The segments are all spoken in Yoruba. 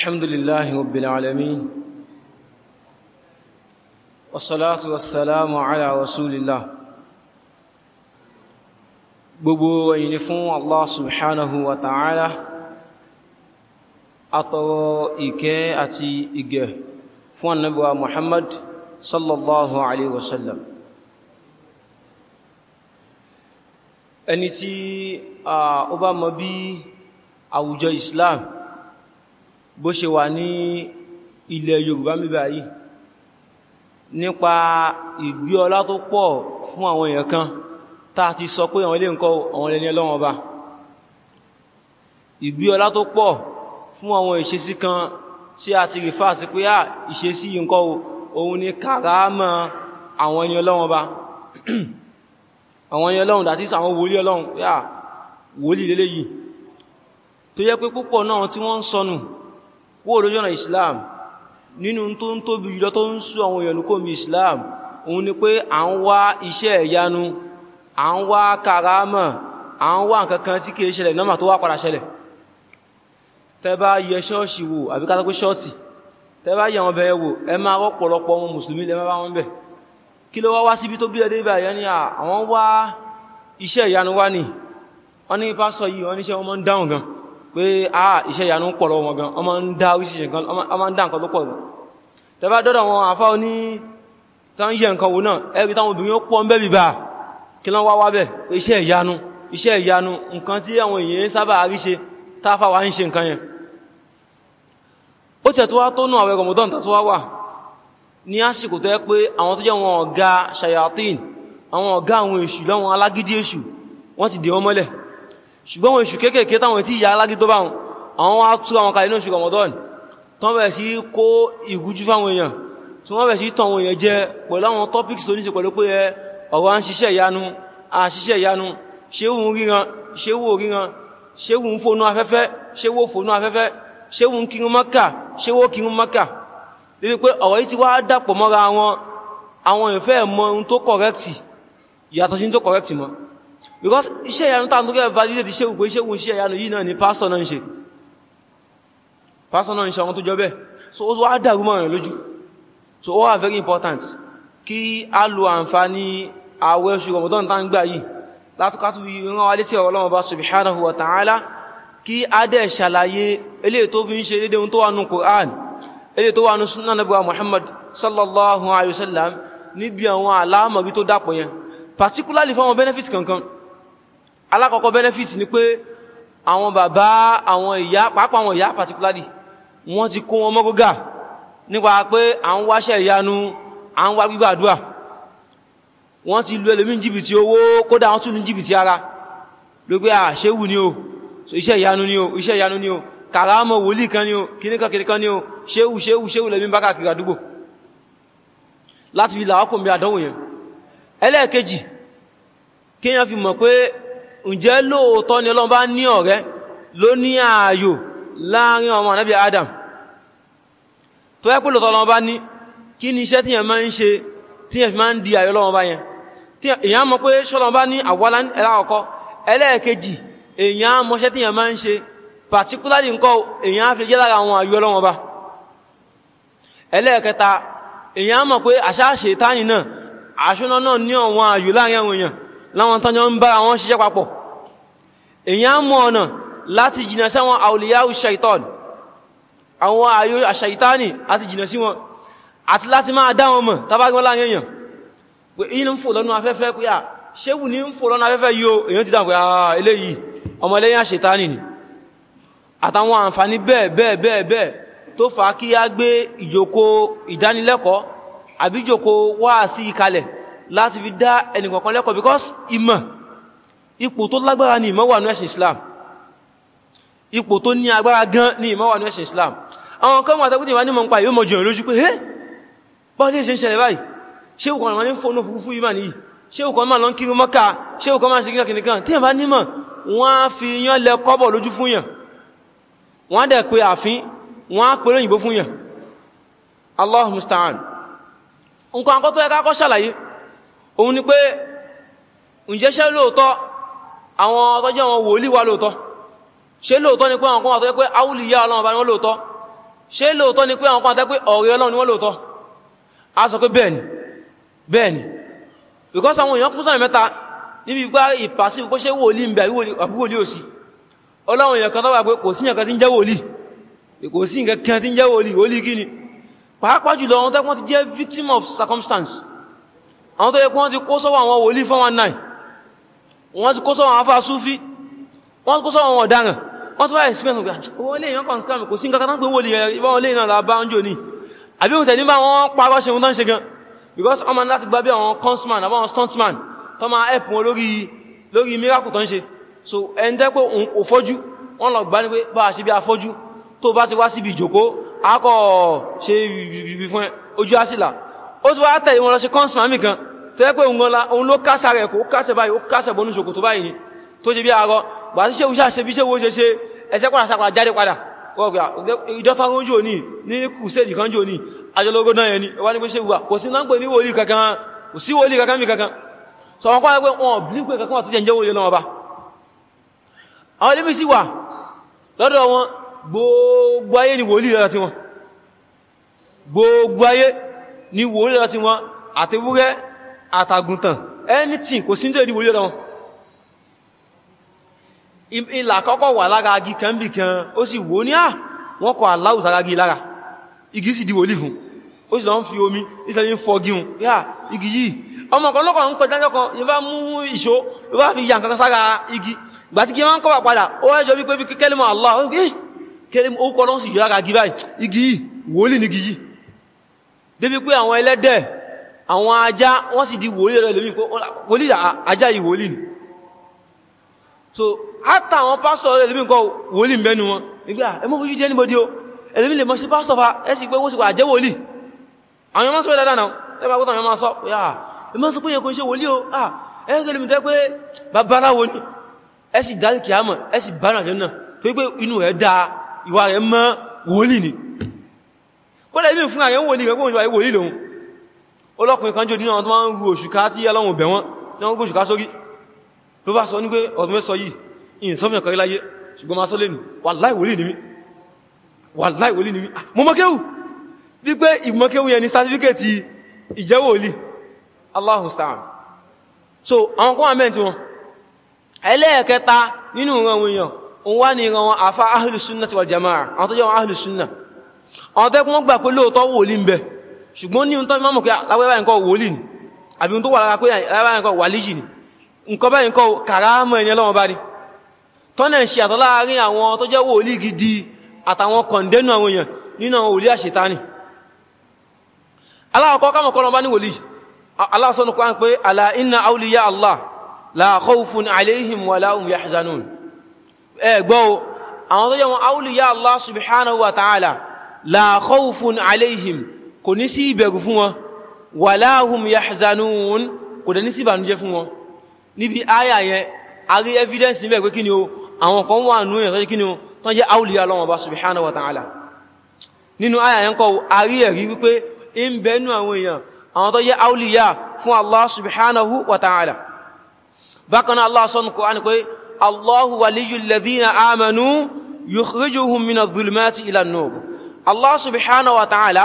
الحمد لله رب العالمين والصلاة والسلام على رسول الله gbogbo ẹ̀yìn fún Allah subhanahu wa ta'ala àtọrọ ìkẹ́ àti ìgẹ̀ fún annabuwa Muhammad sallallahu alaihi wasallam ẹni tí a ọba mọ̀ bí àwùjọ Islam bó ṣe wà ní ilẹ̀ Yorùbá mìíràn yìí nípa ìgbé ọlá tó pọ̀ fún àwọn èèyàn kan tá a ti sọ pé àwọn ilé ǹkọ́ àwọn ẹni ọlọ́wọ́n ọba ìgbé ọlá tó pọ̀ fún àwọn ìṣesí kan tí a ti rí fà sí pé à ìṣesí ǹkọ́ òun ni kàrámà àwọn ẹni ọlọ́wọ́n ọba àwọn ẹni ọlọ́run dàtí àwọn wòlí ọlọ́run wòlí lélẹ́yìí tó yẹ pé púpọ̀ náà tí wọ́n ń sọnù kó olójú ọ̀nà Islam nínú tó ń tóbi jùlọ tó ń sú àwọn èèyàn kó mi Islam òun ni pé à ń wá iṣẹ́ ìyanu à ń wá karama à ń wá nkankan tí kìí ṣẹlẹ̀ nọ́mà tó wá padà ṣẹlẹ̀ tẹ́bá yẹ ṣọ́ọ̀ṣì wò àbí kátákó ṣọ́ọ̀tì tẹ́bá yẹ wọn bẹ̀rẹ̀ wò ẹ máa rọ́pọ̀lọpọ̀ ọmọ mùsùlùmí lẹ máa wọn bẹ̀ kí ló wá wá síbi tó gbílẹ̀ débà yẹn ni àwọn wá iṣẹ́ ìyanu wá ní wọ́n ní pásọ yìí wọ́n níṣẹ́ wọn mọ́ ń dáhùn gan-an pé àà ah, iṣẹ́ ìyanu ń pọ̀lọ wọn gan ọmọ ń dá oríṣìṣẹ́ nǹkan ọmọ ń dá nǹkan tó pọ̀ lọ tẹbá dọ́dọ̀ wọn àfá oní tánṣẹ́ nǹkan wo náà ẹ̀rí táwọn obìnrin ó pọ̀ ń bẹ́bì bá kí lọ́n wá wá bẹ̀ iṣẹ́ ìyanu iṣẹ́ ìyanu nǹkan tí àwọn èèyàn sábà rí ṣe táfà wá ń ṣe nǹkan yẹn ó tẹ̀ tó wá tó nù àwẹ̀ rọ̀mọ̀dọ́n tó wá wà ní àsìkò tó yẹ pé àwọn tó jẹ́ wọn ọ̀gá ṣayatin àwọn ọ̀gá àwọn èṣù láwọn alágídí èṣù wọ́n ti dè wọ́n mọ́lẹ̀ ṣùgbọ́n wọn oṣù kéékèèké táwọn tí ìyá alági tó bá wọn àwọn wá tú àwọn kalẹ̀ ní oṣù Ramadan tó wọ́n bẹ̀rẹ̀ sí kó ìgújú fáwọn èèyàn tí wọ́n bẹ̀rẹ̀ sí tàn àwọn èèyàn jẹ pẹ̀lú àwọn topics tó níṣe pẹ̀lú pé ẹ ọ̀rọ̀ à ń ṣiṣẹ́ ìyanu à ṣiṣẹ́ ìyanu ṣéwù ń ríran ṣéwù ò ríran ṣéwù ń fonú afẹ́fẹ́ ṣéwù ò fonú afẹ́fẹ́ ṣéwù ń kírun Mákà ṣéwù ò kírun Mákà débi pé ọ̀rọ̀ yìí ti wá dàpọ̀ mọ́ra wọn àwọn ìfẹ́ because iṣẹ́ ìyanu tá à ń tó kẹ́ validate iṣẹ́ òpó iṣẹ́ òun iṣẹ́ ìyanu yìí náà ni pastor náà ń ṣe pastor náà ń ṣe àwọn tó jọ bẹ́ẹ̀ so ó wá dàrú mọ́ rẹ̀ lójú so ó wà very important kí a lo àǹfààní àwẹ̀ oṣù Ramadan tá ń gbà yìí látúkátú ìran wa létí ọ̀rọ̀ Ọlọ́run bá subhanahu wa ta'ala kí Qur'an eléyìí tó wà nù Muhammad sallallahu alayhi wa sallam níbi àwọn aláàmọ̀rí tó dàpọ̀ yẹn particularly fáwọn benefit kankan alákọ̀ọ́kọ́ benefit ni pé àwọn bàbá àwọn ìyá pàápàá àwọn ìyá particularly wọ́n ti kó wọn mọ́gógà nípa pé à ń wáṣẹ́ ìyanu à ń wá gbígbàdúà wọ́n ti lu ẹlòmí jìbìtì owó kódà wọ́n tún ní jìbìtì ara ló pé à ṣe wù ní o iṣẹ́ ìyanu ní o iṣẹ́ ìyanu ní o kàrámọ̀ wòlíì kan ní o kìníkan kìníkan o ṣéwù ṣéwù ṣéwù lẹ́mí bá káàkiri àdúgbò láti fi làwákòmí àdánwò yẹn ẹlẹ́ẹ̀kejì kéèyàn fi mọ̀ pé ǹjẹ́ lóòótọ́ ni ọlọ́run bá ní ọ̀rẹ́ ló ní ààyò láàrin ọmọ ànábì adam tó yẹ pé lóòótọ́ ní kí ni iṣẹ́ tíyẹn máa ń ṣe tíyẹn fi máa ń di ààyò ọlọ́run bá yẹn èyàn mọ̀ pé ṣọ́lọ́run bá ní àwọ́lá ẹlákọ̀ọ́kọ́ ẹlẹ́ẹ̀kejì èyàn mọ̀ṣẹ́ tíyẹn máa ń ṣe particularly nǹkan èyàn á fi jẹ́ lára àwọn ààyò ọlọ́run bá ẹlẹ́ẹ̀kẹta èyàn láwọn tọ́jọ́ ń bára wọn ṣiṣẹ́ papọ̀ èyàn mọ̀ ọ̀nà láti jìnà sí àwọn àwòlìyàwó shaitan àwọn ayò àṣàìtáni àti jìnà sí wọn àti láti máa dá wọn mọ̀ tàbágbọ́n láàrin èyàn pé yí ní ń fò lọ́nà afẹ́fẹ́ pé à ṣéwù ní ń fò lọ́nà afẹ́fẹ́ yíó èyàn ti dáhùn pé àà eléyìí ọmọ ìkalẹ̀ láti fi dá ẹnìkọ̀ọ̀kan lẹ́kọ̀ọ́ because ìmọ̀ ipò tó lágbára ni ìmọ̀ wà ní ẹ̀sìn Islam ipò tó ní agbára gan ní ìmọ̀ wà ní ẹ̀sìn Islam àwọn kan wà tàbí wà ní mọ̀ ń pa yóò mọ̀ jùlọ lójú pé hé bọ́ọ̀lé ṣe ń ṣẹlẹ̀ báyìí ṣé òkàn wọn ní fọ́nà fúrufú yìí mà níyìí ṣé òkàn máa lọ ń kiri mọ́ka ṣé òkàn máa ń ṣe kíkà kan tí ìbá nímọ̀ wọ́n á fi yán lẹ kọ́bọ̀ lójú fún yàn wọ́n á dẹ̀ pé àfin wọ́n á pè Allah musta'an nǹkan akọ́tọ́ ẹ̀ka akọ́ ṣàlàyé òun ni pé ǹjẹ́ṣẹ́ lóòótọ́ àwọn ọtọ́jẹ́ àwọn wòlíì wà lóòótọ́ ṣé lóòótọ́ ni pé àwọn kan wà tó jẹ́ pé áwùlìyà ọlọ́run bá ní wọ́n lóòótọ́ ṣé lóòótọ́ ni pé àwọn kan wà tó jẹ́ pé ọ̀rẹ́ ọlọ́run ni wọ́n lóòótọ́ a sọ pé bẹ́ẹ̀ ni bẹ́ẹ̀ ni because àwọn èèyàn kún sọ̀rọ̀ mẹ́ta níbi gbá ìpàsí pé ṣé wòlíì ń bẹ àbí wòlíì ò sí ọlọ́run èèyàn kan tó wà pé kò sí nǹkan tí ń jẹ́ wòlíì kò sí nǹkan kan tí ń jẹ́ wòlíì wòlíì kí ni pàápàá jùlọ àwọn tẹ́kùn ti jẹ́ victim of circumstance àwọn tó yẹ kó wọ́n ti kó sọ́wọ́ àwọn wòlíì 419 wọ́n ti kó sọ́wọ́ àwọn afá súfí wọ́n ti kó sọ́wọ́ àwọn ọ̀daràn wọ́n ti fáyẹ̀ sípẹ́ nígbà owó lè yán kò sí nǹkan kan because ọmọ láti gba bí àwọn consman stuntman tó máa help wọn lórí lórí miracle tán so ẹni tẹ́ pé òun kò fọ́jú wọ́n lọ gbá ní pé bá a ṣe bí afọ́jú tó bá ti wá síbi ìjòkó akọ̀ ṣe fún ojú àṣìlá ó ti wá tẹ̀lé wọn lọ ṣe consman mi tó yẹ́ pé òun ló kásà rẹ̀ kó kásẹ̀ báyìí ó kásẹ̀ bọ́nú ṣòkòtò báyìí ni tó ṣe bí arọ bà sí ṣéwúṣà ṣe bí ṣéwó ṣe ṣe ẹsẹ́ padà sápadà jáde padà ìdọ́farún jò ní ní kùsẹ́dì kan jò ní ajọlógó náà yẹni wá ní pé ṣéwúwà kò sí náà pè ní wòlí kankan kò sí wòlí kankan mi kankan sọ wọn kọ́ pé wọn bí pé kankan àti jẹ́ wòlí náà gbogbo ayé ni wòlí lọ́dọ̀ tí wọn gbogbo ni wòlí lọ́dọ̀ tí wọn àti wúrẹ́ àtàgùntàn anything kò sí ní tẹ́lẹ̀ ìwòlé ọ̀dọ̀ ìlà kọ́kọ́ wà lára agi kan bí kan ó sì wò ní à wọ́n kọ aláwùsá rági lára igi sì di wòlí fún ó sì lọ ń fi omi ìsẹ́lẹ̀ ń fọ gíun yá igi yìí ọmọ kan lọ́kọ̀ ń kọjá lọ́kan ní bá mú ìṣó ló bá fi yànkan sára igi gbà tí kí wọ́n kọ́ padà àwọn ajá wọ́n sì di wòlí rẹ̀ lórí wòlí ajá yìí wòlí ni so hátà àwọn pásọ̀ rẹ̀ lórí nǹkan wòlí mẹ́nu wọn nígbà ẹmọ́ fojú jẹ́ níbodí o ẹlẹ́mí lè mọ́ sí pásọ̀ fa ẹsì pé wọ́n sì wà jẹ́ wòlí àwọn ọmọ sọ dáadáa náà tẹ́gbà kó tàwọn ọmọ sọ yà ẹmọ́ sọ pé yẹ kò ń ṣe wòlí o ẹgbẹ́ lèmi tẹ́ pé babaláwo ni ẹ sì dálì kìámọ̀ ẹ sì bá nàjẹ́ náà tó pé inú ẹ̀ da ìwà rẹ̀ mọ́ wòlí ni kó lẹ́mí fún àyẹ̀ wòlí rẹ̀ kó ọlọ́kùnrin kan jò ní àwọn tó máa ń ru òṣùká tí Ọlọ́run bẹ̀ wọ́n ní wọ́n gbóṣùká sórí ló bá sọ ní ọdún mẹ́sọ yìí in sọ́fihàn kan láyé ṣùgbọ́n máa sọ lè ní wàláì wòlíì ni mí mí ah, so àwọn kọ́ àmẹ́ tí wọn ẹlẹ́ẹ̀kẹta nínú ìran àwọn èèyàn òun wá ní ìran wọn àfá ahlùsúnnà ti wal jama'a àwọn tó jẹ́ wọn ṣùgbọ́n ní tó fi mọ́ mọ̀ pé láwẹ́wà nǹkan wòlì ní àbí tó wà lára pé láwẹ́wà nǹkan wàlíjì ní nǹkan báyìí nǹkan kàrámọ̀ ẹni ọlọ́wọ́ bá ní tọ́nà ń ṣe àtọ́ láàrin àwọn tó jẹ́ wòlì gidi àtàwọn kọ̀ndẹ́nù àwọn èèyàn nínú àwọn wòlì àṣetánì aláwọ̀kọ́ kámọ̀kọ́ Allah sọ nínú Qur'an pé ala inna awliya Allah la khawfun alayhim wa la hum yahzanun ẹ gbọ́ la khawfun alayhim kò ní sí ìbẹ̀rù fún wọn wala hum yahzanun kò dẹ̀ ní sí ìbànújẹ́ fún wọn níbi ayà yẹn a rí evidence níbẹ̀ pé kí ni o àwọn kan wà nú ìrìn kí ni o tán jẹ́ awliya Allah Ọba subhanahu wa ta'ala nínú ayà yẹn kọ́ a rí ẹ̀rí wípé in bẹnu àwọn èèyàn àwọn tó jẹ́ awliya fún Allah subhanahu wa ta'ala bákan náà Allah sọ́nù kọ́ ni pé Allahu waliyyul ladhina amanu yukhrijuhum mina dhulumati ila nur Allah subhanahu wa ta'ala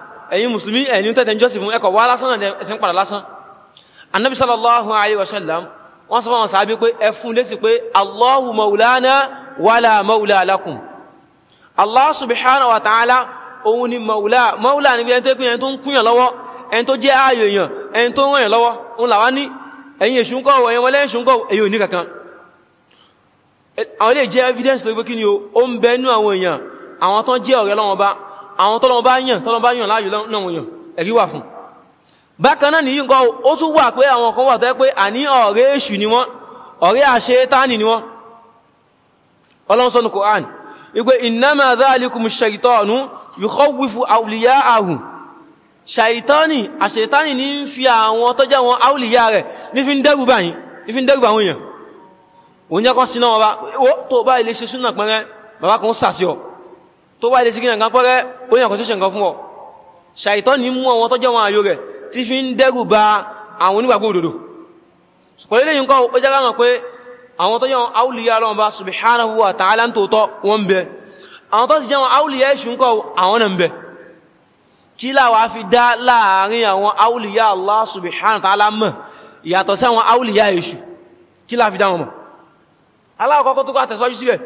ẹ̀yin mùsùlùmí ẹ̀yin tẹ́tẹ̀ jọ́sìn fún ẹkọ̀ wá lásán náà ẹ̀sìn padà lásán anabi sallallahu alayhi wa sallam wọ́n sọ fún àwọn sàábí pé ẹ fún lésì pé allahu maulana wala maula lakum allah subhanahu wa ta'ala òun ni maula maula ni bí ẹni tó kúnyàn tó ń kúnyàn lọ́wọ́ ẹni tó jẹ́ ààyò èèyàn ẹni tó ń lọ́wọ́ ń làwá ní ẹ̀yin èṣùnkọ́ ẹ̀yin wọlé èṣùnkọ́ ẹ̀yin òní kankan àwọn ilé jẹ́ evidence lórí pé kí ni ó ń bẹ́nu àwọn èèyàn àwọn tán jẹ́ ọ̀rẹ́ lọ́wọ́ bá àwọn tọ́lọ́wọ́ bá yàn tọ́lọ́wọ́ bá yàn láàyò náà wọ́n yàn ẹ̀rí wà fún bákan náà nìyí nǹkan ó tún wà pé àwọn kan wà tẹ́ pé àní ọ̀rẹ́ èṣù ni wọ́n ọ̀rẹ́ àṣetáni ni wọ́n ọlọ́run Qur'an ìpé innama dhalikum shaitanu yukhawwifu awliya'ahu ṣàìtánì àṣetánì ní fi àwọn tọ́já wọn áwùlìyà rẹ̀ ní fi ń dẹ́rù báyìí ní fi ń dẹ́rù báwọn èèyàn òun jẹ́ kan síná wọn bá tó bá ilé ṣe súnà pẹ́rẹ́ bàbá kan sàṣọ tó bá ilé ṣe kí ó yàn kan tó ṣe nǹkan fún ọ ṣàìtọ́ ní mú àwọn tọ́jọ́ wọn àyò rẹ̀ tí fi ń dẹ́rù ba àwọn onígbàgbọ́ òdodo pẹ̀lú lẹ́yìn kọ́ ó jẹ́ káwọn pé àwọn tọ́jọ́ wọn áwùlìyà ọlọ́run bá subhanahu wa ta'ala ń tòótọ́ wọn ń bẹ àwọn tó sì jẹ́ wọn áwùlìyà èṣù ń kọ́ àwọn náà ń bẹ kí láwa fi dá láàrin àwọn áwùlìyà Allah subhanahu wa ta'ala mọ̀ ìyàtọ̀ sí àwọn áwùlìyà èṣù kí láà fi dá wọn mọ̀ aláwọ̀ kọ́kọ́ tó kọ́ àtẹ̀sọ́jú síbẹ̀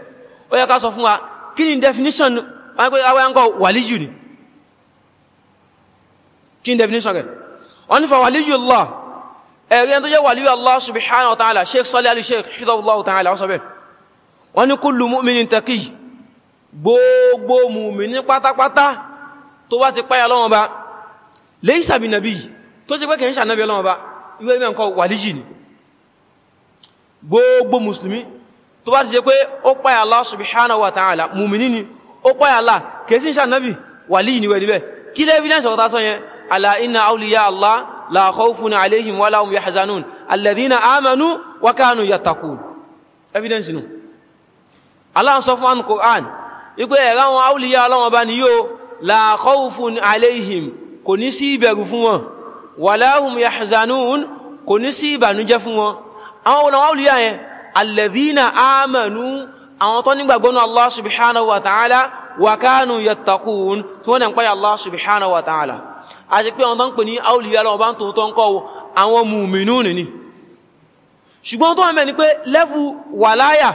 ó yẹ ká sọ fún wa kí ni definition wọ́n pẹ́ awẹ́ ǹkọ́ wàlíyù ni kí ni definition rẹ̀ wọ́n ni fa wàlíyù Allah ẹ̀rẹ́ tó jẹ́ wàlíyù Allah subhanahu wa ta'ala sheikh sọ́lẹ̀ alì sheikh hidallah ta'ala wọ́n sọ bẹ́ wọ́n ni kullu mu'minin taqi gbogbo mu'mini pátápátá tó wá ti páyà lọ́wọ́ ba laysa bi nabi tó ti pẹ́ kẹ́ ń sànàbí lọ́wọ́ ba ìwé ìmẹ́ musulmi tó bá ti jẹ́ pé ó páyà Allah subhanahu wa ta'ala ni ó páyà Allah kèsí ṣànábì wàlí ìníwẹ̀ níbẹ̀ kí lẹ́ evidence ọ̀tá sọ yẹn ala inna awliya Allah la khawfun alayhim wala hum yahzanun alladhina amanu wa kanu yattaqun evidence nu Allah sọ fún Al-Qur'an ikú ẹ̀rọ àwọn tó nígbàgbọ́ nínú Allah subhanahu wa ta'ala wa kanu yattaqun tí wọ́n dẹ̀ ń pàyà Allah subhanahu wa ta'ala a ṣe pé àwọn tó ń pè ní awliya lọ́wọ́ bá ń tó tán kọ́ àwọn mùmínú nìní ṣùgbọ́n tó wọ́n mẹ́ ni pé lẹ́fù wàláyà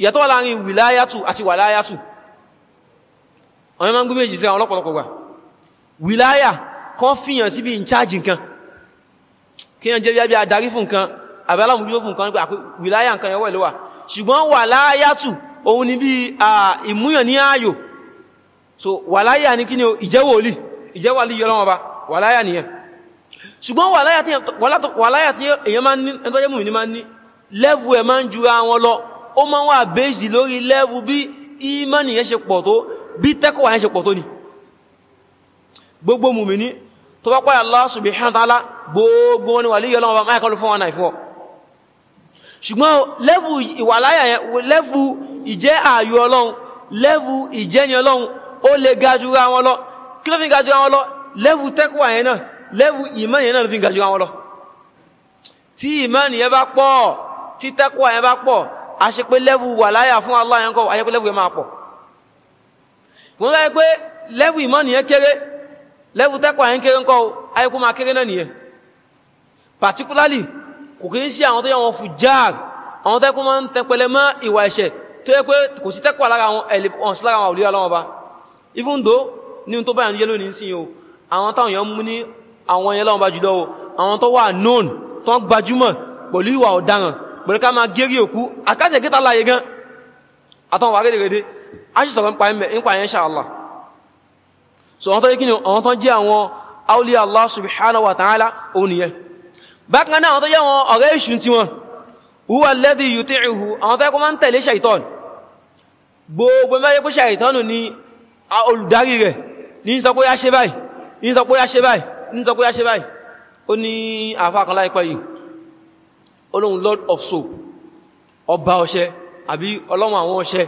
ìyàtọ̀ wà láàrin wìláyàtù àti wàláyàtù ọmọ ẹmọ́ gbé méjì sí àwọn kan fíyàn sí bí in charge nǹkan kí yàn jẹ́ bí adarí fún nǹkan àbẹ́lá mú yóò fún nǹkan nígbà wìláyà nǹkan yẹn wọ́ ṣùgbọ́n wà láyátù òun ni bí ìmúyàn ní ààyò so wà láyà ní kí ni ìjẹ́wòlì ìjẹ́wòlì yọ lọ́wọ́ bá wà láyà nìyẹn ṣùgbọ́n wà láyà tí èyàn máa ní ẹgbẹ́ mú ní máa ní lẹ́vù ẹ̀ máa ń ju àwọn lọ ó máa wà bèèjì lórí lẹ́vù bí ìmánì ṣe pọ̀ ni gbogbo mùmí ní tó Allah subhanahu wa ta'ala ni wà líyọ lọ́wọ́ bá ṣùgbọ́n lẹ́fù ìwàláyà yẹn lẹ́fù ìjẹ́ ààyò ọlọ́run lẹ́fù ìjẹ́ni ọlọ́run ó lè ga jù ra wọn lọ kí ló fi ga jù ra wọn lọ lẹ́fù tẹ́kùwà yẹn náà lẹ́fù ìmọ̀ yẹn náà ló fi ga jù ra wọn lọ tí ìmọ̀ nìyẹn bá pọ̀ tí tẹ́kùwà yẹn bá pọ̀ a ṣe pé lẹ́fù wàláyà fún Allah yẹn kọ́ a ṣe pé lẹ́fù yẹn máa pọ̀ wọ́n rẹ̀ pé lẹ́fù ìmọ̀ nìyẹn kéré lẹ́fù tẹ́kùwà particularly kò kí ń ṣe àwọn tó yẹ wọn fujjar àwọn tó yẹ kó máa ń tẹpẹlẹ mọ́ ìwà ẹ̀ṣẹ̀ tó yẹ pé kò sí tẹ́kọ̀ọ́ lára àwọn ẹ̀lẹ́pọ̀n sí lára àwọn òlúwà lọ́wọ́ bá even though ní tó báyà ń yé lónìí sí o àwọn táwọn èèyàn mú ní àwọn ẹ̀yẹ lọ́wọ́ bá jùlọ so àwọn tó yẹ kí ni Allah subhanahu wa ta'ala òun nìyẹn bákan náà àwọn tó jẹ́ wọn ọ̀rẹ́ ìṣù tí wọn huwa alladhi yuti'uhu àwọn tó ẹkùn máa ń tẹ̀lé ṣàìtọ́n gbogbo mẹ́rẹ́ kó ṣàìtọ́nù ni olùdarí rẹ̀ ní sọ pé yá ṣe báyìí ní sọ pé yá ṣe báyìí ní sọ lord of soap ọba ọṣẹ àbí ọlọ́run àwọn ọṣẹ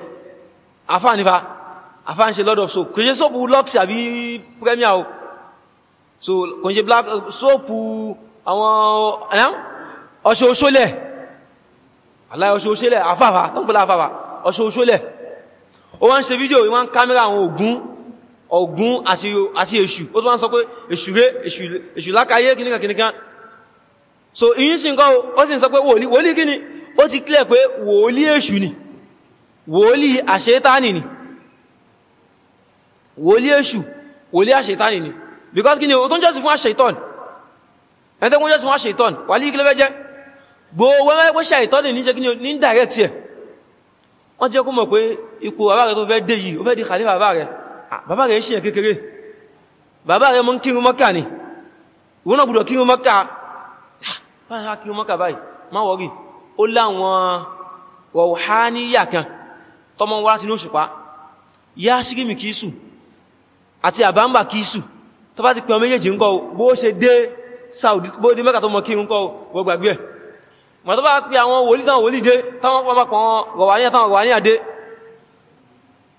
àfáà nífa lord of soap kò ṣe soap lux àbí premier o so kò ń ṣe àwọn ọ̀ṣọ́ṣọ́lẹ̀ aláyọ̀ṣọ́ṣọ́lẹ̀ àfàfà tọ́npẹ̀lá àfàfà ọ̀ṣọ́ṣọ́lẹ̀ ó wá ń ṣe fídíò ìwọ́n kámẹ́rà àwọn Ògún Ògún àti èṣù ó tún wá ń sọ pé èṣù rẹ̀ èṣù lákàáyé kìníkà kìníkà so ìyí sí nǹkan ó sì ń sọ clear pé wòlí èṣù ni wòlí àṣetánì ni wòlí èṣù because kini ó tó ń jọ́sìn fún ẹni tó kún jẹ́ sí wọ́n ṣàìtọ́nì wà ní ìkílẹ̀ jẹ́ gbogbo ẹgbẹ́ pé ṣàìtọ́nì ní ṣe kí ní dàrẹ́tì ẹ̀ wọ́n ti jẹ́ kó mọ̀ pé ipò bàbá rẹ̀ tó fẹ́ dé yìí ó fẹ́ di kàlí bàbá rẹ̀ bàbá rẹ̀ ṣìyàn kékeré bàbá rẹ̀ mọ́ ń kírun mọ́kà ni ìwọ́n náà gbọ́dọ̀ kírun mọ́kà báyìí kírun mọ́kà òṣùpá yá ṣígìmì kìí sù àti àbámbà kìí sù tó ti pẹ̀ méjèèjì ń kọ bó ṣe dé Saudi bó di Mẹ́kà tó mọ kírun kọ́ wọ́n gbàgbé ẹ̀ mọ̀ tó bá pè àwọn wòlíì táwọn wòlíì dé táwọn pàpàpọ̀ rọ̀wàníà táwọn rọ̀wàníà dé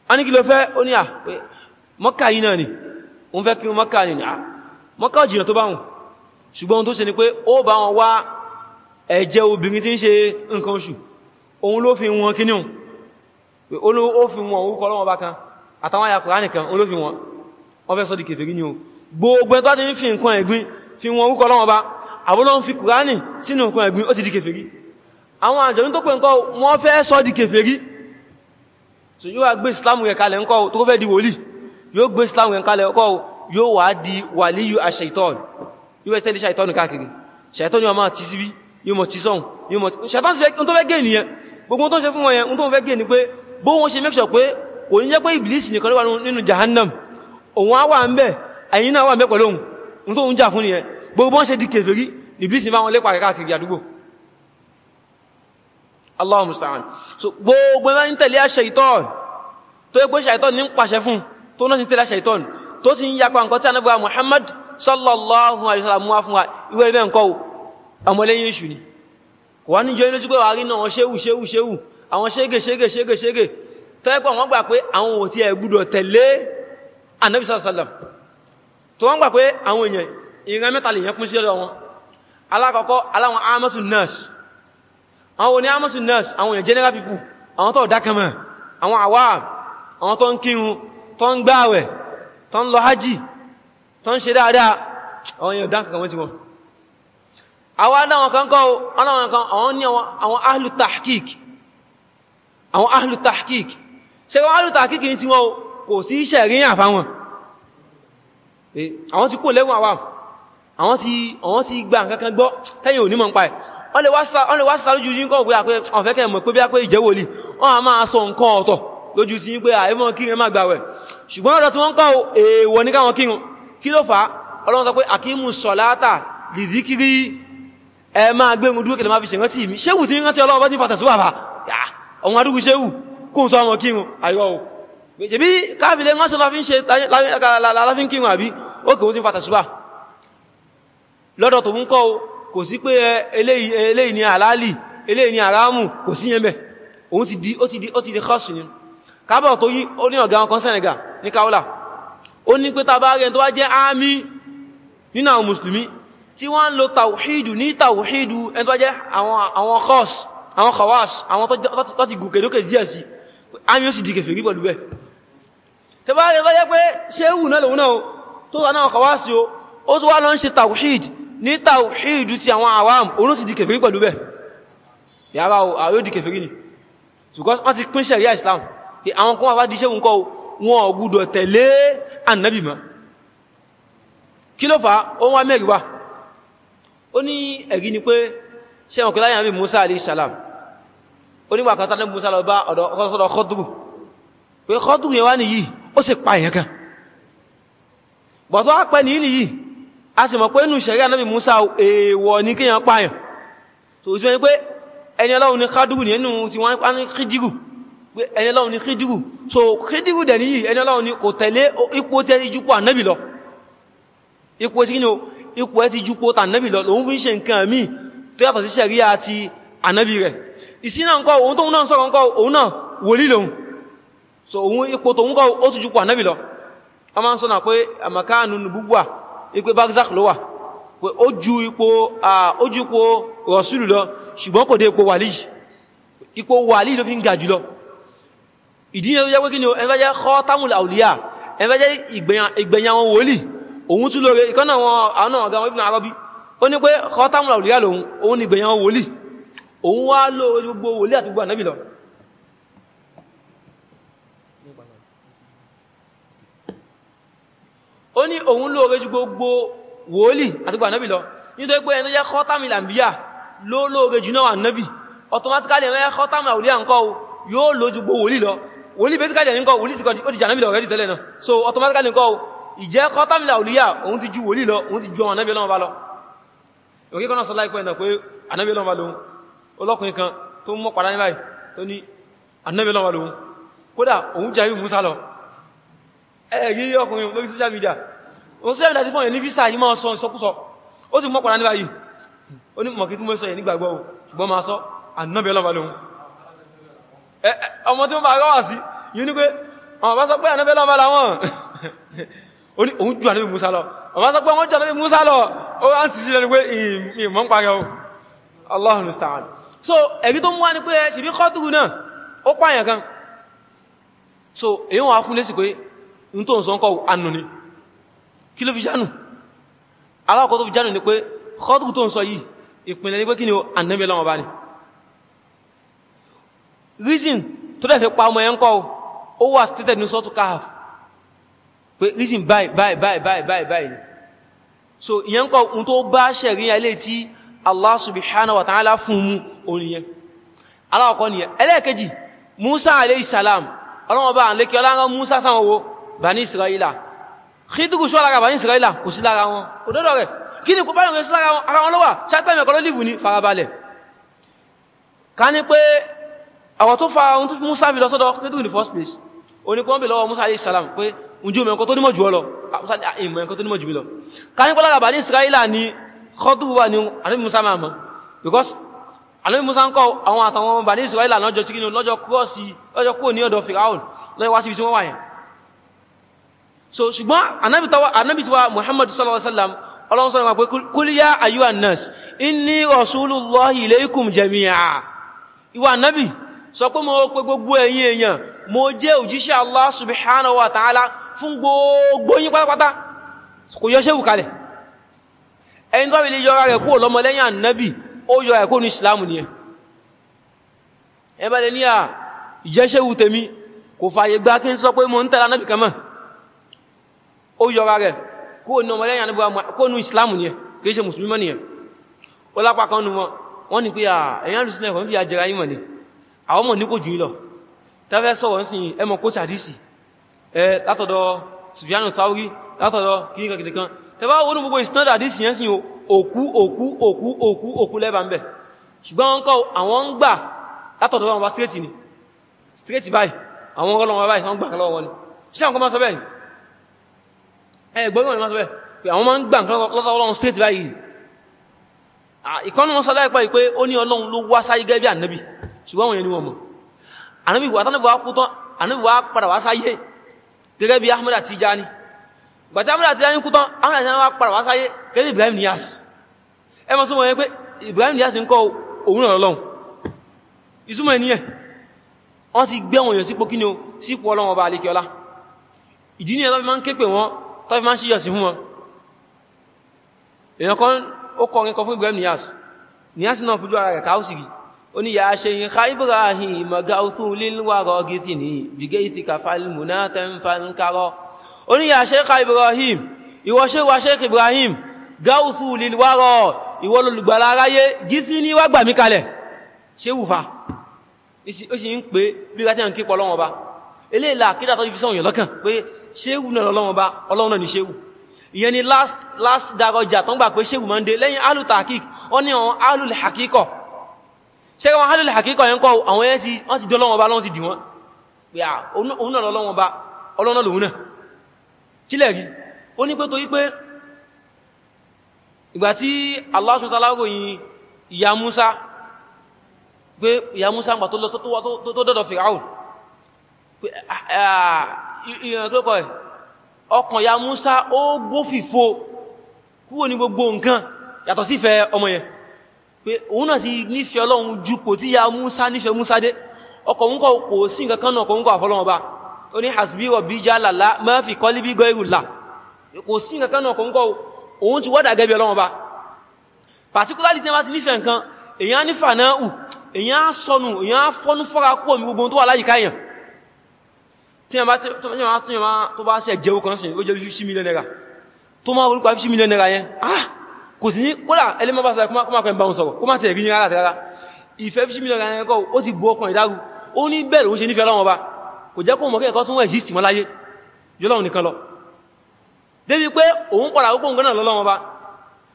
a ní kí ló fẹ́ ó ní à pé Mọ́kà náà ni òun fẹ́ kírun Mọ́kà ni à Mọ́kà ò jìnà tó bá wọn ṣùgbọ́n ohun tó ṣe ni pé ó bá wọn wá ẹ̀jẹ̀ obìnrin tí ń ṣe nǹkan oṣù òun ló fi wọn kíní òun ó fi wọn orúkọ ọlọ́wọ́ bá kan àtàwọn ayà Kùránì ó ló fi wọn wọ́n fẹ́ sọ kèfèrí ni o gbogbo ẹ̀ tó bá ti ń fi nǹkan ẹ̀gbin fi wọn orúkọ lọ́wọ́ bá àbúlọ́ ń fi kùránì sínú nǹkan ẹ̀gbin ó ti di kèfèrí àwọn àjọ̀dún tó pè ń kọ́ wọ́n fẹ́ sọ di kèfèrí so yóò wá gbé islam rẹ̀ kalẹ̀ ńkọ́ tó fẹ́ di wòlí yóò gbé islam rẹ̀ kalẹ̀ ńkọ́ yóò wá di wàlíyù àṣẹ̀tọ́n yóò wẹ́ tẹ́lẹ̀ ṣàìtọ́nù káàkiri ṣàìtọ́nù yóò máa ti síbí yóò mọ̀ ti sọ́hùn yóò mọ̀ ti ṣàtọ́nù fẹ́ tó fẹ́ gé nìyẹn gbogbo tó ń ṣe fún wọn yẹn tó ń fẹ́ gé ni pé bó wọn ṣe make sure pé kò ní tó ń jà fún ní ẹ e. gbogbo ṣe di kèfèrí ìbísì bá wọn lépa rẹ̀ káàkiri àdúgbò Allahu so gbogbo ẹmẹ́ ń tẹ̀lé ṣaitan tó yẹ pé ṣaitan ní ń pàṣẹ fún tó náà ti tẹ̀lé ṣaitan tó sì ń yapa nǹkan tí anábúwa Muhammad sallallahu alaihi wasallam wá fún wa ìwé ẹgbẹ́ nǹkan ọmọlẹ́yìn èṣù ni kò wá ní jẹ́ ilé jùgbẹ́ wà rí náà ṣéwù ṣéwù tó wọ́n gbà pé àwọn èèyàn ìran mẹ́ta lè yẹn pín sí ọ̀dọ̀ wọn alákọ̀ọ́kọ́ aláwọn amasu nurse àwọn oní amasu nurse àwọn èèyàn general people àwọn tó dákẹ́mọ̀ àwọn àwà àwọn tó ń kírun tó ń gbáwẹ̀ tó ń lọ hajji tó ń ṣe dáadáa àwọn èèyàn dákẹ́kọ̀ ahlu tahqiq àwọn ahlu tahqiq ṣe ahlu tahqiq ní ti wọn kò Eh, àwọn ti kó lẹ́wọ̀n àwà àwọn ti gba nǹkankan gbọ́ tẹ́yìn ò nímọ̀ ń pa ẹ̀ wọ́n lè wá síta lójú yínkọ́ pé ọ̀fẹ́kẹ́ mọ̀ pé bí á pé ìjẹ́wòlì wọ́n a máa sọ nǹkan ọ̀tọ̀ lójú sí pé àìmọ̀ kí rẹ má gbàwẹ̀ ṣùgbọ́n ọ̀dọ̀ tí wọ́n kọ́ èèwọ̀ ní káwọn kírun kí ẹ máa gbẹ̀rún mi ṣéwù tí rántí Ọlọ́run bá ti fàtàsíwà bá ọmọ adúgbù ṣéwù kóhùn sọ ọmọ ṣebí káàfilẹ̀ ránṣọ́ láfí ń ṣe láfí ń kírun àbí ó kìí tí ń fàtà ṣùgbà lọ́dọ̀ tó ń kọ́ kò sí pé eléyìí ni àlálì eléyìí ni àrámù kò sí yẹn bẹ̀ òun ti di ó ti di ó ti di kọ́sù ni kábọ̀ tó yí ó ní ọ̀gá ọkàn Senegal ní kaula ó ní pé tàbá rẹ̀ tó wá jẹ́ ámì nínú àwọn mùsùlùmí tí wọ́n ń lo tàwùhídù ní tàwùhídù ẹni tó wá jẹ́ àwọn kọ́s àwọn kọ̀wàs àwọn tó ti gùnkè tẹbáyẹ bá jẹ́ pé ṣéhù náà lòun náà o tó wà náà kọwàá sí o ó tó wá lọ ń ṣe tawhid ní tawhid ti àwọn awam òun sì di kèfèrí pẹ̀lú bẹ̀ yàrá o àyó di kèfèrí ni ṣùgbọ́n wọ́n pín ṣẹ̀ríà Islam àwọn kan wá di ṣéhù kọ́ wọn ò gbọ́dọ̀ tẹ̀lé annabi mọ́ kí ló fà á ó ní ẹ̀rí Musa alayhi salam ó Musa lọ bá ọ̀dọ̀ ọkọ̀ sọ́dọ̀ Khadru pé Khadru yẹn wá ó sì pa èèyàn kan bọ̀tọ́ àpẹ ní ìlú yìí a sì mọ̀ pé inú ìṣẹ̀rí ànábì Musa èèwọ̀ ní kíyàn pààyàn tó sì wọ́n pé ẹni ọlọ́run ní kádùrù ní ẹnu tí wọ́n pa ní kíjìrù ẹni ọlọ́run ní kíjìrù so kíjìrù dẹ̀ ní yìí ẹni ọlọ́run ní kò tẹ̀lé ipò tẹ́ ti jùpọ̀ ànábì lọ ipò tí kíni o ipò ẹ ti jùpọ̀ tànábì lọ lòun fi ń ṣe nǹkan míì tó yàtọ̀ sí ṣẹ̀rí àti ànábì rẹ̀ ìsìn náà ń kọ́ òun tóun náà ń sọ̀rọ̀ ń kọ́ òun náà wòlí lòun so òun ipò tó ń kọ́ ó tún jùpọ̀ ànábì lọ a máa ń sọ́nà pé àmàkáànù nùbúgbà ipé barzak ló wà pé ó ju ipò rọ̀súlù lọ ṣùgbọ́n kò dé ipò wàlí ipò wàlí ló fi ń ga jùlọ ìdí ni ó jẹ́ pé kí ni ẹnfẹ́jẹ́ khatamul awliya ẹnfẹ́jẹ́ ìgbẹ̀yà wọn wòlíì òun tún lóore ìkọ́nà wọn àwọn ọ̀gá wọn Ibn Arabi ó ní pé khatamul awliya lòun òun ìgbẹ̀yà wọn wòlíì òun wá lóore gbogbo wòlíì àti gbogbo ànábì lọ ó ní òun lóore ju gbogbo wòólì àti gbogbo ànábì lọ nítorí pé ẹni tó jẹ́ kọ́tàmì làmbíyà ló lóore jù náà ànábì automatically ẹni kọ́tàmì àwòlíyà ńkọ́ yóò lò ju gbogbo wòólì lọ wòólì basically ẹni ńkọ́ wòólì sì kọ́ ti jẹ́ ànábì lọ already tẹ́lẹ̀ náà so automatically ńkọ́ ìjẹ́ kọ́tàmì làwòlíyà òun ti ju wòólì lọ òun ti ju àwọn ànábì ọlọ́run bá lọ òkè kan náà sọ láìpẹ́ náà pé ànábì ọlọ́run bá lòun olókùnrin kan tó mọ́ padà ní báyìí tó ní ànábì ọlọ́run bá lòun kódà òun jẹ́ àyù Musa lọ ẹ̀rí ọkùnrin lórí social media o sí ẹ̀rí láti fún ẹ̀ ní visa yìí máa sọ ìsọkúsọ ó sì mọ́kànlá níbà yìí ó ní mọ̀kí tí mo sọ yẹ̀ nígbàgbọ́ ṣùgbọ́n máa sọ ànábẹ̀ ọlọ́bà lóhun so ẹ̀rí tó mú wá ní pé ṣèbí kọ́tùrù náà ó pààyàn kan so èyí wọn á fún lésì pé ní tó ń sọ ń kọ́ anù ni kí ló fi jánù alákọ̀ọ́ tó fi jánù ni pé kọ́tù tó ń sọ yìí ìpínlẹ̀ ní pé kí ni ànábì ọlọ́wọ́ bá ní reason tó dẹ̀ fi pa ọmọ ẹ̀ńkọ́ ó wà stated ní sọ́tù káàf pé reason báyìí báyìí báyìí báyìí báyìí ni so ìyẹn kọ́ ohun tó bá ṣẹ̀rí ilé tí Allah subhanahu wa ta'ala fún mú oníyẹn alákọ̀ọ́ nìyẹn ẹlẹ́ẹ̀kejì Musa alayhi salam ọlọ́wọ́ bá ń lékẹ́ ọlọ́wọ́ Musa sáwọn bani israila khidiru sọ lára bani israila kò sí lára wọn òdodo rẹ̀ kí ni kò bá yọ̀rọ̀ sí lára wọn ara wọn ló wà sátẹ́mì ọkọ̀ lólìvù ní farabalẹ̀ ká ní pé ọ̀rọ̀ tó fa ohun tó fi musa fi lọ sọ́dọ̀ khidiru in the first place onípọ́nbì lọ́wọ́ musa alayhi salam pé ǹjẹ́ omi ẹ̀kọ́ tó nímọ̀ jù ọ lọ ah, musa ah, ìmọ̀ ẹ̀kọ́ tó nímọ̀ jù mí lọ ká ní pé lára bani israila ni khidiru wa ní àdébí musa máa mọ̀ because àlọ́ Musa ń kọ́ àwọn àtàwọn ọmọ bà ní Israẹla lọ́jọ́ sí kí ní lọ́jọ́ kúrò ní ọ̀dọ̀ Firaun lọ́jọ́ sí ibi tí wọ́n wà yẹn so ṣùgbọ́n anabi tawa anabi tiwa muhammad sallallahu alaihi wasallam ọlọ́run sọ wọn pé kúlíyà ayúwà nurse inni rasulullahi ilaykum jami'a ìwà anabi sọ pé mo pe gbogbo ẹ̀yin èèyàn mo jẹ́ òjíṣẹ́ allah subhanahu wa ta'ala fún gbogbo yín pátápátá kò yọ ṣéwù kalẹ̀ ẹni tó bèèrè yọra rẹ̀ kúrò lọ́mọ lẹ́yìn anabi ó yọ ẹ̀kọ́ ní islam ni ẹ ẹ bá lè ní à ìjẹ́ṣẹ́wù tèmi kò fàyè gbá kí n sọ pé mo ń tẹ̀lé anabi kan mọ́ ó yọra rẹ̀ kó ní ọmọlẹ́yìn anábíwá kó ní islam ni ẹ kìí ṣe musulmi mọ́ ni ẹ ó lápá kan nu wọn wọ́n ní pé ẹ̀yìn alùsùn ẹ̀fọ́n fi àjẹrà yìí mọ̀ ni àwọn mọ̀ ní kò jù lọ tẹ́fẹ́ sọ̀rọ̀ sí ẹmọ kó sàdísì ẹ látọ̀dọ̀ sufyanu thauri látọ̀dọ̀ kìíkan kìíkan tẹ́fẹ́ wọnú gbogbo ìsinadà àdísì yẹn sí òkú òkú òkú òkú òkú lẹ́bàá ń àwọn kọ́ máa sọ bẹ́ẹ̀ ẹgbẹ́gbọ́n ìmọ̀ sọ bẹ́ẹ̀ pé àwọn máa ń gbà nǹkan lọ́tọ̀ ọlọ́run state báyìí ìkọ́nù wọn sọ láìpẹ́ yìí pé ó ní ọlọ́run ló wá sáyé gẹ́gẹ́ bí ànábì ṣùgbọ́n àwọn yẹn ni wọ́n mọ̀ ànábì wà tánàbì wà kú tán ànábì wà padà wá sáyé gẹ́gẹ́ bí Ahmad Tijani gbàtí Ahmad Tijani kú tán Ahmad Tijani wà padà wá sáyé gẹ́gẹ́ bí Ibrahim Niyas ẹ mọ̀ sọ́mọ yẹn pé Ibrahim Niyas ń kọ́ òun náà lọ́lọ́run ìsúmọ̀ ẹ̀ níyẹn wọ́n ti gbé wọn yẹn sípò kí ni o sípò ọlọ́run ọba àlekíọlá ìdí ni ẹ̀ lọ́fi máa ń ké pè wọ́n tọ́fí máa ń ṣíyọ̀ sí fún wọn èèyàn kan ó kọrin kan fún Ibrahim Niyas Niyas náà fojú ara rẹ̀ káúsìrì ó ní yàá ṣe yìí Ibrahim magauthun lílwàrọ̀ gíthì ní bìgé ìtìkà falmùná tẹ́ǹfàǹkarọ́ ó ní yàá ṣe Ibrahim ìwọ ṣe wa ṣe Ibrahim gáúthun lílwàrọ̀ ìwọ lolùgbàlà aráyé gíthì ní wá gbàmí kalẹ̀ ṣe wùfà pé ṣéwù náà lọ́wọ́n bá ọlọ́run náà ni ṣéwù ìyẹn ni last last daraja tó ń gbà pé ṣéwù máa ń dé lẹ́yìn alul tahqiq wọ́n ní àwọn alul hakíkọ̀ ṣé káwọn alul hakíkọ̀ yẹn kọ́ àwọn yẹn ti wọ́n ti dán lọ́wọ́n bá lọ́wọ́n ti dì wọ́n pé à òun náà lọ́wọ́n bá ọlọ́run náà ìyàn tó kọ̀ ẹ̀ ọkàn ya Musa ó gbófìfo kúrò ní gbogbo nǹkan yàtọ̀ sí fẹ́ ọmọ yẹn pé òun náà ti nífẹ̀ẹ́ Ọlọ́run ju kò tí ya Musa nífẹ̀ẹ́ Musa dé ọkọ̀ ń kọ̀ kò sí nǹkan kan náà kò ń kọ̀ àfọlọ́wọ́n bá ó ní hasbi wa bí jálà lá máa fi kọ́ líbí gọ́ ìrùlà kò sí nǹkan kan náà kò ń kọ̀ òun ti wọ́dà gẹ́bí Ọlọ́run bá particularly fọ́nú fọ́ra kúrò mi gbogbo tó wà láyìíká yẹn tí yàn bá tí yàn bá tó bá ṣe jẹ́wó kan sí ó jẹ́ 50 million naira tó máa orúkọ 50 million naira yẹn ah kò sí ní kódà ẹlẹ́mọ́ bá sọ́rọ̀ kó máa pẹ̀lú bá wọn sọ̀rọ̀ kó máa ti rí ní rárá rárá ìfẹ́ 50 million naira yẹn kọ́ ó ti bu ọkàn ìdáru ó ní bẹ́ẹ̀ ló ń ṣe nífẹ̀ẹ́ lọ́wọ́ bá kò jẹ́ kó mọ̀ kí ẹ̀kọ́ tún exist mọ́ láyé jọlọ́run nìkan lọ débi pé òun padà ó gbóǹgán náà lọ́wọ́ bá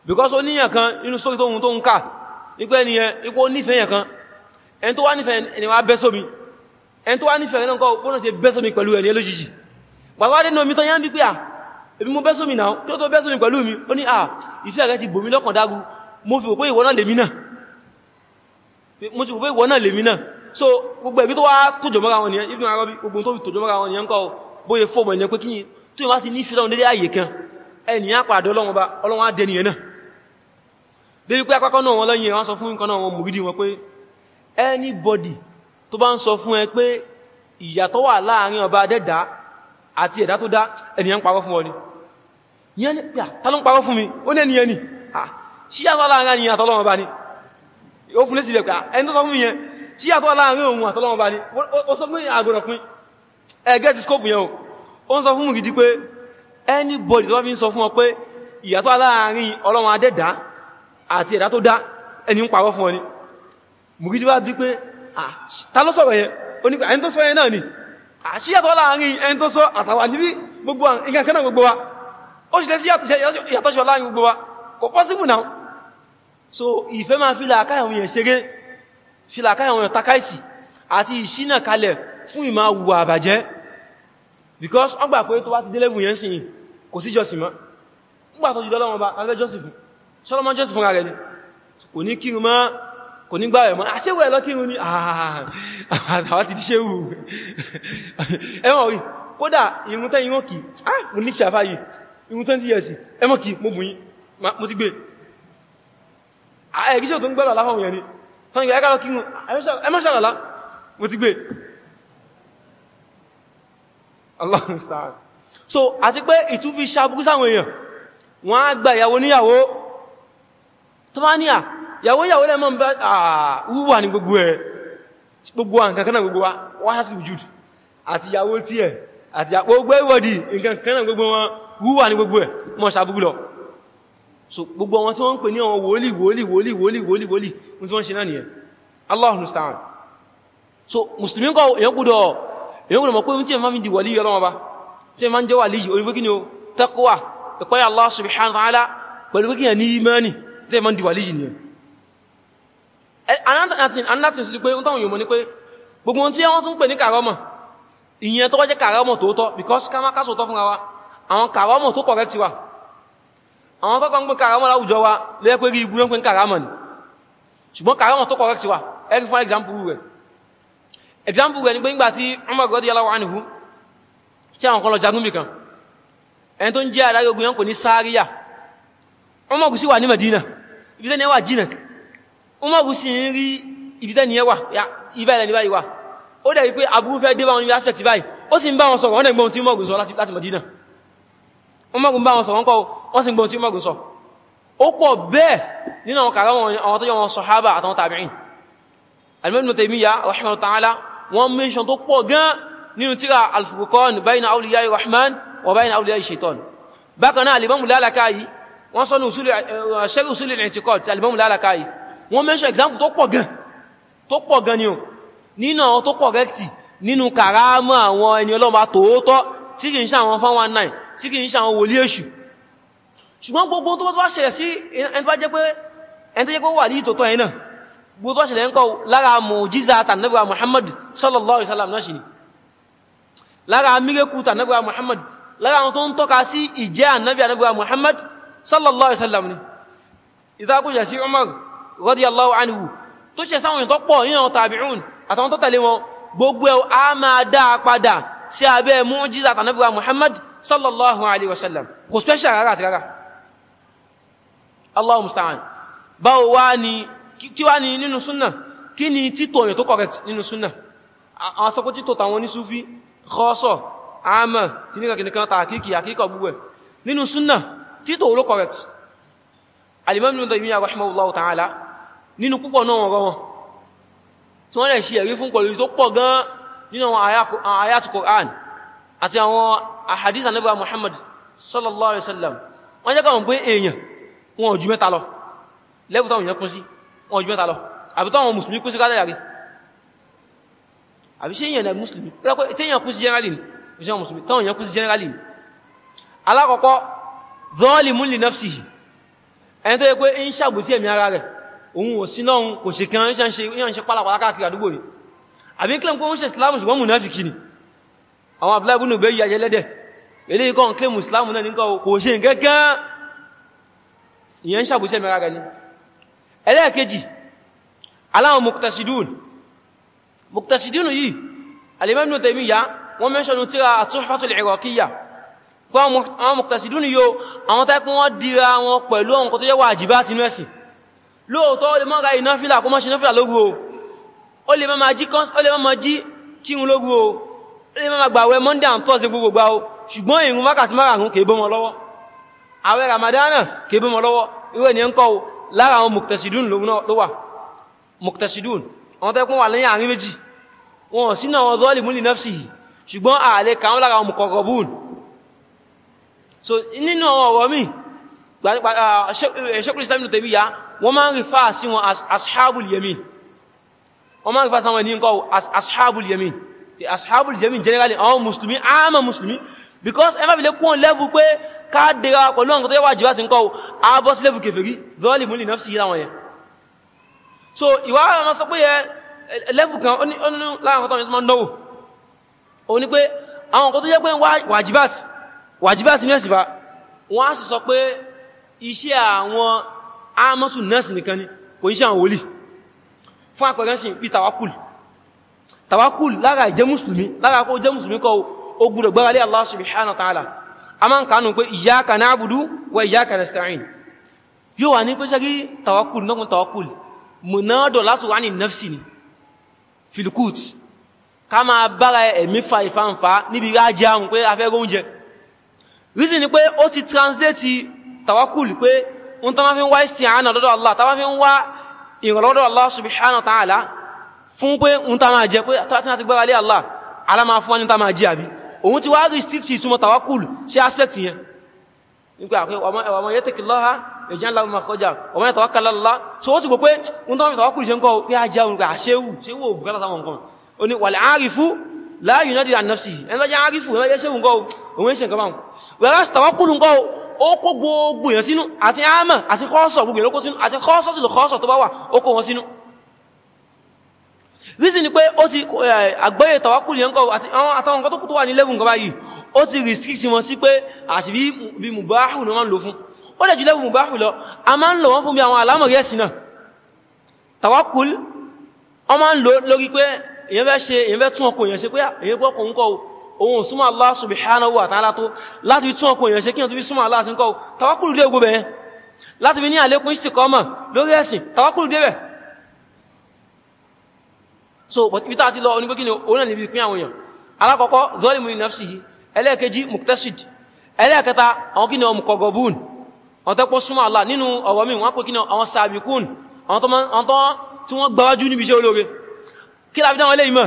because ó níyàn kan nínú sórí tóhun tó ń kà ipẹ́ nìyẹn ipò nífẹ̀ẹ́ yẹn kan ẹni tó wá nífẹ̀ẹ́ ni wá bẹ́ sómi ẹn tó wá nífẹ̀ẹ́ náà kọ́ bọ́nà bẹ́sọ̀mí pẹ̀lú ẹni ẹlójìjì wàwádé náà mi tán yá ń bí pé à èmi mo bẹ́sọ̀mí náà kí ó tó bẹ́sọ̀mí pẹ̀lú mi ó ní à ìfẹ́ rẹ̀ ti gbòmí lọ́kàn dágu mo fi òpó ìwọ náà lèmi náà mo ti òpó so gbogbo ẹ̀rí tó wá tòjò mọ́ra wọn nìyẹn ibi àrọ́bí gbogbo tó fi tòjò mọ́ra wọn nìyẹn kọ́ bóyẹ fọ́ọ̀mù ẹ̀yẹn pé kí tó wá sí ní ìfẹ́ lọ́wọ́ dédé ààyè kan ẹnìyàn àpàdé ọlọ́wọ́n bá ọlọ́wọ́n á dẹniyẹn náà débi pé akọ́kọ́ náà wọn lọ́yìn anybody tó bá ń sọ fún ẹ pé ìyàtọ̀ wà láàrin ọba adẹ́dá àti ẹ̀dá tó dá ènìyàn ń parọ́ fún ọ ni yẹn ni pé ta ló ń parọ́ fún mi ó ní ènìyàn ni ṣíyàtọ̀ láàrin ènìyàn àtọlọ́run ọba ni ó fún lésì lẹ́pẹ́ ẹni tó sọ fún mi yẹn ṣíyàtọ̀ láàrin òun àtọlọ́run ọba ni ó sọ fún àgọ́dọ̀ pín ẹgẹ́ ti scope yẹn o ó ń sọ anybody tó bá fi ń sọ fún ọ pé ìyàtọ̀ láàrin ọlọ́run adẹ́dá àti ẹ̀dá tó dá ẹni ń parọ́ fún mùgídí bá bí pé Ah, ta ló sọ̀rọ̀ yẹn onígbà ẹni tó sọ yẹn náà ni àṣíyàtọ̀ ah, láàrin ẹni tó sọ àtàwà níbi gbogbo nǹkan náà gbogbo wa ó ṣe yàtọ̀ ṣọ láàrin gbogbo wa kò pọ́síbù náà so ìfẹ́ máa fi làákàyàwó yẹn ṣeré fi làákàyàwó yẹn takáìsì àti ìṣínà kalẹ̀ fún ìmá wùwà àbàjẹ́ because wọ́n gbà pé tó bá ti délẹ́vù yẹn sí kò sí jọ́sìn mọ́ nígbà tó jùlọ lọ́wọ́ bá alẹ́ jọ́sìn fún ṣọ́lọ́mọ́ jọ́sìn fún ara rẹ̀ ni kò ní kírùn kò ní gbà ẹ̀mọ́ aṣẹ́wẹ̀ ah, lọ́kírun ní ah, àwọn ti ṣéwù ẹwọ̀n rí kódà irun tẹ́ irun kì ah mo ní ṣàfá yìí irun 20 years ẹmọ́ kì mo bù yín mo ti gbé ah, ẹ̀gíṣẹ́ tó ń gbẹ́lọ̀ láfọ́wọ̀ yẹn ni tó bá níyà yàwó yàwó lẹ́mọ́ bá ah, wúwà ní gbogbo ẹ̀ gbogbo àǹkankaná gbogbo wá láti wùjúd àti yàwó tí ẹ̀ àti gbogbo ẹwọ́dì ǹkankaná gbogbo wọn wúwà ní gbogbo ẹ̀ mọ́ sàbúrú lọ so gbogbo wọn tí wọ́n ń pè ní àwọn wòlí wòlí wòlí wòlí wòlí wòlí ní tí wọ́n ṣe náà nìyẹn Allahu musta'an so mùsùlùmí kọ èyàn gbọ́dọ̀ èyàn gbọ́dọ̀ mọ̀ pé tí ẹ máa fi di wàlí Ọlọ́run Ọba tí ẹ taqwa ìpáyà Allah subhanahu wa ta'ala pẹ̀lú pé kí ẹ ní imani tí ẹ Eh, another thing pé táwọn yòmọ̀ ní pé gbogbo ohun tí wọ́n tún pè ní kàrọ́mọ̀ ìyẹn tó jẹ́ kàrọ́mọ̀ tòótọ́ because ká má kásò tọ́ fúnra wa àwọn kàrọ́mọ̀ tó correct wa àwọn tọ́kọ́ ń pè kàrọ́mọ̀ láwùjọ wa lẹ́yẹ́ pé rí ibu ń pè kàrọ́mọ̀ ni ṣùgbọ́n kàrọ́mọ̀ tó correct wa ẹ̀rí fún example rẹ̀ example rẹ̀ ni pé nígbà tí Umar radiyallahu anhu tí àwọn kan lọ jagun bìkan ẹni tó ń jẹ́ adágbégun yẹn kò ní sáríyà Umar kò sí wà ní Medina ibi tẹ́ni wà jìnà umaru sì ń rí ibìtẹ́ nìyẹn wà ibà ilẹ̀ níbàyí wà ó dẹ̀ wípé aburú fẹ́ dé bá wọn níbi aspect báyìí ó sì ń bá wọn sọ̀rọ̀ wọ́n dẹ̀ gbọ́n tí umaru sọ láti Madina umaru ń bá wọn sọ̀rọ̀ wọ́n sì ń gbọ́n tí umaru sọ ó pọ̀ bẹ́ẹ̀ nínú àwọn kàrọ àwọn tó yọ wọn sàhábà àtàwọn tàbíìn alimẹ́nu tèmíyà rahmanu ta'ala wọ́n mẹ́ṣàn tó pọ̀ gan nínú tíra al-Furqan bayna awliya rahman wa bayna awliya shaitan bákan wọ́n mention example tó pọ̀ gan tó pọ̀ gan ni o nínú àwọn tó correct nínú kàrámọ́ àwọn ẹni ọlọ́ba tòótọ́ tí kìí ṣe àwọn 419 tí kìí ṣe àwọn wòlí èṣù ṣùgbọ́n gbogbo tó bá ṣẹlẹ̀ sí ẹni tó jẹ́ pé ẹni tó jẹ́ pé wà ní ìtòtọ́ ẹ̀nà gbogbo tó ṣẹlẹ̀ ń kọ lára mùjíza tànàbíwá Muhammad sallallahu alaihi wasallam náà ṣì ni lára mírẹ́kù tànàbíwá Muhammad lára àwọn tó ń tọ́ka Muhammad sallallahu alaihi wasallam ni ìtakùjà sí Umar radiyallahu anhu tó ṣe sáwọn èèyàn tó pọ̀ nínú àwọn tàbíùn àtàwọn tó tẹ̀lé wọn gbogbo ẹ̀ a máa dá a padà sí abẹ́ mu'jiza tànàbíwá muhammad sallallahu alaihi wasallam kò special rárá àti rárá allahu musta'an báwo wá ni kí wá ni nínú súnà kí ni títọ̀ èèyàn tó correct nínú súnà àwọn sọ pé títọ̀ tàwọn onísúfí kọ́sọ̀ àmà kìnnìkan tàkíkì àkíkọ̀ gbogbo nínú súnà títọ̀ ló correct alimami ibn taymiyyah rahimahullahu ta'ala nínú púpọ̀ náà ọ̀rọ̀ wọn tí wọ́n lẹ̀ ṣe ẹ̀rí fún pẹ̀lú tó pọ̀ gan nínú àwọn ayat Qur'an àti àwọn ahadith Ànábì Muhammad sallallahu alaihi wasallam wọ́n jẹ́ káwọn pé èèyàn wọn ò ju mẹ́ta lọ lẹ́bù táwọn èèyàn kún sí wọn ò ju mẹ́ta lọ àbí táwọn mùsùlùmí kún sí kádà yàrí àbí ṣe li nafsihi ẹni tó yẹ pé ń ṣàgbòsí ẹ̀mí ara rẹ̀ òun ò sí náà kò ṣe kan yíyàn ṣe pálapàá káàkiri àdúgbò ni àbí kílẹ̀m kó ń ṣe islamu ṣùgbọ́n mùnáfikì ni àwọn abúlábùnú bẹ́ yíya yẹlẹ́dẹ̀ ilé ikọ́ ń kílẹ̀mù islamu náà nìkan kò ṣe gẹ́gán ìyẹn ṣàbùsẹ́ mẹ́ra gani ẹlẹ́ẹ̀kejì aláwọn muktasidun muktasidun lóòótọ́ ó lè mọ́ ra ìnáfílà kó mọ́ ṣe náfílà lóru o ó lè máa jí kọ́ns ó lè máa jí kírun lóru o ó lè máa gbàwẹ̀ monday and thursday gbogbo gbà o ṣùgbọ́n ìrun wákàtí márùn-ún kèé bọ́mọ lọ́wọ́ àwẹ̀ ramadana kèé bọ́mọ lọ́wọ́ irú ẹni ń kọ́ o lára àwọn muktasidun ló wà muktasidun àwọn tẹ́kún wà wọ́n máa ń rí fáà sí wọn ashabul yamin wọ́n máa ń rí fáà sí wọn ní nǹkan ashabul yamin the ashabul yamin generally àwọn musulmi àmà musulmi because ẹmà fi lè kún lẹ́bù pé káàdìra pẹ̀lú ọ̀nà tó yẹ wájìbá sí nǹkan àbọ́ sí lẹ́bù kèfèrí zọ́ọ̀lì múlì náà sí so ìwà ara wọn sọ pé yẹ lẹ́bù kan ó ní láàrín amọ́sù nọ́ọ̀sì nìkan ni kò ń ṣe àwọn wòlíì fún àpẹẹrẹ sí tawakul tawakul lára ìjẹ́ mùsùlùmí lára kó jẹ́ mùsùlùmí kọ ogun rẹ̀ gbáralé Allah subhanahu wa ta'ala a máa ń kánú pé iyyaka na'budu wa iyyaka nasta'in yóò wà ní pé ṣẹ́rí tawakul nọ́gun tawakul mọ̀nádọ̀ láti wà ní nafsi ni filikut ká máa bára ẹ̀mí fa ìfàǹfà níbi rájẹ́ àwọn pé afẹ́rẹ́ oúnjẹ ni pé ó ti translate tawakul pé ń tán máa fi ń wá isti'ana lọ́dọ̀ Allah tá máa fi ń wá ìrànlọ́wọ́ lọ́dọ̀ Allah subhanahu wa ta'ala fún pé ń tán máa jẹ pé tí wọ́n ti gbára lé Allah alá máa fún wa ní tán máa jẹ àbí òun ti wá restrict ìtumọ̀ tawakkul ṣe aspect yẹn nígbà pé ọmọ yẹn tẹ̀kì lọ́ha ìjẹ́ ńlá ọmọ àkọjá ọmọ yẹn tawakkal Allah so ó sì gbọ́ pé ń tán máa fi tawakkul ṣe ń kọ́ pé a jẹun òun ṣe nǹkan báwọn whereas tawakkul nǹkan ó kó gbogbo èèyàn sínú àti àmà àti kọ́ọ̀sọ̀ gbogbo èèyàn ló kó sínú àti kọ́ọ̀sọ̀ sí lò kọ́ọ̀sọ̀ tó bá wà ó kó wọn sínú rísì ni pé ó ti àgbọ́yé tàwákù ní ẹnkọ́ àti àwọn tó kù wà ní level nǹkan báyìí ó ti restrict wọn sí pé àti bí mùbáhù ní wọ́n lò fún ó dẹ̀ ju level mùbáhù lọ a máa ń lò wọ́n fún bí àwọn alámọ̀rí ẹ̀sìn náà tàwákù ọ máa ń lò lórí pé èyàn fẹ́ tún ọkọ̀ ṣe pé èyàn gbọ́kọ̀ kọ́ ohun súnmọ́ Allah subhanahu wa ta'ala tó láti fi tún ọkùn èèyàn ṣe kí wọ́n tó fi súnmọ́ Allah sí ń kọ́ tawakulu dé ogun bẹ̀yẹn láti fi ní àlékún istiqama lórí ẹ̀sìn tawakulu dé bẹ̀ so ibi tá ti lọ onígbókí ni orílẹ̀ níbi ìpín àwọn èèyàn alákọ̀ọ́kọ́ zalimu li nafsihi ẹlẹ́ẹ̀kejì muktasid ẹlẹ́ẹ̀kẹta àwọn kí ni ọmọ kọgọbùn àwọn tẹ́pọ̀ súnmọ́ Allah nínú ọ̀rọ̀ mi wọ́n pè kí ni àwọn sàbìkún àwọn tó tí wọ́n gbáwájú níbi iṣẹ́ olóore kí láfi dáwọn eléyìí mọ̀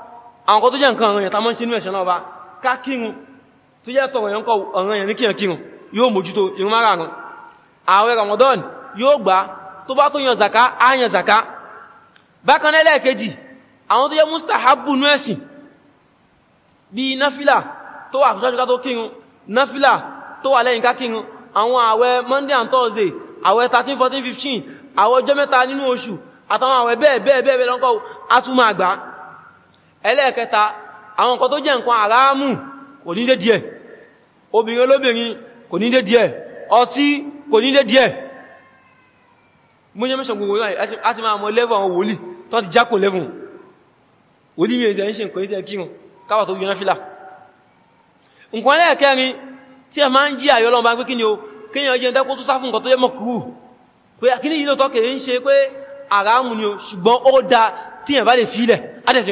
àwọn kan tó jẹ́ nǹkan ọ̀rọ̀ yẹn tá mọ́ ń ṣe ní ẹ̀ṣẹ̀ náà bá ká kírun tó jẹ́ tọrọ yẹn kọ ọ̀rọ̀ yẹn ní kíyàn kírun yóò mójútó irun mara rùn ààwẹ̀ Ramadan yóò gbà tó bá tó yan zaka á yan zaka bákan ẹlẹ́ẹ̀kejì àwọn tó jẹ́ mustahabu nú bí náfìlà tó wà ṣáṣúká tó kírun náfìlà tó wà lẹ́yìn ká kírun àwọn ààwẹ̀ Monday and Thursday ààwẹ̀ 13 14 15 ààwẹ̀ ọjọ́ mẹ́ta nínú oṣù àtàwọn ààwẹ̀ bẹ́ẹ̀ bẹ́ẹ̀ bẹ́ẹ̀ lọ́nkọ́ a ẹlẹ́ẹ̀kẹta àwọn nǹkan tó jẹ́ nǹkan àráàmù kò ní dé díẹ̀ obìnrin olóbìnrin kò ní dé díẹ̀ ọtí kò ní dé díẹ̀ mú jẹ́ mẹ́sàn gbogbo a ti máa mọ lẹ́vù àwọn wòlíì tó ti jákò lẹ́vù wòlíì mi ìjẹ́ ìṣẹ́ nǹkan ìtẹ́ kírun káwà tó yọná fílà nǹkan ẹlẹ́ẹ̀kẹrin tí ẹ ń jí àyọ́ lọ́nà ni o da tíyàn bá lè fílẹ̀ á dẹ̀ fi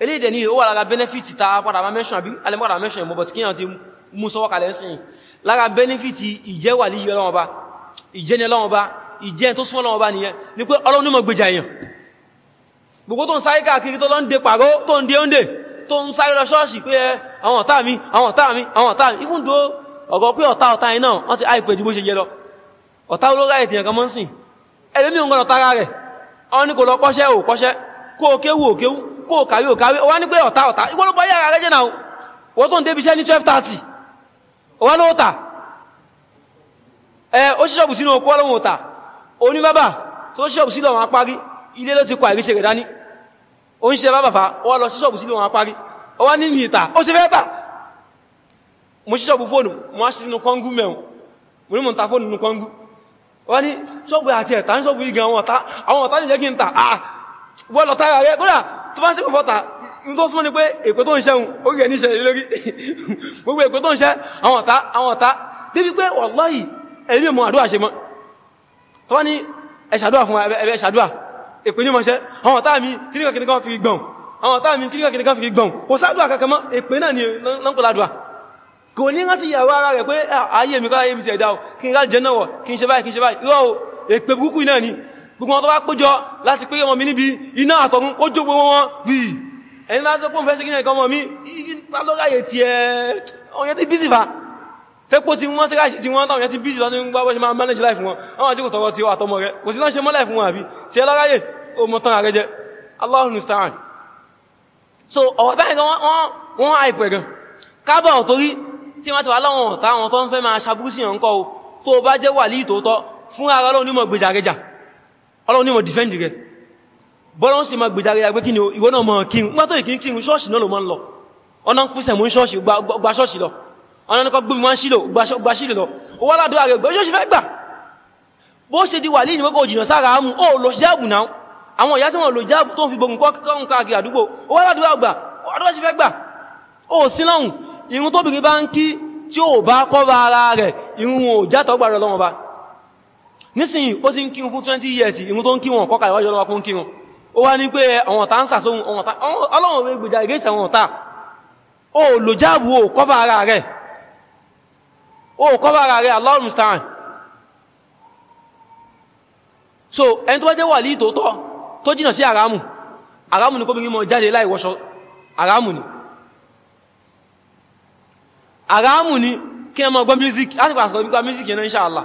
eléyìí ni ó wà lára benefit ta padà máa mention àbí alẹ́mọ́ra mention ìmọ̀ but kíyàn ti mú sọ́wọ́ kalẹ̀ sí lára benefit ìjẹ́ wà líyẹ Ọlọ́run Ọba ìjẹ́ ni Ọlọ́run Ọba ìjẹ́ tó súnmọ́ Ọlọ́run ni pé Ọlọ́run ní mọ̀ gbèjà èèyàn gbogbo tó ń sáré káàkiri tó lọ ń de pàró tó ń de ó even though ọ̀gọ́ pé ọ̀tá ọ̀tá yìí náà wọ́n ti àìpẹ́ ju bó ṣe yẹ lọ ọ̀tá olóra ètìyàn kan mọ́ ń sìn ẹlẹ́mìí ń gbọ́dọ̀ kó o kàwé o kàwé o wá ní pé ọ̀tá ọ̀tá ìgbọ́lọ́pọ̀ ayé ara rẹ jẹ́ náà wọ́n tó ń débi iṣẹ́ ní twelve thirty o wá lówó ta ẹ ó ṣíṣọ́ọ̀bù sínú okó ọlọ́run ọ̀tá oní bábà tó ṣíṣọ́ọ̀bù sílọ̀ wọn apárí ilé ló ti kọ àìríṣẹ́ rẹ̀ dání ó ń ṣe bábà fa ó lọ ṣíṣọ́ọ̀bù sílọ̀ wọn apárí ó wá ní ní ìta ó ṣe fẹ́ ta mo ṣíṣọ́ọ̀bù fóònù mo wá sí sínú kọ́ngú mẹ́rin mo ní mo ń ta fóònù nínú kọ́ngú ó wá ní ṣọ́ọ̀bù àti ẹ̀ta ń ṣọ́ọ̀bù igan ah wọ́n lọ tára rẹ̀ kódà tó bá ṣẹ́kùn fọ́ta ní tó súnmọ́ ni pé èpè tó ń ṣẹ́hun ó rẹ̀ níṣẹ́ lórí gbogbo èpè tó ń ṣẹ́ àwọn ọ̀tá àwọn ọ̀tá débi pé wallahi ẹ̀rí mọ̀ àdúrà ṣe mọ́ tó bá ní ẹ̀ṣàdúrà fún ẹ̀rẹ́ ẹ̀ṣàdúrà èpè ní mọ́ṣẹ́ àwọn ọ̀tá mi kíníkàkíníkan fi gbọ̀n àwọn ọ̀tá mi kíníkàkíníkan fi gbọ̀n kò sádùà kankan mọ́ èpè náà ni lọ́nkọ̀ládùà kò ní rántí ìyàwó ara rẹ̀ pé ah, ayé mi kọ́ ayé mi ti ẹ̀dá o kí n rá jẹ́ náà wọ̀ kí n ṣe báyìí kí n ṣe báyìí gbogbo wọn tó wá péjọ láti pé ọmọ mi níbi iná àtọ̀run kó jó gbogbo wọn bí ẹni láti pọ́n fẹ́ sí kíyàn ọmọ mi ta ló ráyè ti ẹ ọ̀yẹ́ ti bísì fa tẹ́pọ̀ tí wọ́n síráṣì tí wọ́n láti manage life wọn àwọn àjíkò tọrọ ti àtọmọ rẹ kò sí láṣẹ mọ́ life wọn àbí tí ẹ lọ́ráyè ó mọ tán àrẹ jẹ so ọ̀rọ̀ táyì gan wọ́n àìpẹ̀ gan kábọ̀ torí tí wọ́n ti wà láwọn ọ̀tá àwọn tó ń fẹ́ máa ṣàbúrú sí yàn ń kọ́ o tó bá jẹ́ wà ní ìtòótọ́ fún ara lónìí mọ̀ gbèjàgẹjà ọlọ́run ní mọ̀ defend rẹ̀ bọ́lọ́n sì ma gbèjáre agbé kí ni ìwọ náà mọ̀ kí n gbátó ìkí kí n ṣọ́ọ̀ṣì náà ló mọ́ ń lọ ọ̀nà ń pèsè mú ṣọ́ọ̀ṣì gba ṣọ́ọ̀ṣì lọ ọ̀nà ní kọ́ gbé wọn sílò gba sílò lọ owó aládùúrà rẹ̀ gbé ṣọ́ọ̀ṣì fẹ́ gbà bó ṣe di wà ní ìmọ́kọ̀ òjìnà sára àmú ó lọ jáàbù náà àwọn ìyá tí wọ́n lọ jáàbù tó ń fi gbogun kọ́ káàkiri bá ń kí tí ó bá kọ́ ara rẹ̀ irun ò játọ̀ lọ́wọ́ bá nísìnyí ó ti ń kírun fún 20 years ìrun tó ń kírun kọ́kà ìwájú ọlọ́wà kún kírun ó wá ní pé àwọn ọ̀tá ń sàsóhun ọlọ́run rẹ̀ gbèjà against àwọn ọ̀tá ó lò jáàbù ó kọ́bà ara rẹ̀ ó kọ́bà ara rẹ̀ Allahu musta'an so ẹni tó bá jẹ́ wàlí tòótọ́ tó jìnà sí àrámù àrámù ni kóbìnrin ni àrámù ni kí ẹ music láti pàṣẹ nípa music yẹn insha Allah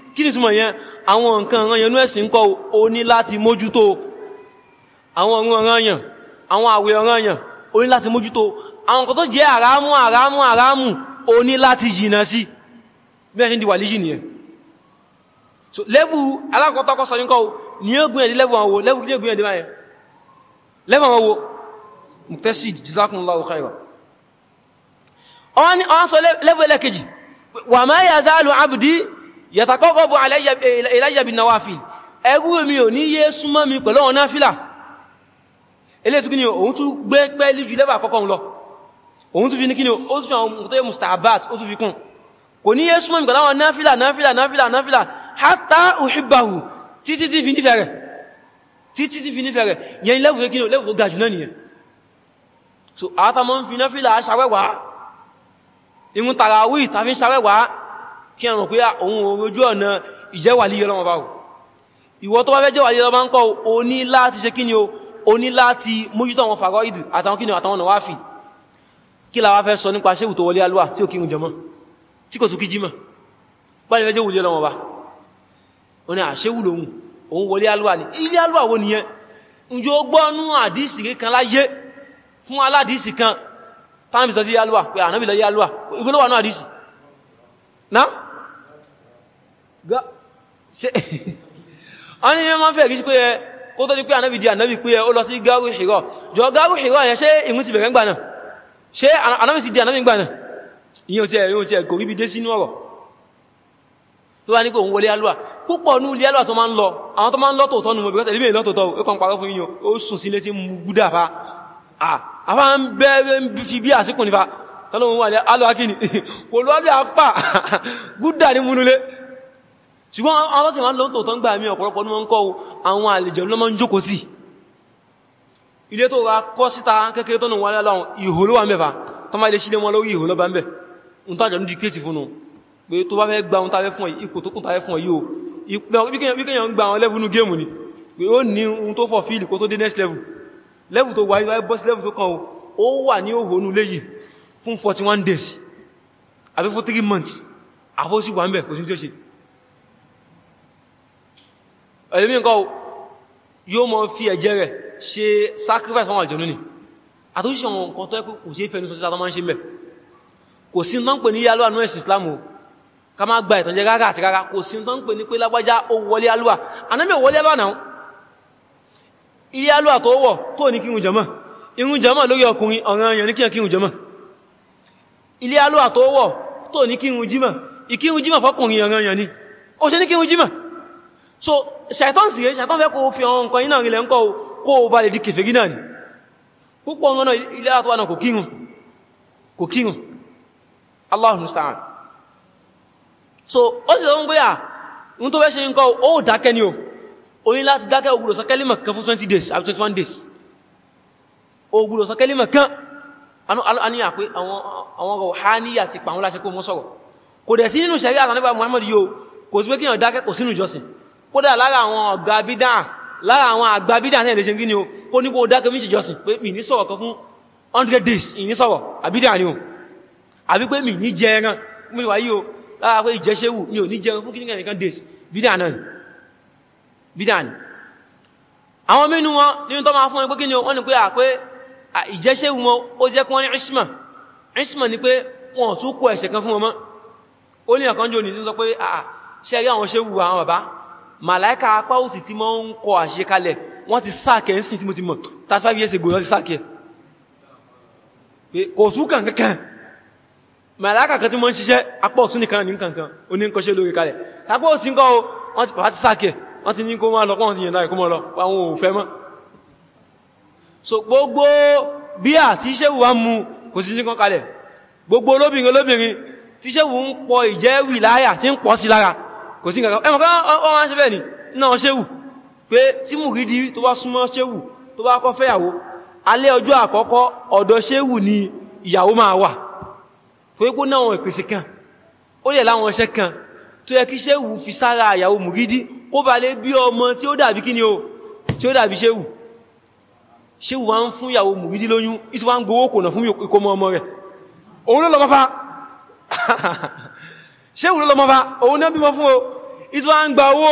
kí ni túnmọ̀ yẹn àwọn nǹkan ọ̀ràn yẹn ní ẹ̀sìn kọ́ o ní láti mójútó àwọn ọ̀run ọ̀ràn yẹn àwọn àwẹ̀ ọ̀ràn yẹn o ní láti mójútó àwọn nǹkan tó jẹ́ àrámù àrámù àrámù o ní láti jìnà sí bẹ́ẹ̀ ni wàlíjì nìyẹn so lẹ́bù alákọ̀ọ́tọ́kọ́ sọ ní kọ́ ní ó gbìyànjú lẹ́bù àwọn wo lẹ́bù kí ní ó gbìyànjú báyẹn lẹ́bù àwọn wo muktesid jazakumullahu khairan wọ́n sọ lẹ́bù ẹlẹ́kejì wà má yazalu abdi yàtàkọ́kọ́bù eh, ilayyabi nawafil ẹgbẹ́ mi ò ní yé súnmọ́ mi pẹ̀lú ọ̀nà fílà eléyìí kí ni òun tún gbé pẹ́lú jù lẹ́bà àkọ́kọ́ lọ òun tún fi ní kí ni ó tún fi àwọn mọ̀tẹ́ mustahabat ó tún fi kún kò ní yé súnmọ́ mi pẹ̀lú àwọn náfílà náfílà náfílà náfílà hatta uhibbahu títí tí fi so àátàmọ́ ń fi náfílà aṣàwẹ́wàá ìrun tàràwí tàfi kí a mọ̀ pé ah, òun ojú ọ̀nà ìjẹ́wàlí ọlọ́mọ báwò ìwọ tó bá fẹ́ jẹ́wàlí ọlọ́mọ ń kọ́ o ní láti ṣe kí ni o o ní láti mójútó àwọn fàgọ́ ìdù àtàwọn kí ni àtàwọn ọ̀nà wáfì kí la wá fẹ́ sọ nípa ṣe ìwòtò wọlé alúwà tí ó kírun jọmọ́ tí kò tún kí jímọ̀ bá ní fẹ́ jẹ́ wòlé ọlọ́mọ bá o ní àṣẹ́wù lòun òun wọlé náà a ní mẹ́mọ́ fẹ́ kí pé ẹ kó tó di pé anábi di anábi pé ẹ ó lọ sí gáwù ìrọ̀ jọ gáwù ìrọ̀ yẹn ṣe ìrún ti bẹ̀rẹ̀ ń gbà náà ṣe anábi ti di anábi gbà náà ìyẹn ti ẹ̀rin ti ẹ̀kò ríbi dé sínú ọ̀rọ̀ tó wá ní kò ń wọlé alúwà púpọ̀ ní ilé alúwà tó máa ń lọ àwọn tó máa ń lọ tòótọ́ nù mọ̀ bíkọ́sẹ̀ ilé ìlọ́tòótọ́ ó kàn parọ́ fún yíyan ó sùn sí ilé tí mú gúdà fa àfá ń bẹ́ẹ̀rẹ̀ ń fi bí àsìkò nífa tọ́lọ́wọ́n wà ṣùgbọ́n àwọn tí wọ́n lọ́tọ̀ tó ń gbà mí ọ̀pọ̀lọpọ̀ ní wọ́n ń kọ́ àwọn àlejò ló máa ń jókòó sí ilé tó ra kọ́ síta kékeré tó nù wà láwọn ìhò ló wà mẹ́fà tó máa lè sílé wọn lórí ìhò lọ́bàá mẹ́ ń tàjà ní dìkẹ́tì fún un pé level level tó wáyé wáyé level tó kàn ó wà ní òhònú léyìí days àbí fún 3 months àfọ́sí wà ń bẹ̀ kò sí tí ó ṣe ẹ̀lẹ́mí nǹkan yóò mọ́ fi ẹ̀jẹ́ rẹ̀ ṣe sacrifice fún àlùjànnú ni àtúnṣe àwọn nǹkan tó ẹ́kù kò sí ìfẹ́ nìsọ́sí sátọ́ máa ń ṣe mẹ́ kò sí tán pè ní yálúwà ní ẹ̀sìn Islam o ká má gba ìtànjẹ rárá àti rárá kò sí tán pè ní pé lágbájá ó wọlé alúwà anámi ò ilé alúwà tó wọ̀ tó ní kírun jàmá irun jàmá lórí ọkùnrin ọ̀ràn èèyàn ní kírun jàmá ní kírun jímọ̀ ìkírun so ṣàìtàn sí rẹ̀ ṣàìtàn fẹ́ kó fi ọ̀rọ̀ nǹkan iná rílẹ̀ ńkọ́ kó o bá lè di kèfèrí náà ni púpọ̀ ọ̀nà ilé àtọwà náà kò kírun kò kírun Allahu musta'an so ó sì lọ́wọ́n gbéyà ń tó fẹ́ ṣe nǹkan ó dákẹ́ ni o oyin láti dákẹ́ ogúrò sọkẹ́límọ̀ kan fún 20 days àbí 21 days ogúrò sọkẹ́límọ̀ kan aníyà pé àwọn ọgọ̀ hàníyà ti pàwọn láṣẹ kó mọ́ sọ̀rọ̀ kò dẹ̀ sí nínú ṣẹ̀rí àtàníbà Muhammad yóò kò sí pé kíyàn dákẹ́ kò sínú jọsìn kódà lára àwọn ọ̀gá bídà lára àwọn àgbà bídà náà lè ṣe kí ni o kó ní kó dákẹ́ mí ṣèjọsìn pé mi ní sọ̀rọ̀ kan fún 100 days ìní sọ̀rọ̀ àbídà ni o àbí pé mi ní jẹ ẹran mi wáyé o lára pé ìjẹṣẹ́wù mi ò ní jẹ ẹran fún ni àwọn mínú kí ni wọ́n ni pé àpé ìjẹṣẹ́wù wọn ó ní ìṣmà ni pé wọ́n tún kó ẹ̀ṣẹ̀ ṣẹ́rí àwọn ṣẹ́wù àwọn bàbá màláíkà apá òsì tí mọ́ ń kọ àṣekalẹ̀ wọ́n ti sáàkẹ̀ ń sìn tí mo ti mọ̀ 35 years ago wọ́n ti sáàkẹ̀ kò tún kankan màláíkà kan tí mọ́ ń ṣiṣẹ́ apá òsì nìkan ní kankan ó ní kọ́ṣẹ́ lórí kalẹ̀ apá òsì ń kọ́ o wọ́n ti pàtàkì sáàkẹ̀ wọ́n ti ní kó wọ́n lọ pọ́n ti yẹ̀ndà so gbogbo bí à tí iṣẹ́ wà mú kò sí sí kan kalẹ̀ gbogbo olóbìnrin olóbìnrin tíṣẹ́wù ń pọ ìjẹ́ wìláyà tí kò sí nǹkan ẹmọ̀ kan ọ̀rán ah, ah, ah, ṣe bẹ́ẹ̀ ni náà ṣéwù pé tí mùrídí tó bá súnmọ́ ṣéwù tó bá kọ́ fẹ́yàwó alẹ́ ni ìyàwó máa wà tó yẹ kó náà wọn ìpèsè kan ó lè láwọn iṣẹ́ kan tó yẹ kí ṣéwù fi sára ìyàwó mùrídí kó ba lè bí ọmọ tí ó dàbí kí ni o tí ó dàbí ṣéwù ṣéwù wá ń fún ìyàwó mùrídí lóyún ìsì wá ń gbowó kònà fún ìkómọ ọmọ rẹ̀ òun ló ṣéwù ló lọ́mọ́ fa òun náà bímọ fún o islam ń gba owó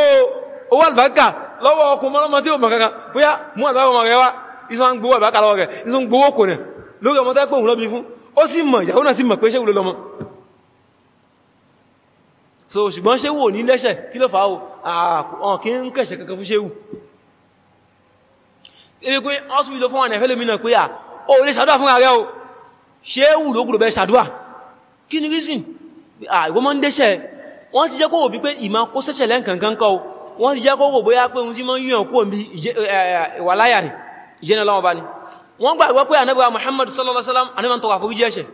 owó àlùbáríkà lọ́wọ́ ọkùnrin mọ́lọ́mọ́ tí ò mọ̀ kankan bóyá mú àlùbáríkà ọmọ rẹ wá islam ń gbowó àlùbáríkà lọ́wọ́ rẹ islam ń gbowó kò nẹ̀ lórí ọmọ tẹ́ pé òun lọ́bi fún ó sì mọ̀ ìyàwó kí ló o àwọn kí ń kẹ̀ṣẹ̀ kankan fún ṣéwù ebi pé ọ́sùn àwọn ẹ̀fẹ́ lómi pé à ó lè ṣàdúrà fún ààrẹ o ṣéwù ló gbọ́dọ̀ bẹ́ ṣàdúrà kí ni reason àwọn mọ́ ń dẹ́ṣẹ̀ wọ́n ti jẹ́ kó wò bí pé ìmá kó sẹ́ṣẹ̀ lẹ́nkankan kọ́ wọ́n ti jẹ́ kó wò bóyá pé ohun tí mọ́ ń yíyàn kúrò bí wà láyà ní ìjẹ́nà lọ́wọ́ bá ní wọ́n gbàgbọ́ pé Ànábì Muhammad sallallahu alaihi wasallam Ànábì ń tọrọ àforíjì ẹ̀ṣẹ̀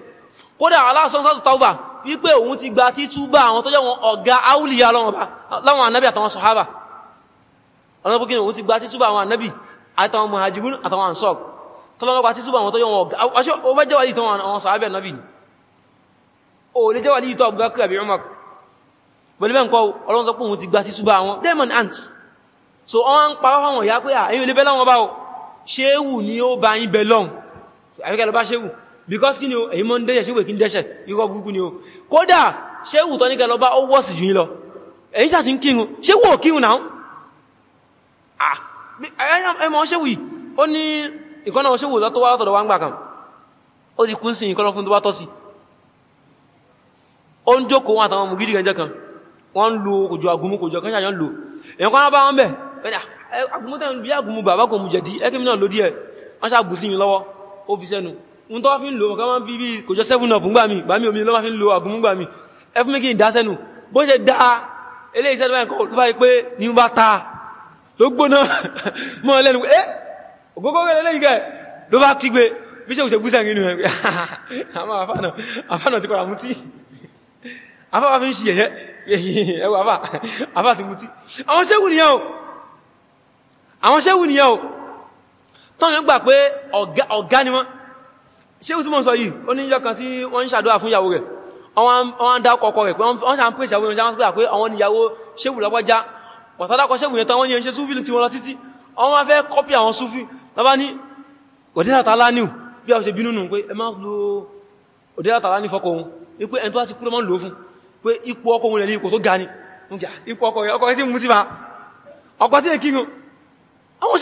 kódà Allah sọ́nsọ́sọ́ tauba wípé òun ti gba títúbà àwọn tó jẹ́ wọn ọ̀gá áúlìyà láwọn ànábì àtàwọn sọ̀hábà ọ̀nàbùkínà òun ti gba títúbà àwọn ànábì àtàwọn muhajibun àtàwọn ansọ́k tọ́lọ́lọ́gba títúbà àwọn tó jẹ́ wọn ọ̀gá áúlìyà láwọn ànábì o lè jẹ́ wà ní ìtọ́ ọ̀gá kí àbí Umar pẹ̀lú bẹ́ẹ̀ nǹkan ọlọ́run sọ pé òun ti gba títúbà àwọn demon ant so wọ́n ń parọ́ fáwọn ìyá pé àyín olè bẹ́ẹ̀ láwọn bá o ṣéwù ni ó ba yín bẹ̀lọ́n àbíkẹ́ bá ṣéwù because kí ni o èyí mọ́ ń dẹ́ṣẹ̀ ṣéwù kí ń dẹ́ṣẹ̀ irọ́ gúgú ni o kódà ṣéwù tọ́ ní kẹ́ lọ bá ó wọ́sì jù yín lọ èyí sàṣì ń kírun ṣéwù ò kírun náà ẹmọ ṣéwù yìí ó ní ìkọ́nà ṣéwù lọ́tọ́ wá lọ́tọ̀dọ̀ wá ń gbà kan ó ti kú sí ìkọ́nà fún tó bá tọ́ sí ó ń jókòó wọn àtàwọn mùgídì gẹ̀ẹ́jẹ́ kan wọ́n ń lo òjò agúnmú kòjọ kan ṣàjọ́ ń lò ẹ̀kọ́ bá wọ́n bẹ̀ agúnmútẹ́ ah, bí agúnmú bàbá kò mú jẹ̀dí ẹkìmí náà ló díẹ̀ wọ́n ṣàbù sí yìí lọ́wọ́ ó fi sẹ́nu lo ọ̀kan bí bí kòjọ 7up gbà mí gbà lo agúnmú gbà mí n dá sẹ́nu bó ṣe dá ilé iṣẹ́ lọ́wọ́ ẹ̀kọ́ ló bá pé ní bá ta ló gbóná mọ́ lẹ́nu pé eh, ògógó rẹ̀ lẹ́yìn kẹ́ ló bá kígbe afáwà fi ń ṣe ẹ̀yẹ́ ẹwà afá ti mutí àwọn ṣẹ́wù nìyàn o àwọn ṣẹ́wù nìyàn o tọ́nà gbà pé ọ̀gá ni wọ́n ṣẹ́wù tí mọ́ sọ yìí ó ní ìjọ kan tí wọ́n ń ṣàdúrà fún ìyàwó rẹ̀ wọ́n dá ọkọ̀ rẹ̀ pé wọ́n ṣàn pèsè àwọn ìyàwó pé àwọn ìyàwó ṣẹ́wù lọ́gbọ́já pàtàdàkọ̀ ṣẹ́wù yẹn tán wọ́n ní ẹ̀ṣẹ́ súfì tí wọ́n lọ títí wọ́n wá fẹ́ kọ́pì àwọn súfì lọ́bá ní òdílátàlá ní bí a ṣe bínú nù pé ẹ má lo òdílátàlá ní fọ́kọ̀ ipé ẹn tó wá ti kúrò mọ́ lò fún pé ipò ọkọ wọn lè ní ipò tó ga ni ipò ọkọ rẹ̀ ọkọ sí mú sí ma ọkọ sí èkírun àwọn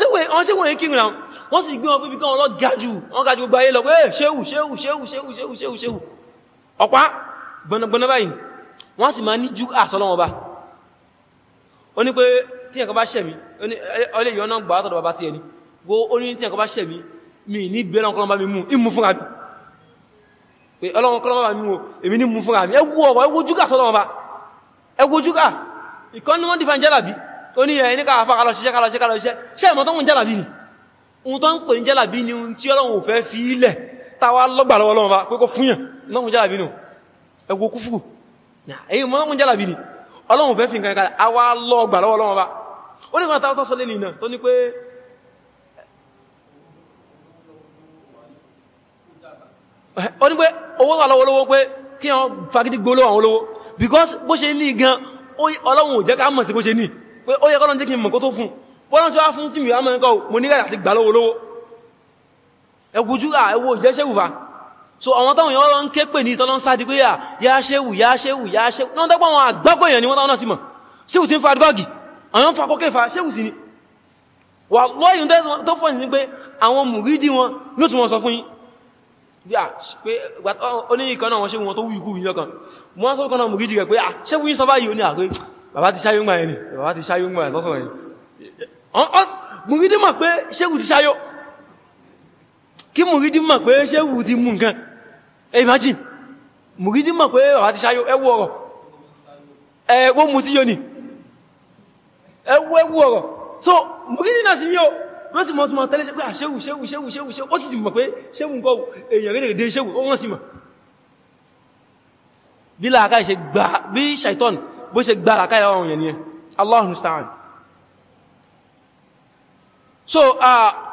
ṣéwọ̀n èkírun náà wọ́n sì gbé wọn pé bíkọ́ ọlọ́ gajù wọ́n gajù gbogbo ayé lọ pé ṣéwù ṣéwù ṣéwù ṣéwù ṣéwù ṣéwù ṣéwù ọ̀pá gbọnagbọna báyìí wọ́n sì máa ní jú àsọlọ́wọ́n bá ó ní pé tí ẹ̀kọ́ bá ṣẹ̀mí ọlẹ́ ìyọ́nà gbà átọ̀dọ̀ bàbá ti ẹni gbogbo ó ní tí ẹ̀kọ́ bá ṣẹ̀mí mi ní bẹ́ẹ̀rẹ̀ ọkọlọ́mbà mi mú ìmú fún àbí pé ọlọ́run kọ́lọ́mọ́ bá mú o èmi ní mú fúnra mi ẹgbù ọ̀rọ̀ ẹgbù jùgà tọ́lọ́wọ́ bá ẹgbù jùgà ìkan ní wọ́n dìfà ń jálàbí ó ní ẹ̀ ní káàfà kalọ̀ṣiṣẹ́ kalọ̀ṣiṣẹ́ kalọ̀ṣiṣẹ́ ṣe ìmọ̀ tó ń jálàbí ni ohun ni ohun tí ọlọ́run ò fẹ́ fi ilẹ̀ táwa lọ́gbà lọ́wọ́ ọlọ́run bá pé kó fúnyàn lọ́run jálàbí nù ẹgbù kúfùrù èyí mọ́ ó ní pé owó wà lọ́wọ́ pé kí wọ́n fagidi gbóló àwọn olówó because bó ṣe ní gan ọlọ́run ò jẹ́ ká mọ̀ sí bó ṣe ní pé ó yẹ kọ́lọ́n jẹ́ kí n mọ̀ kó tó fún bọ́lọ́n tí wá fún tí mọ̀ nǹkan gbà lọ́wọ́ so àwọn táwọn èèyàn lọ ń ké pè ní tọ́lọ́n sáàdì pé yá ṣéwù yá ṣéwù yá ṣéwù náà tọ́pọ̀ àwọn àgbákò èèyàn ni wọ́n táwọn náà sì mọ̀ ṣéwù sí ń fa adúgọ́gì àwọn ń fa kókè fa ṣéwù sí ni wà lọ́yìn tó fọ́ ìsìn pé àwọn oníyìnkaná wọn ṣe wọn tó wùyíkú yíyọkan wọ́n sọ kaná mú gíjì rẹ̀ pé à ah, ṣe wúyí sọ báyìí ó ní àgbé ah, bàbá ti ṣáyó ń gbà ẹni bàbá ti ṣáyó ń gbà lọ́sọ̀rọ̀ ẹni mùrídí mọ̀ pé ṣéwù ti ṣáyó ọ̀rọ̀ ẹwọ́ mú sí yóní náà sí yóò wọ́n sì mọ̀ tí mọ̀ tẹ́lẹ̀ ṣe pé àṣẹ́wù ṣẹ́wù ṣẹ́wù ṣẹ́wù ṣẹ́wù ó sì sì mọ̀ pé ṣẹ́wù nǹkan èèyàn rẹ̀ dé ṣẹ́wù wọ́n sì mọ̀ bí làákà ṣe gbà bí ṣàìtọ́n bó ṣe gbà làákà ìyàwó àwọn èèyàn ni Allahu musta'an so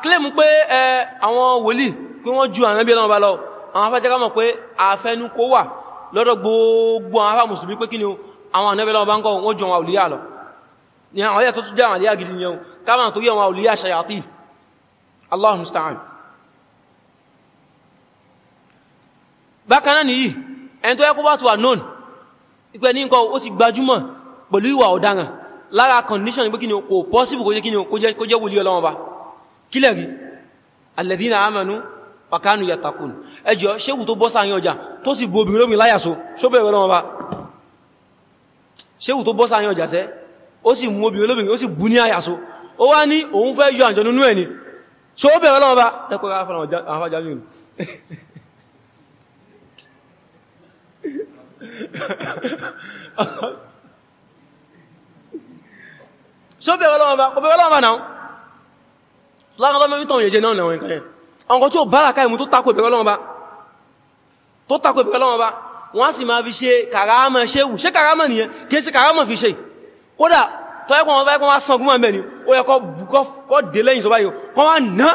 claim pé àwọn wòlíì pé wọ́n ju àwọn ẹbí ọlọ́run bá lọ àwọn afẹ́jẹ́ ká mọ̀ pé àfẹ́nu kó wà lọ́dọ̀ gbogbo àwọn afẹ́ mùsùlùmí pé kí ni àwọn ẹbí ọlọ́run ni àwọn ayẹ́ tó tún jáwọn àlíyà gidi yẹun káwọn tó yẹwọn olíyà ṣayàtí Allahu musta'an bákanáà nìyí ẹni tó yẹ́kọ́ bá tó wà nón ipẹ́ ní nǹkan ó ti gbajúmọ̀ pẹ̀lú ìwà ọ̀daràn lára condition ní pé possible kó jẹ́ kíni kó jẹ́ wòlí Ọlọ́run ba kílẹ̀ rí alladhina amanu wa kanu yattaqun ẹjọ́ ṣéwù tó bọ́ sáàrin ọjà tó sì bo obìnrin lómi sẹ́ ó sì mú obìnrin olóbìnrin ó sì bú ní àyàsó ó wá ní òun fẹ́ yọ àjọ nínú ẹni ṣe ó bẹ̀rẹ̀ lọ́wọ́ bá lẹ́pẹ̀rẹ̀ afọ́nàwọ́jámìnì ṣe ó bẹ̀rẹ̀ lọ́wọ́ bá kò bẹ̀rẹ̀ lọ́wọ́ bá náà láàrín ọmọ ìtàn ìyẹjẹ náà lẹ́wọ̀n ìkàyẹ ọkọ̀ tí ó bára káìmù tó tako ìbẹ̀rẹ̀ lọ́wọ́ bá tó tako ìbẹ̀rẹ̀ lọ́wọ́ bá wọ́n á sì máa fi ṣe kàrámà ṣéwù ṣe kàrámà nìyẹn kí ṣe kàrámà fi ṣe kódà tọ́ẹ́kùn wọn fẹ́kùn wá sàn gúnmọ̀ mẹ́ni ó yẹ kọ́ dé lẹ́yìn sọba yìí kọ́ wá ná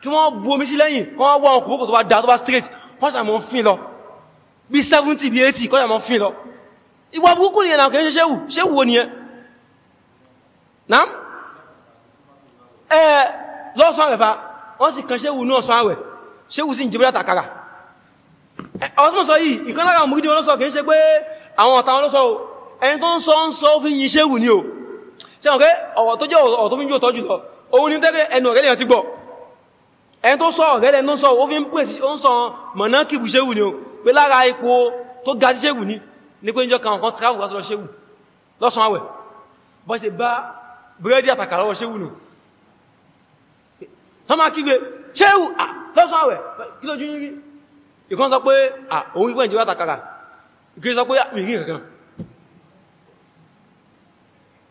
kí wọ́n bu omi sí lẹ́yìn kọ́ wọ́n wọ́n kòbókò tó bá dá tó bá straight kọ́ sàmọ́ fín lọ bí 70 bí 80 kọ́ sàmọ́ fín lọ ìwà burúkú nìyẹn náà kìí ṣe ṣéwù ṣéwù wo nìyẹn náà ẹ lọ́sàn rẹ̀ fa wọ́n sì kan ṣéwù náà sàn rẹ̀ ṣéwù sì ń jẹ́ bóyá tàkàrà ọdún sọ yìí ìkan lára àwọn mùgídí wọn lọ́sọ̀ kìí ṣe pé àwọn ọ̀tá wọn lọ́sọ̀ ẹni tó ń sọ ń sọ fi yí ṣéwù ní o ṣe ọ̀rẹ́ ọ̀rọ̀ tó jẹ́ ọ̀rọ̀ tó fi ń jò tọ́jú lọ òun ni tẹ́rẹ ẹnu ọ̀rẹ́ lẹ́yìn ti gbọ́ ẹni tó sọ ọ̀rẹ́ lẹ́nu sọ ó fi ń pèsè ó ń sọ mọ̀nà kìbù ṣéwù ní o pé lára ipò tó ga sí ṣéwù ní ní pé níjọ kan kan travel wá lọ ṣéwù lọ́sàn àwẹ̀ bọ́ ṣe bá búrẹ́dì àtàkà lọ́wọ́ ṣéwù nù wọ́n máa kígbe ṣéwù lọ́sàn àwẹ̀ kí lójú yìí ìkan sọ pé òun ìpẹ́ ìjọba àtàkàrà ìkiri sọ pé mìírí kankan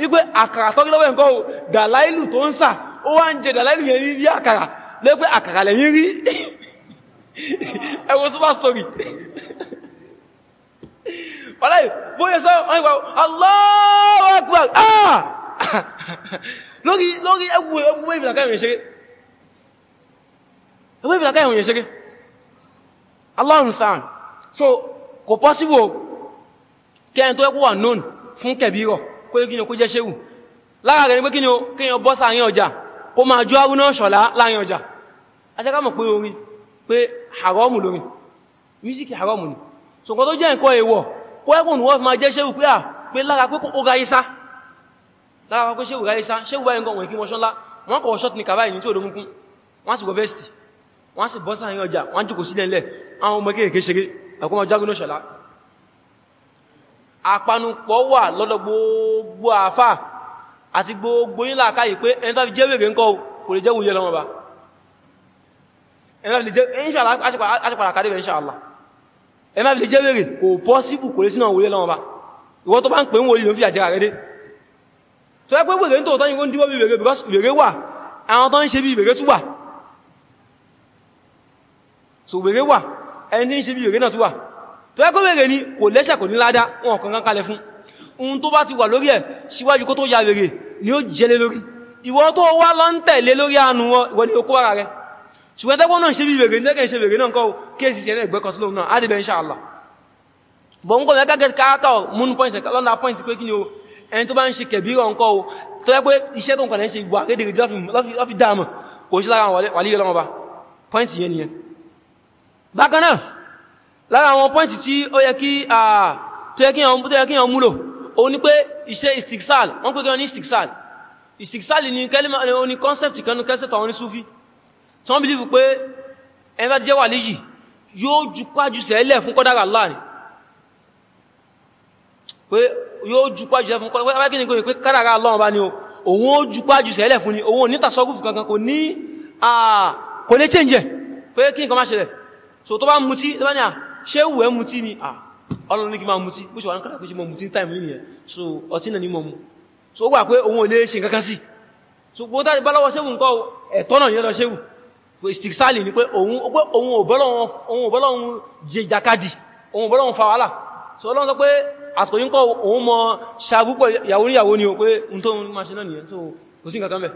wípé àkàrà tọ́rí lọ́wọ́ ẹ̀kọ́ dàláìlù tó ń sà ó wá ń jẹ dàláìlù yẹn rí àkàrà lẹ́pẹ́ àkàrà lẹ́yìn rí ẹwọ super story wàláì bóyẹ sọ wọ́n ìgbà Allahu Akbar ah lórí lórí ẹgbù ẹgbù mẹ́bìn àkáyọ̀ ìṣeré ẹgbù mẹ́bìn àkáyọ̀ ìṣeré Allahun sàn so kò possible kẹ́yìn tó ẹkù wà known fún kẹbírọ̀ kó yẹ kí ni kó jẹ́ ṣéwù lára rẹ̀ ni pé kí ni o kí ni o bọ́ sáàrin ọjà kó máa jó arúná ṣọ̀lá láàrin ọjà ajẹ́ká pé orin pé haramu lórin mísíkì haramu ni so nǹkan tó jẹ́ nǹkan èèwọ̀ kó ẹkùn ni wọ́n máa jẹ́ ṣéwù pé à pé lára pé ó ra isá lára pé ṣéwù ra isá ṣéwù báyìí nǹkan wọ̀nyí kí wọ́n ṣọ́nlá wọ́n kọ̀ ṣọ́t ní kàbáyìí ní tí àpanupọ̀ wà lọ́dọ̀ gbogbo àfà àti gbogbo yínlá káyì pé ẹni tàbí jẹ́ wèrè ńkọ́ kò lè jẹ́ wòye lọ́wọ́ bá ẹni tàbí jẹ́ wèrè kò pọ́síbù kò lè sínú wòye lọ́wọ́ bá ìwọ́n tó bá fi àjẹ́ rẹ̀ dé tó ẹ́ pé wèrè ń tòótọ́ yìí ń díwọ́ bí wèrè because wèrè wà so wèrè wà ẹni tí ń ṣe bí wèrè náà wà tó ẹ́kọ́ wèrè ní kò lẹ́ṣẹ̀ kò ní ládá wọn kan kan kalẹ̀ fún ohun tó bá ti wà lórí ẹ̀ síwájú kó tó ya wèrè ni ó jẹlé lórí ìwọ tó wá lọ ń tẹ̀lé lórí àánú wọn ìwọ ni okó ara rẹ ṣùgbọ́n tẹ́kọ́ náà ṣe bí wèrè ní tẹ́kẹ́ ṣe Allah bọ̀ ń kọ́ mẹ́ká gẹ́gẹ́ ni o ẹni tó bá ń ṣe kẹ̀bí rọ̀ nǹkan o tó yẹ pé iṣẹ́ tó ń kàn ń ṣe ìwà rédèrèdè lọ́fi lára àwọn pọ́ǹtì tí ó yẹ kí tó yẹ kí yàn múlò o ní pé iṣẹ́ istiksal wọ́n pé kí wọ́n ní istiksal istiksal ni kẹ́límà ní concept kan ní concept àwọn onísúfí tí wọ́n believe pé ẹni bá ti jẹ́ wàlíyì yóò ju pájú sẹ́lẹ̀ fún kọ́dára láàrin pé yóò ju pájú sẹ́lẹ̀ fún kọ́dára láàrin pé kọ́dára lọ́wọ́ bá ní o òun ó ni òun ò ní tàṣọ́gùfù kankan change pé kí nǹkan má ṣẹlẹ̀ so tó bá ṣe wù ẹ mutí ni ọlọ́run ní kí máa mutí bó ṣe wà ní kàtàkì ṣe mọ mutí ní táìmù so ọtí náà ní mọ mu so ó gbà pé òun ò ṣe nǹkan sí so bó tá ìbálọ́wọ́ ṣéwù nǹkan ẹ̀tọ́ náà yẹn lọ ṣéwù stikisali ni pé òun ò bọ́lọ́run jẹ jakadi òun ò bọ́lọ́run fa wàhálà so ọlọ́run sọ pé àsìkò yí ń kọ́ òun mọ ṣàgbúpọ̀ yàwó níyàwó ni so kò sí nǹkan kan bẹ̀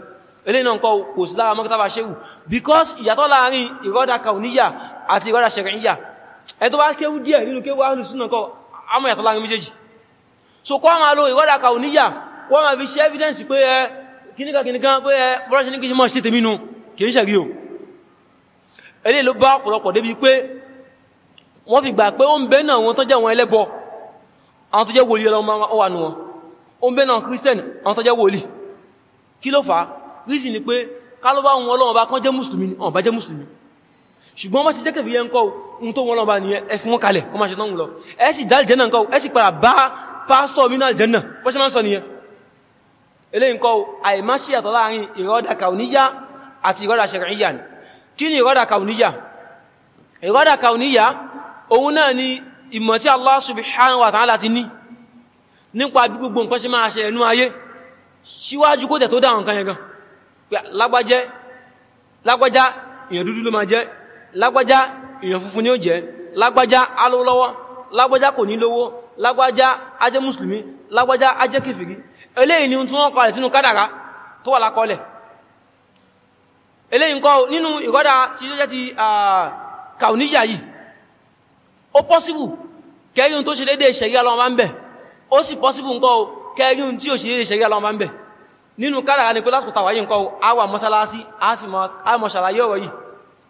ilé náà kọ́ because ìyàtọ̀ láàrin ìrọ́dà kàuníyà àti ìrọ́dà ṣẹ̀rẹ̀ ẹ tó bá kéwú díẹ̀ nínú kéwú ahlu sunna kọ́ àmọ́ yàtọ̀ méjèèjì so kọ́ máa lo ìwádà kàwù níyà kọ́ máa fi ṣe evidence pé ẹ kíníkà kíníkà pé ẹ bọ́rọ̀ṣẹ́ ní kíjímọ̀ ṣe tèmínú kìí ṣẹ̀rí o ẹlẹ́ ló bá ọ̀pọ̀lọpọ̀ débi pé wọ́n fi gbà pé ó ń bẹ náà christian àwọn tó jẹ́ wòlí ni pé kálọ́bá wọn ọlọ́wọ́n bá kán jẹ́ mùsùlùmí ni ọ̀n ṣùgbọ́n má ṣe jẹ́ kẹfì yẹ ń kọ́ ohun tó wọ́n lọ́ba ní ẹfún wọn kalẹ̀ ọmọ ṣe tánwò lọ ẹ sì dá aljanna kọ́ ẹ sì padà bá pásítọ̀ mínú aljanna bọ́ ṣe máa ń sọ nìyẹn eléyìn kọ́ àìmáṣe àtọ́ láàrin ìrọ́dà kàuníyà àti ìrọ́dà ṣẹ̀rìyà ni kí ni ìrọ́dà kàuníyà ìrọ́dà kàuníyà òun náà ni ìmọ̀ Allah subhanahu wa ta'ala ti ní nípa bí gbogbo nǹkan ṣe máa ṣe ẹnu ayé síwájú kó tẹ̀ tó dáhùn kan yẹn gan lágbájá ìyẹn dúdú ló máa jẹ́ lágbájá èèyàn funfun ni ó jẹ́ lágbájá alówólọ́wọ́ lágbájá kò ní lówó lágbájá ajẹ́ mùsùlùmí lágbájá ajẹ́ kìfìrí eléyìí ni tí wọ́n kọlẹ̀ sínú kádàrá tó wà lákọlẹ̀ eléyìí kọ́ nínú ìrọ́dà tí ó jẹ́ ti kàuníyà yìí ó pọ́síbù kẹrin tó ṣe dédé ìṣẹ̀rí aláwọ̀ máa ń bẹ̀ ó sì pọ́síbù ń kọ́ kẹrin tí ó ṣe dédé ìṣẹ̀rí aláwọ̀ ń bẹ̀ nínú kádàrá ni pé lásìkò tàwáyé ń kọ́ àwà mọ́sálásí á sì mọ́ ṣàlàyé ọ̀rọ̀ yìí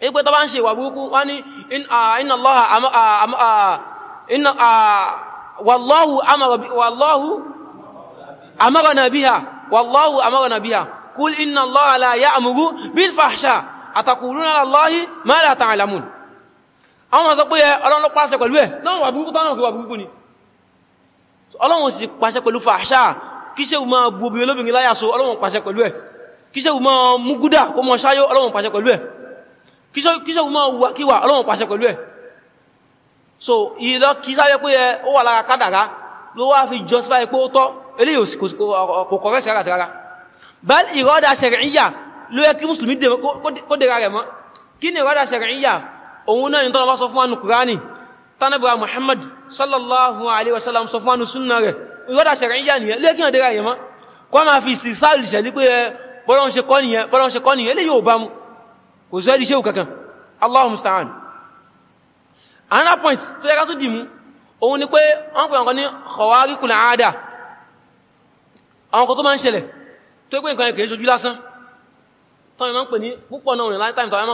wípé tó bá ń ṣe ìwà burúkú wá ní ah, inna Allaha ah, ah, wallahu amarana biha wallahu amarana biha kul inna Allaha la ya'muru bil fahsha ataquluna ala Allahi ma la ta'lamun àwọn sọ pé eh, Ọlọ́run ló pàṣẹ pẹ̀lú ẹ̀ lọ́wọ́n wà burúkú tánà wà burúkú ni Ọlọ́run sì pàṣẹ pẹ̀lú fahsha kí ṣe wù máa bu obìnrin kíṣẹ́ ọmọ wà kíwà ọlọ́run pàṣẹ pẹ̀lú ẹ̀ so ìlọ kí sáyẹ pé ẹ ó wà lára kádàrá ló wá fi justify pé ó tọ́ eléyìí kò kọ̀rẹ́ sí rárá bá ìrọ́dà ṣẹ̀rìíyà ló yẹ kí mùsùlùmí kó dèrà rẹ̀ mọ́ kí ni ìrọ́dà ṣẹ̀rìíyà òun náà muhammad sallallahu alaihi wasallam sọ fún ànù súnà rẹ̀ ìrọ́dà ṣẹ̀rìíyà nìyẹn ló yẹ kí wọ́n dèrà rẹ̀ mọ́ kọ́ máa fi ìsìsáàlì ṣẹ̀lí pé bọ́lọ́n bọ́lọ́n ṣe kọ́ nìyẹn eléyìí ò bá mu kò sọ ẹ́ di ṣéwù Allahu musta'an another point tí ẹka tó dì mú òun ni pé wọ́n pè ọ̀kan ní khawariqul aada àwọn kan tó máa ń ṣẹlẹ̀ tó pé nǹkan kìí ṣojú lásán tọ́nà máa ń pè ní púpọ̀ náà rìn láìtàmì tàbí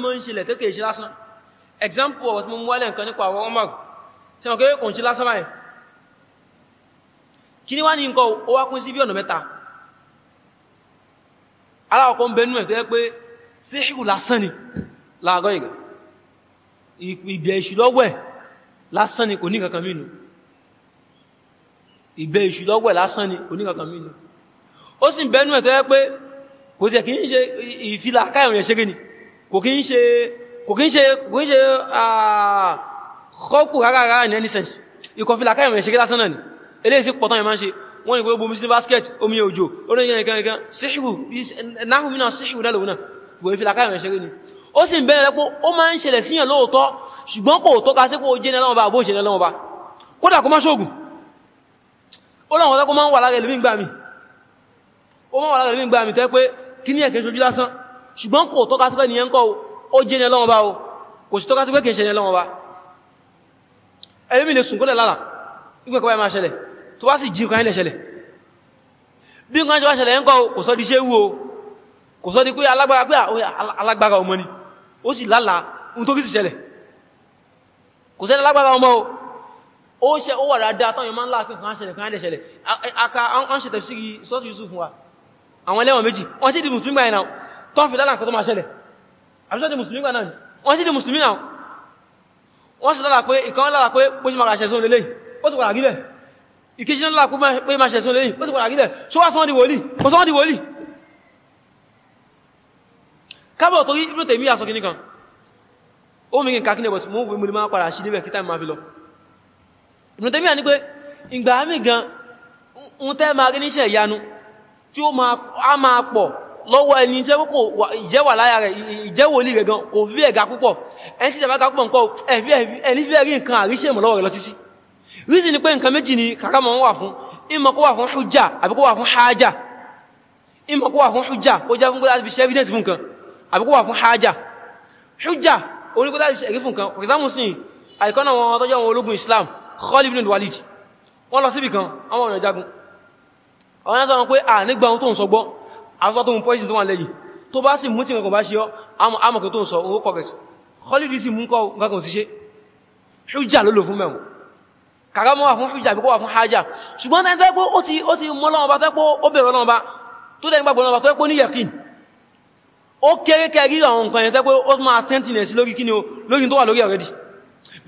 máa ń pè example ọ̀rọ̀ tí mo mú wálẹ̀ nǹkan nípa àwọn ọmọ tí wọ́n kéré kò ń kí ni wá ní nǹkan ó wá kún sí bí ọ̀nà mẹ́ta aláwọ̀kọ́ ń bẹnú ẹ̀ tó yẹ pé síhìrù lásán ni láàgọ́ ìgbà ìbẹ̀ èṣù lọ́wọ́ ẹ̀ lásán ni kò ní kankan mínú ìbẹ̀ èṣù lọ́wọ́ ẹ̀ lásán ni kò ní kankan mínú ó sì bẹnú ẹ̀ tó yẹ pé kò sí kì í ṣe kì í ṣe kò kì wọ́n ní pé bomi sínú basket omi òjò oníyàn nǹkan nǹkan síhù náhù mínà síhù dálò náà wọ́n fi làkàrà rẹ̀ ṣeré ni ó sì ń bẹ̀rẹ̀ pé ó máa ń ṣẹlẹ̀ síyàn lóòótọ́ ṣùgbọ́n kò tọ́ka sí pé ó jẹ́ nílọ́wọ́ bá àbó ìṣẹ̀lẹ̀ lọ́wọ́ bá kódà kó má ṣóògùn ó láwọn tọ́kọ́ máa ń wà lára ẹlòmí gbà mí ó máa wà lára ẹlòmí gbà mí tẹ́ pé kí ní ẹ̀kẹ́ ṣojú lásán ṣùgbọ́n kò tọ́ka sí pé nìyẹn kọ́ ó jẹ́ nílọ́wọ́ bá o kò sì tọ́ka sí pé kì í ṣẹlẹ̀ lọ́wọ́ bá ẹlòmí lè sùn kó lẹ̀ lára ìgbẹ̀kọ́ bá máa ṣẹlẹ̀ tó wá sì jí nǹkan ilẹ̀ ṣẹlẹ̀ bí nǹkan ṣe wá ṣẹlẹ̀ ńkọ́ kò sọ di ṣe wú o kò sọ di pé alágbára pé ah, alágbára ọmọ ni ó sì lálà ń tó kí sì ṣẹlẹ̀ kò sẹ́ni alágbára ọmọ o ó ṣe ó wà dáadáa táwọn èèyàn máa ń láàpẹ́ nǹkan ṣẹlẹ̀ kan ilẹ̀ ṣẹlẹ̀ aka ń ṣe tẹ̀sí sọ́tù Yusuf wa àwọn ẹlẹ́wọ̀n méjì wọ́n sì di mùsùlùmí gbà náà tó ń fi lálà nǹkan tó máa ṣẹlẹ̀ àbíṣọ́ di mùsùlùmí gbà náà wọ́n sì di mùsùlùmí náà wọ́n sì lára pé ìkan lára pé pójú máa ṣẹ̀ sóun lélẹ́yìn ó sì padà gíbẹ̀ ìkejì náà kó pé máa ṣẹ̀sùn lẹ́yìn ó sì padà gílẹ̀ ṣó wá sọ́wọ́n di wòlíì kò sọ́wọ́n di wòlíì kábọ̀ tó yí tèmi àsọ kìíní kan ó mìí nǹkan kíní ẹ̀bọ̀tí mú wí múlí máa padà sí débẹ̀ kí táìmù máa fi lọ Ibn Taymiyyah ní pé ìgbà mí gan ń tẹ́ máa rí níṣẹ́ ìyanu tí ó máa pọ̀ lọ́wọ́ ẹni jẹ́ kò ìjẹ́wà láyà rẹ̀ ìjẹ́wòlí rẹ̀ gan reason ni pé nǹkan méjì ni karama wà fún ìmọ̀ fún hujja àbí kó fún haja ìmọ̀ kó wà fún hujja kó já fún láti fi ṣe evidence fún kan àbí fún haja hujja oní kó láti ṣe fún kan for example sin àìkọ́nà wọn tọ́jọ́ wọn ológun Islam Khalid ibn Walid wọ́n lọ síbì kan ọmọ ọ̀nà jagun ọ̀nà sọ wọn pé à nígbà ohun tó ń sọ gbọ́ àtọ́ tó ń poison tó wà Khalid sì mú nǹkan kan hujja ló lò kàrámọ́ wà fún ìjà àbíkọ́ wà fún hajjá ṣùgbọ́n náà tẹ́gbó ó ti ó ti mọ́ lọ́wọ́ bá tẹ́gbó ó bẹ̀rẹ̀ lọ́wọ́ bá tó dẹ̀ nígbàgbọ́ lọ́wọ́ tẹ́gbó ní yẹ̀kín ó kéré kẹrí àwọn nǹkan yẹn tẹ́gbó ó already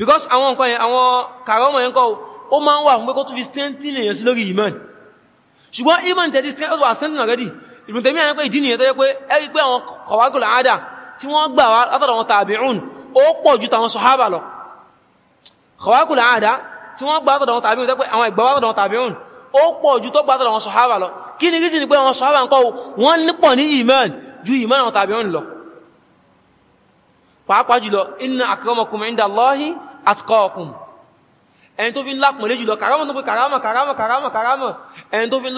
because àwọn nǹkan yẹn àwọn kàrámọ́ yẹn kọ́ ó máa ń wà fún pé kó tún fi stẹ́ntìnẹ̀sí lórí iman ṣùgbọ́n already ìlú tẹ̀mí àyẹ́ pé ìdí nìyẹn tó yẹ pé ẹ rí pé àwọn kọ̀wágùn àádà tí wọ́n gbà wá látọ̀dọ̀ àwọn tàbíùn ó pọ̀ ju tàwọn sọ̀hábà lọ kọ̀wágùn àádà tí wọ́n gbà látọ̀dọ̀ wọn tàbí wọn àwọn ìgbà látọ̀dọ̀ wọn tàbí wọn ó pọ̀ ju tó gbà látọ̀dọ̀ wọn sọ̀hábà lọ kí ni rísì ni pé wọn sọ̀hábà ń kọ́ wọn nípọ̀ ní ìmán ju ìmán àwọn tàbí wọn lọ pàápàá jùlọ inna akramakum inda Allahi atqakum ẹni tó fi ńlá pọ̀lé jùlọ kàrámà tó pé kàrámà kàrámà kàrámà kàrámà ẹni tó fi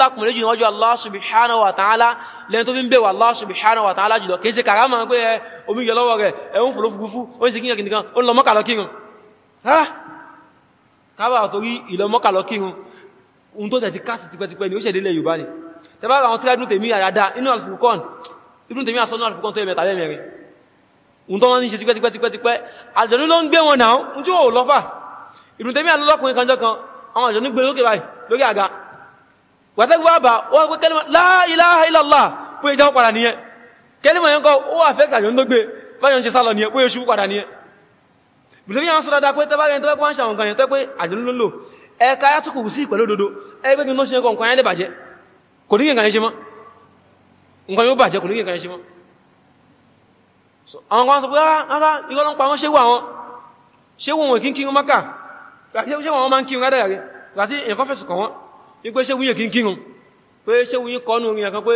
Allah subhanahu wa ta'ala lẹ́ni tó fi Allah subhanahu wa ta'ala jùlọ kìí ṣe kàrámà pé ẹ omi yọ lọ́wọ́ rẹ̀ ẹ̀hún fòlófúgufú ó ń ṣe kíyàn kìnnìkan ó ń lọ mọ́kàlọ́ kírun káwà torí ìlọmọ́kà lọ kírun ohun tó tẹ̀ ti kásì tipẹ́tipẹ́ ni ó ṣẹ̀délẹ̀ Yorùbá ni tẹbá àwọn tí Ibn Taymiyyah àyàdá inú Al-Furqan Ibn Taymiyyah sọ́nà Al-Furqan tó yẹ mẹ́ta lẹ́mẹ̀rin ohun tó wọ́n ní ṣe tipẹ́tipẹ́tipẹ́ àjẹ̀nú ló ń gbé wọn náà ń tí ó lọ́fà Ibn Taymiyyah lọ́kùnrin kanjọ́ kan àwọn àjẹ̀nú gbé lókè báyìí lórí àga wàtẹ́gbà bá wọ́n pẹ́ kẹ́lẹ́mọ̀ la ilaha illallah pé ìjọ padà nìyẹn kẹ́lẹ́mọ̀ yẹn kọ́ ó àfẹ́ mùsùlùmí yàn sọ dáadáa pé tẹ́bá rẹ̀ tẹ́bá ń ṣàwọn nǹkan yẹn tẹ́ pé àjẹ́lú ló ń lò ẹ̀ka yàtùkù sí pẹ̀lú òdodo ẹgbẹ́ kí n tó ṣe nǹkan yẹn lè bàjẹ́ kò ní nǹkan yẹn ṣe mọ́ nǹkan yóò bàjẹ́ kò ní nǹkan yẹn ṣe mọ́ àwọn kan sọ pé rárá ah, irọ́ ah, ah, ló ń pa wọ́n ṣéwù àwọn ṣéwù wọn kí ń kírun mọ́kà ṣéwù àwọn máa ń kírun rádàrà rẹ̀ àti nǹkan fẹ̀sùn kàn wọ́n wípé ṣéwù yẹn kí ń kírun pé ṣéwù yín kọ́ nù rìn kan pé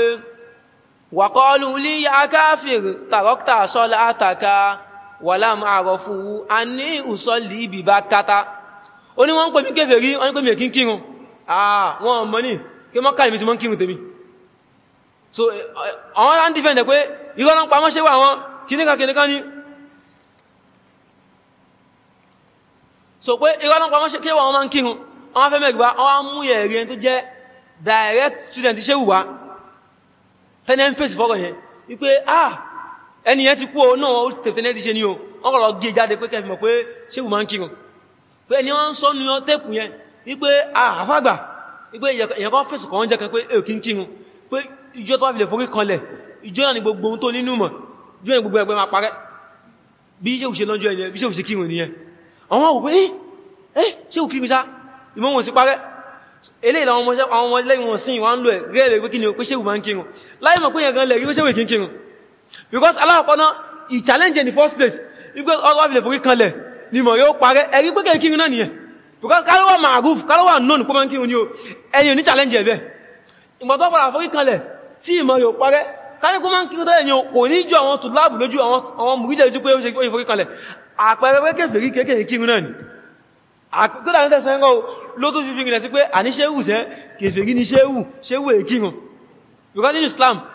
wàkọ́lù lí yá káfíìrì tàrọ́kítà wàlám àrọ̀ fún wú a ní ìsọ́lì ìbìbá kátá ó ní wọ́n ń pè mí kèfèrí wọ́n ń pè mí èkí kírun àà wọ́n mọ́ ní kí mọ́ káàlì mi ti mọ́ kírun tèmi so eh, àwọn láti fẹ́ndẹ̀ pé ìrọ́lọ́n pamọ́ ṣe wà wọn kìníkan kìníkan so pé ìrọ́lọ́n pamọ́ ṣe wà wọn máa ń kírun wọ́n fẹ́ mẹ́gbà wọ́n direct student ṣe wù wá tẹ́lẹ̀ ń fèsì ah ẹni yẹn ti kú o náà ó tètè ní ẹ̀díṣẹ́ ni o wọ́n kọ̀ lọ gé e jáde pé kẹfì mọ̀ pé ṣé wù máa ń kírun pé ẹni wọ́n ń sọ ní tẹ́pù yẹn wípé àfàgbà wípé èèyàn kan fẹ̀sùn kan jẹ́ kan pé èèkì ń kírun pé ìjọ tó wà fìlẹ̀ forí kanlẹ̀ ìjọ náà ni gbogbo ohun tó nínú mọ̀ ju ẹni gbogbo ẹgbẹ́ máa parẹ́ bí ṣé òṣè lọ́jọ́ ẹni bí ṣé òṣè kírun nìyẹn àwọn wò pé ẹ ṣé ò kírun sá ìmọ̀ wọn sí parẹ́ eléyìí làwọn ọmọ lẹ́yìn wọn sí ìwà ń lò ẹ̀ gẹ́gẹ́ lè pé kí ni o pé ṣé ò máa ń kírun láì mọ̀ pé yẹn gan lẹ̀ rí pé ṣé because aláwọ̀kọ́ náà he challenge in the first place because all of lè forí kanlẹ̀ ni mọ̀ yóò parẹ́ ẹ̀rí pé kẹ́kẹ́ kírun náà nìyẹn because kálọ́wà maruf kálọ́wà non pọ́ máa kírun ní o ẹni ò ní challenge ẹ̀bẹ̀ ìgbọ̀tọ́ fọ́ra forí kanlẹ̀ tí ìmọ̀ yóò parẹ́ káníkú máa kírun tẹ́lẹ̀ yóò kò ní jọ àwọn tó láàbù lójú àwọn mùrídẹ̀ ojú pé ó ṣe forí kanlẹ̀ àpẹẹrẹ pé kẹfẹ̀rí kẹ́kẹ́ kírun náà ni àkókòdà ń tẹ́sẹ̀ ẹ̀rọ ló tó fi fi rìnlẹ̀ sí pé àní ṣéwù sẹ́ kẹfẹ̀rí ni ṣéwù ṣéwù èkírun because in Islam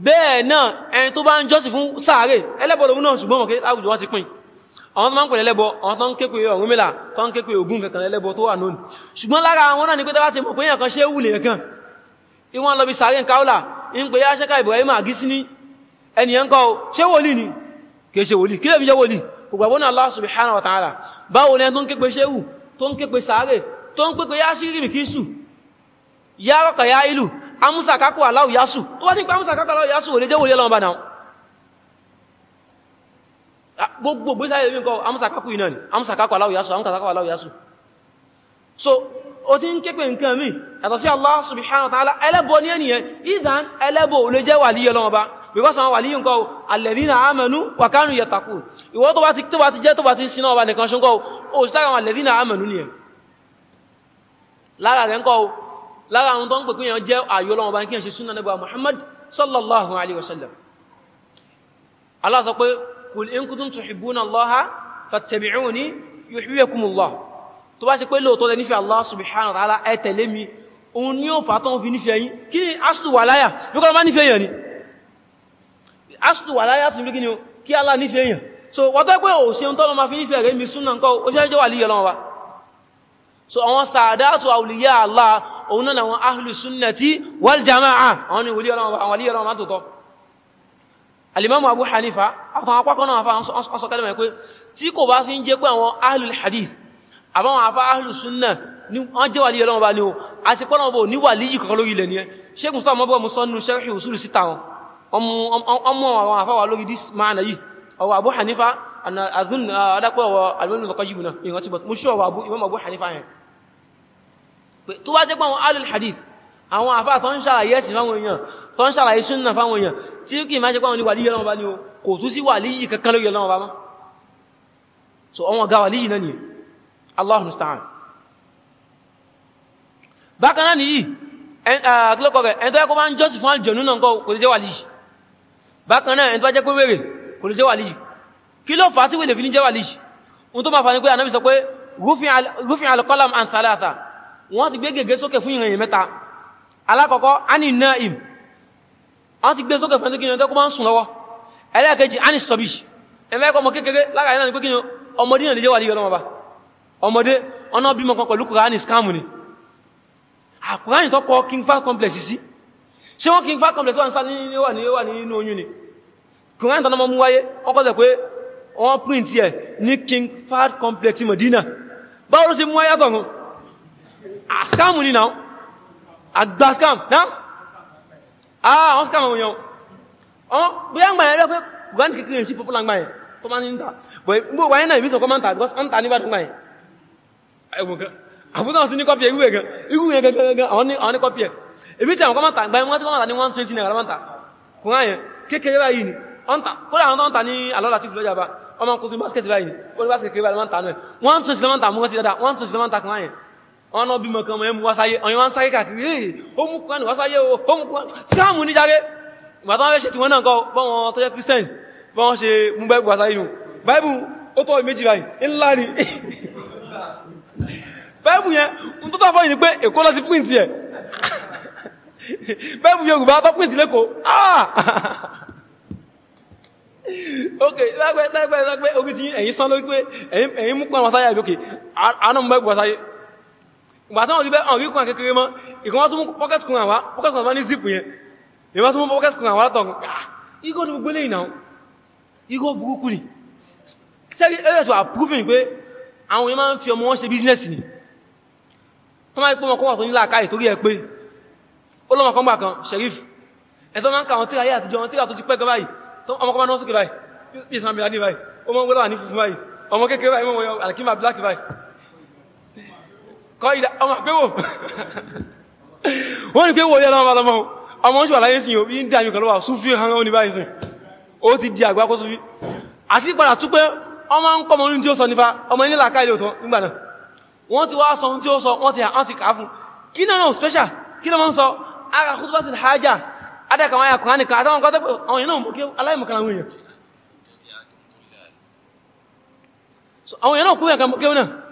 bẹ́ẹ̀ náà ẹni tó bá ń jọ́sìn fún sàárè ẹlẹ́bọ lòun náà ṣùgbọ́n mọ̀kẹ́ láwùjọ wá ti pín àwọn tó máa ń pè lẹ́lẹ́bọ àwọn tó ń képe ọ̀rún mẹ́là tó ń képe Ògún kankan ẹlẹ́bọ tó wà nónì ṣùgbọ́n lára àwọn náà ni pé tẹ́bá ti mọ̀ pé èèyàn kan ṣe wùlẹ̀ kan ìwọ́n lọ bí sàárè ń káúlà ń pè yá ṣẹ́ká Ibrahim àgísí ní ẹniyàn kọ́ ṣé wòlíì ni kìí ṣe wòlíì kí lè fi jẹ́ wòlíì kò gbàgbọ́ náà Allah subhanahu wa ta'ala báwo ni ẹni tó ń képe ṣéwù tó ń képe sàárè tó ń képe yá ṣírí mìkísù yá rọ̀kà yá ìlú amúsà kákò aláwòyásù tó bá ti ń pa amúsà kákò aláwòyásù ò lè jẹ́ wòlé lọ́wọ́ bá náà ah, gbogbo gbésà ilé nǹkan amúsà kákò iná ni amúsà kákò aláwòyásù amúsà kákò aláwòyásù so o ti ń képe nǹkan mi yàtọ̀ sí Allah subhanahu wa ta'ala ẹlẹ́bọ ní ẹniyẹn ìdán ẹlẹ́bọ ò lè jẹ́ wàlíyẹ lọ́wọ́ bá because àwọn wàlíyẹ nǹkan alladhina amanu wa kanu yattaqun ìwọ́ tó bá ti jẹ́ tó bá ti lára àwọn tó ń pè kíyàn jẹ́ àyò lọ́wọ́ bá ń kíyàn ṣe Allah sọ pé kul in kuntum tuhibbuna Allaha fattabi'uni yuhibbukumullah tó bá ṣe pé lóòótọ́ lẹ nífẹ̀ẹ́ Allah subhanahu wa ta'ala ẹ tẹ̀lé mi òun ni ó fà tó ń fi nífẹ̀ẹ́ yín kí ni asùtù wà láyà bí kọ́ bá nífẹ̀ẹ́ yàn ni asùtù wà láyà tún rí kí ni kí Allah nífẹ̀ẹ́ yàn so wọ́n tẹ́ pé ò ṣe ń tọ́lọ ma fi nífẹ̀ẹ́ rẹ̀ mi súnà nǹkan ó ṣe wà líyẹ lọ́wọ́ Allah òun náà làwọn ahlu sunnati wal jama'a àwọn ni wòlí ọlọ́run bá tòótọ́ alimamu abu hanifa àwọn apákan náà afá ọsọ kẹlẹ̀ mẹ́ pé tí kò bá fi ń jẹ́ pé àwọn ahlul hadith àbáwọn afá ahlu sunna ni wọ́n jẹ́ wàlí ọlọ́run bá ní o a sì pọ́nà ọbọ̀ ní wàlí yìí kọ̀kọ́ lórí ilẹ̀ ni ẹ ṣékùn sọ mọ́bọ̀ mú sọ́nù sharhi usulu síta wọn ọmọ àwọn afá wà lórí dis maana yìí ọwọ́ abu tó wá jẹ́ pé àwọn alul hadith àwọn àfáà tó ń ṣàlàyé ẹ̀sìn fáwọn èèyàn tó ń ṣàlàyé súnnà fáwọn èèyàn tí kì í máa jẹ́ ní wàlíyì ọlọ́wọ́ bá ní o kò tún sí wàlíyì kankan lórí ọlọ́wọ́ bá mọ́ so àwọn ọ̀gá wàlíyì náà nìyẹn Allahu musta'an bákan náà nìyí kílọ́kọ̀ rẹ̀ ẹni tó yẹ kó bá ń jọ́sìn fún àlùjọ̀nú náà kò lè jẹ́ wàlíyì bákan náà ẹni tó bá jẹ́ pé wèrè kò lè an thalatha wọ́n sì gbé gègé sókè fún ìrìnyìn mẹ́ta alákọ̀ọ́kọ́ ani naim wọ́n sì gbé sókè fún ẹni tó kó máa ń sùn lọ́wọ́ ẹlẹ́ẹ̀kejì ani sọ̀bì ẹ̀mẹ́kọ́ ọmọ kékeré ni ọmọdé náà lè jẹ́ wà líyọ lọ́mọba ọmọdé ọ̀nà bímọ kan pẹ̀lú kùránì ni àkùránì tó kọ king fat complex sí ṣé wọ́n king fat ni kùránì tánà mọ́ mú wáyé wọ́n print yẹ ní king fat complex Medina báwo ló ṣe mú wáyé àtọ̀run Ah, scam ní náà àgbà ah, scam náà ah wọ́n scam àwọn èèyàn ọ́n bí i àgbà ẹ̀rọ pé kùránì kékeré sí pọ́pọ́lá àgbà ẹ̀ tó máa ń tà bọ̀ gbogbo wáyé náà ìbísọ̀ kọ́mọ́ntà because ọ́n tà ní ìbàdàn ẹ̀ ẹ̀wọ̀n kan àbúrò sí ní kọ́pì ẹ̀ irú ẹ̀ gan irú ẹ̀ gan gan gan àwọn ní kọ́pì ẹ̀ èmi tí àwọn kọ́mọ́ntà àgbà ẹ̀ wọ́n tí kọ́mọ́ntà ní 120 naira lọ́mọ́ntà kùránì yẹn kékeré báyìí ni ọ̀ntà kódà àwọn tọ́ntà ní alọ́lá tí fìlọ́jà bá ọmọ kùsùn báskẹ̀tì báyìí ní orí báskẹ̀tì báyìí lọ́mọ́ntà náà 120 lọ́mọ́ntà mú sí dáadáa 120 lọ́mọ́ntà kùránì yẹn wọ́n náà bímọ kan mọ̀ ẹmú wásáyé ọ̀yìn wọ́n ń sáyé kàkiri èyí ó mú kwánì wásáyé ó mú kwánì síkáàmù ní járe ìgbàtán wọ́n fẹ́ ṣe tí wọ́n náà kọ́ bọ́n tó jẹ́ christian bọ́n ṣe mú bẹ́ẹ̀bù wásáyé nù báìbù ó tọ́ méjì báyìí ńlá ni báìbù yẹn ń tó tàbọ̀ ah ok lágbẹ́ lágbẹ́ lágbẹ́ orí ti ẹ̀yìn sán lórí pé ẹ̀yìn mú kwánì wásáyé àbí ok àánà mú báìbù wásáyé ìgbà táwọn olùbẹ́ àwọn oríkùn àkékeré mọ́ ìkan wọ́n tún mú pocket kun àwá pocket kun àwá ní zip yẹn ìwọ́n tún mú pocket kun àwá tọ̀kùn igó ní gbélé ìnáwó igó burúkú ni sẹ́rí ẹ́rẹ́sì wà proving pé àwọn èèyàn máa ń fi ọmọ wọn ṣe business ni tó máa pọ́ mọ́kọ́ wà tó nílà káyì torí ẹ pé ó lọ́mọ kan gbà kan sheriff ẹ̀tọ́ máa ń ka àwọn tíra ayé àtijọ́ tíra tó ti pẹ́ gan báyìí tó ọmọ kan máa ń sókè báyìí bí ìsàmì àdé báyìí ó mọ́ ń gbọ́lọ́wà ní funfun báyìí ọmọ kékeré báyìí mọ́ wọ́n alakima black báyìí kọ́ ìdá ọmọ àgbéwò wọ́n ni pé wòlé ọlọ́wọ́ ọlọ́mọ́ ọmọ oṣù àláyé sí òbí ń dáyù kan lọ́wọ́ súnfí hàn ó ní báyìí sí o ti di àgbà kó súnfí àṣípadà tún pé ọmọ ń kọ́ mọ́rin tí ó sọ nípa ọmọ ilé làkà ilé òtọ́ nígbà náà wọ́n ti wá sọ ohun tí ó sọ wọ́n ti hàn ti kàá fún kí náà náà special kí náà ń sọ ara kúrú bá ti hájà adaka wọn ayàkùn ánìkan àtàwọn kan àwọn èèyàn náà mọ̀ kí aláìmọ̀kan náà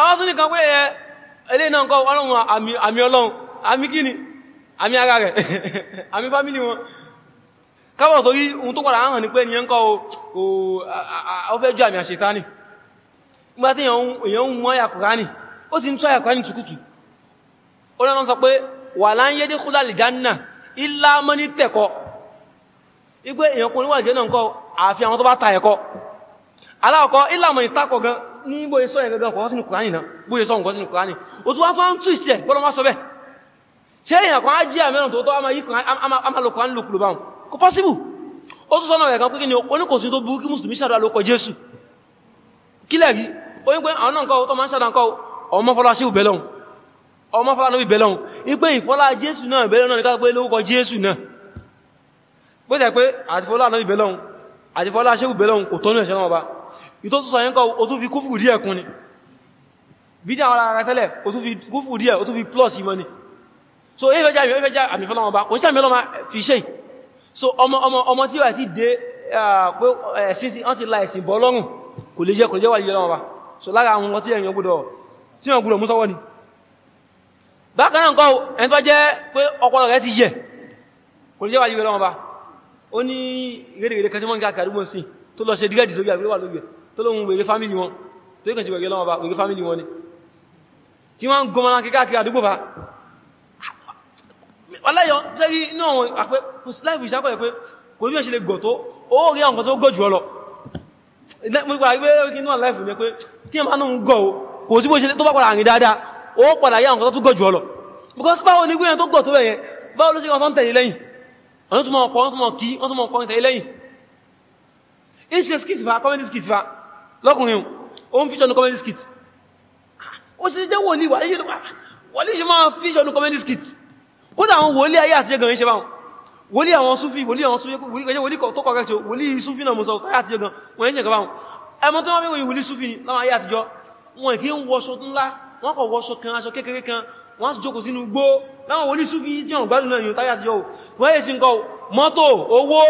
àwọn tún nìkan pé ẹ ilé náà kọ́ ọlọ́run àmì ọlọ́run àmì kí ni àmì ara rẹ̀ àmì fámílì wọn kábọ̀ sórí ohun tó padà hàn ní pé ní ẹnkọ́ o fẹ́ jù àmì àṣetánì nígbàtí èyàn ń wọ́n yàkùránì ó sì ń tún yàkùránì ní bóyẹ sọ ẹ̀gẹ́gẹ́ kọ̀ọ́ sínú kùránì náà bóyẹ sọ nǹkan kùránì o tó wá tó ń tú ìsẹ̀ gbọ́dọ̀ wá sọ bẹ́ ṣe èyàn kan á jí àmẹ́rùn tó tọ́ àmà lọ kùránì lòkùlò báhùn kò pọ́síbù ó tó sọ́nà ẹ̀kan pé ní oníkòsí àti fọlá náà ìbẹ̀lọ́hun àti kò tọ́nà ìṣẹ́ náà ọba ìtò tó sọ yẹn kọ́ o tún fi kúfù díẹ̀ kún ni bídí àwọn ara tẹ́lẹ̀ o tún fi kúfù díẹ̀ o tún fi plus ìmọ̀ ni so ẹ fẹ́ já ìmọ̀ ẹ fẹ́ já kò sí àmì ọlọ́mọ fi ṣe so ọmọ ọmọ ọmọ tí wà sí dé pé ẹ̀sìn ọ́n ti la ẹ̀sìn bọ́ lọ́rùn so lára àwọn tí ẹ̀yàn gbọ́dọ̀ tí wọ́n gbọ́dọ̀ mú sọ́wọ́ ni bákan náà nǹkan ẹni tó jẹ́ pé ọpọlọ rẹ̀ ti yẹ kò lè sí tó lọ ṣe dírẹ́dì sórí àríwá lórí ẹ̀ tó lóhun wèrè fámílì wọn tó yíkàn sí wèrè lọ́wọ́ bá wèrè fámílì wọn ni tí wọ́n ń gọmọ́lá kíkàkiri àdúgbò bá ọlẹ́yọ tẹ́rí inú àwọn àpẹ́ láìfù ìṣàkọ́ ẹ̀pẹ́ kò ní ẹ̀ṣẹ̀lẹ̀ gọ̀ tó ó rí àwọn kan tó gọ̀ jù ọ lọ nípa àgbẹ́ inú àláìfù ní pé tí ẹ máa ń gọ̀ o kò sí bó ṣe tó bá padà rìn dáadáa ó padà yá àwọn kan tó gọ̀ jù ọ lọ because báwo ni gbìyàn tó gọ̀ tó bẹ̀yẹn báwo ló ṣe kan tó ń tẹ̀lé lẹ́yìn wọ́n tún mọ̀ ọkọ̀ wọ́n tún mọ̀ kí lọ́kùnrin o ń fíṣọ́nù comedy skit ó ṣe jẹ́ wòlí wòlí ṣe máa fíṣọ́nù comedy skit kódà àwọn wòlí ayé àti ẹgbẹ̀rin ṣe báwọn wòlí àwọn súfì wòlí àwọn súfì wòlí tó kọ̀rẹ́ tí ó wòlí súfì náà mọ́sọ̀ táyà àti ẹgbẹ̀rin wọ́n ń ṣe kọ̀báwọn ẹmọ tó wọ́n wọ́n wòlí súfì láwọn ayé àtijọ́ wọn kì í wọṣọ ńlá wọ́n kọ̀ wọṣọ kan aṣọ kékeré kan wọ́n sì jókòó sínú gbó láwọn wòlí súfì tí wọ́n gbádùn náà yóò táyà àtijọ́ wọ́n yẹ sí nǹkan mọ́tò owó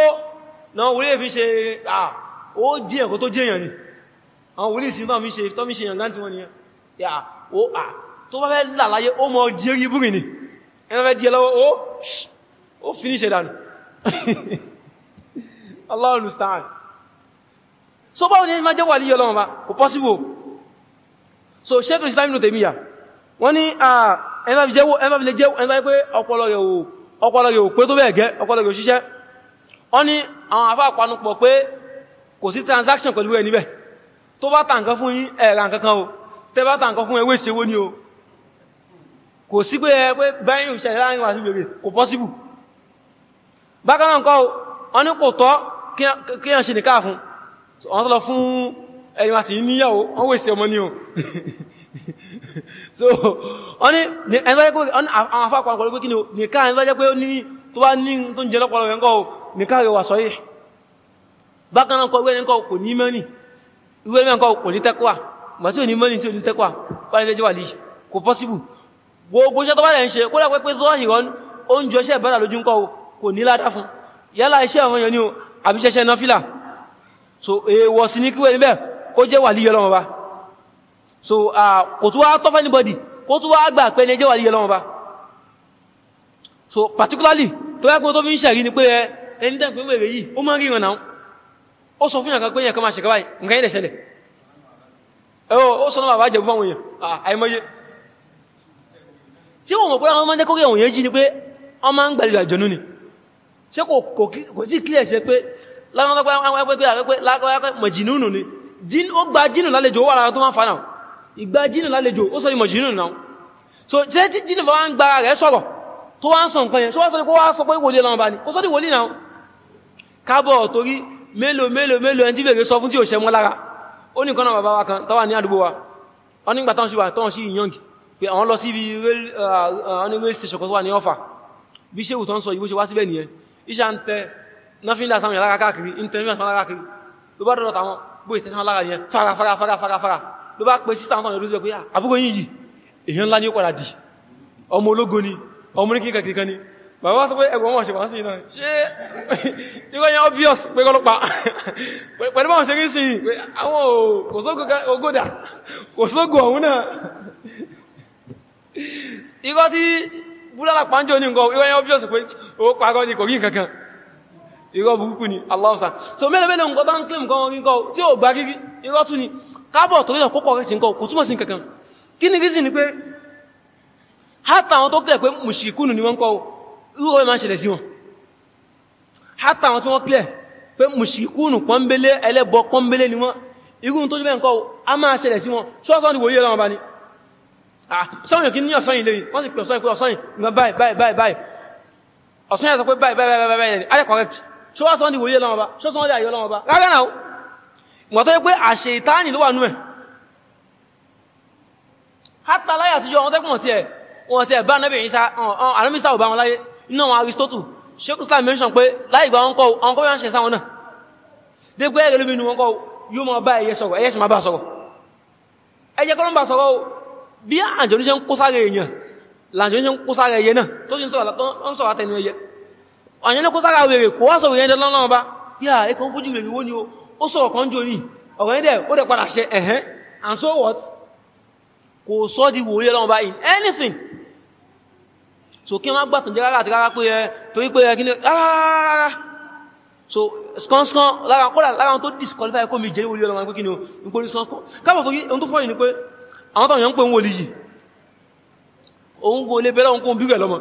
náà wòlí èfi ṣe ó jí ẹ̀kọ́ tó jí èèyàn ni àwọn wòlí sí tọ́mí ṣe tọ́mí ṣe yàngá tí wọ́n ni yà ó à tó bá fẹ́ lálàyé ó mọ́ di orí búrì ní ẹ̀nà fẹ́ di ẹlọ́wọ́ ó ó finish ẹ̀dànù Allah understand so báwọn ni máa jẹ́ wà líyọ lọ́wọ́ bá kò possible so sheikh islam inú tèmíyà wọ́n ni ẹ̀nà fi jẹ́ ẹ̀nà pé ọpọlọ rẹ̀ ò pé tó bẹ́ẹ̀ gẹ́ ọpọlọ rẹ̀ ò ṣiṣẹ́ wọ́n ni àwọn àfáà panupọ̀ pé kò sí transaction pẹ̀lú ẹ̀ níbẹ̀ tó bá tà fún yín ẹ̀rà nǹkankan o tẹ́ bá tà fún ẹwé ìṣẹ́wó ní o kò sí pé ẹ pé báyìí ìṣẹ̀lẹ̀ láàrin wà sí bèèrè kò pọ́síbù bákanáà nǹkan o wọ́n ní kò tọ́ kí yàn ṣe nìkáà fún wọ́n tọ́lọ fún ẹ̀yìn àti níyàwó wọ́n wèsì ọmọ ní o so wọ́n ní àwọn pé ó ní tó bá ní tó ń jẹ lọ́pọ̀lọ́ ìwé mẹ́ǹkọ́ kò ní tẹ́kọ́wà gbà tí ò ní mọ́lì tí ò ní tẹ́kọ́wà wáyé fẹ́ jẹ́ wà lè kò pọ́síbù gbogbo iṣẹ́ tó bá lẹ̀ ń ṣe kó lẹ́pẹ́ pé zọ́hìrán oúnjẹ so èèwọ̀ sí ní kíwẹ́ níbẹ̀ kó jẹ́ so kò tún wá tọ́fẹ́ níbọ̀dì kó tún so particularly tó yẹ kó tó fi ń ẹni tẹ́ pé yìí ó mọ́ ríran náà ó sọ fún ìyànkan pé yẹn kan máa ṣe kọwàá nǹkan yẹn lè ṣẹlẹ̀ ó sọ náà bàjẹ̀ fún àwọn èèyàn àìmọye tí wọ́n mọ̀ pé àwọn mọ́ndé kókè òun yẹn jí ni pé wọ́n máa ń gbẹ̀lẹ̀ àjọ̀nú ni ṣe kò sí clear ṣe pé lágbàgbà tó wá ń sọ nǹkan yẹn ṣọ́wọ́sọ́dí kó wá sọ pé wòlé lọ́nà bá ní kó sọ́dí wòlé náà kábọ̀ torí mélòó mélòó mélòó ẹni tí bèèrè sọ fún tí ò ṣẹmọ́ lára ó ní kanáà bàbá wa kan tọ́wà ní àdúgbò wa wọ́n nígbà tán ṣíwà tán sí ìyànjì pé àwọn lọ sí ibi rail station kan tó wà ní ọfà bí ṣéwù tán sọ ìbó ṣe wá síbẹ̀ nìyẹn iṣẹ́ ń tẹ náfíńdà sáwọn yàrá káàkiri ń tẹ nígbà sáwọn káàkiri ló bá dọ̀dọ̀ táwọn bó ìtẹ́sán lára nìyẹn fara fara fara fara fara ló bá pe sísà àwọn ìrúsílẹ̀ pé àbúkọ yìí èèyàn ńlá ní ó padà dì ọmọ ológo ni ọmọ oníkíkàkiri kan ni bàbá sọ pé ẹgbọ́n wọn ṣe wá sí iná ṣe ìwọ́n yẹn obvious pé kọ́lọ́pàá pẹ̀lú báwọn ṣe rí sí àwọn òṣógùn ogódà òṣógùn ọ̀hún náà ikọ́ tí búlára pàájọ́ ní nǹkan ìwọ́n yẹn obvious pé ó pàgọ́ ní kò rí kankan irọ́ burúkú ni aláwọ̀sá so mẹ́lẹ̀mẹ́lẹ̀ nǹkan tó ń claim kan orí nǹkan tí ó gbá rírí irọ́ tún ni kábọ̀ torí ọkọ́kọ́ rẹ̀ sí nǹkan kò túnmọ̀ sí kankan kí ni reason ni pé hátà àwọn tó kẹ́ pé mùsìkúnù ni wọ́n kọ́ rúwọ́ ma ṣẹlẹ̀ sí wọn hátà wọn tí wọ́n clear pé mùsìkúnù pọ́nbélé ẹlẹ́bọ pọ́nbélé ni wọ́n irú tó jẹ́ bẹ́ẹ̀ nǹkan a máa ṣẹlẹ̀ sí wọn ṣọ́ọ̀sán ni wòye lọ́wọ́ bá ní ṣọ́ọ̀yìn kí ní ọ̀sán yìí lérí wọ́n sì pè ọ̀sán ìpé ọ̀sán yìí báyìí báyìí báyìí ọ̀sán yà sọ pé báyìí báyìí báyìí báyìí ayẹ́ correct ṣọ́ọ̀sán ni wòye lọ́wọ́ bá ṣọ́ọ̀sán ni ayọ́ lọ́wọ́ bá rárá náà wọ́n tó yẹ pé àṣẹ ìtaánì ló wà nú ẹ̀ hátà láyà àtijọ́ wọn tẹ́kùn wọn ti ẹ̀ wọn ti ẹ̀ bá nábì ìrìnsá ọ̀n àrẹ́mísà ò bá wọn láyé iná wọn Aristotle sheikh islam mention pé láìgbà wọn kọ́ wọn kọ́ yóò ṣe sáwọn náà dégbé ẹ̀rẹ́ lómi ni wọn kọ́ yóò máa bá ẹyẹ sọ̀rọ̀ ẹyẹ sì máa bá sọ̀rọ̀ ẹyẹ kọ́ ló ń bá sọ̀rọ̀ bí àjọ̀dún ṣe ń kó sára èèyàn làjọ̀dún ṣe ń kó sára ẹyẹ náà tó sì ń sọ̀rọ̀ àtẹnu ẹyẹ ọ̀yẹn ló kó sára wèrè kó wá sọ̀rọ̀ yẹn dẹ́ lọ́nà ọba bí i ẹkọ̀ ń fojú wèrè wó ni ó sọ̀rọ̀ kan jò ní ọ̀rọ̀ yẹn dẹ̀ ó dẹ̀ padà ṣe ẹ̀hẹ́n and so what kò sọ́ di wòye lọ́nà ọba in anything so kí wọ́n gbàtàn jẹ́ rárá àti rárá pé ẹ torí pé ẹ kí ní rárá so skánsán lára kọ́lá lára tó disqualify kó mi jẹ́ olè ọlọ́mà pé kí ní o ń pè ní skánsán káàbọ̀ tó yí ohun tó fọ́yìn ni pé àwọn tàwọn yẹn ń pè ń wòlì yìí òun wòlé bẹ́rẹ̀ òun kún bírẹ̀ lọ́mọ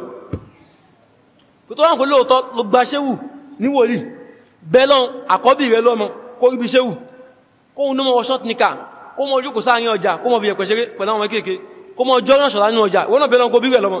pé tó wọ́n kò lóòótọ́ ló gba ṣéwù ní wòlì bẹ́lọ́n àkọ́bì rẹ̀ lọ́mọ kó rí bí ṣéwù kóhun ló ọjọ́ ránṣọ̀lá ní ọjà wọ́n náà bẹ́lọ́n kó bírẹ̀ lọ́mọ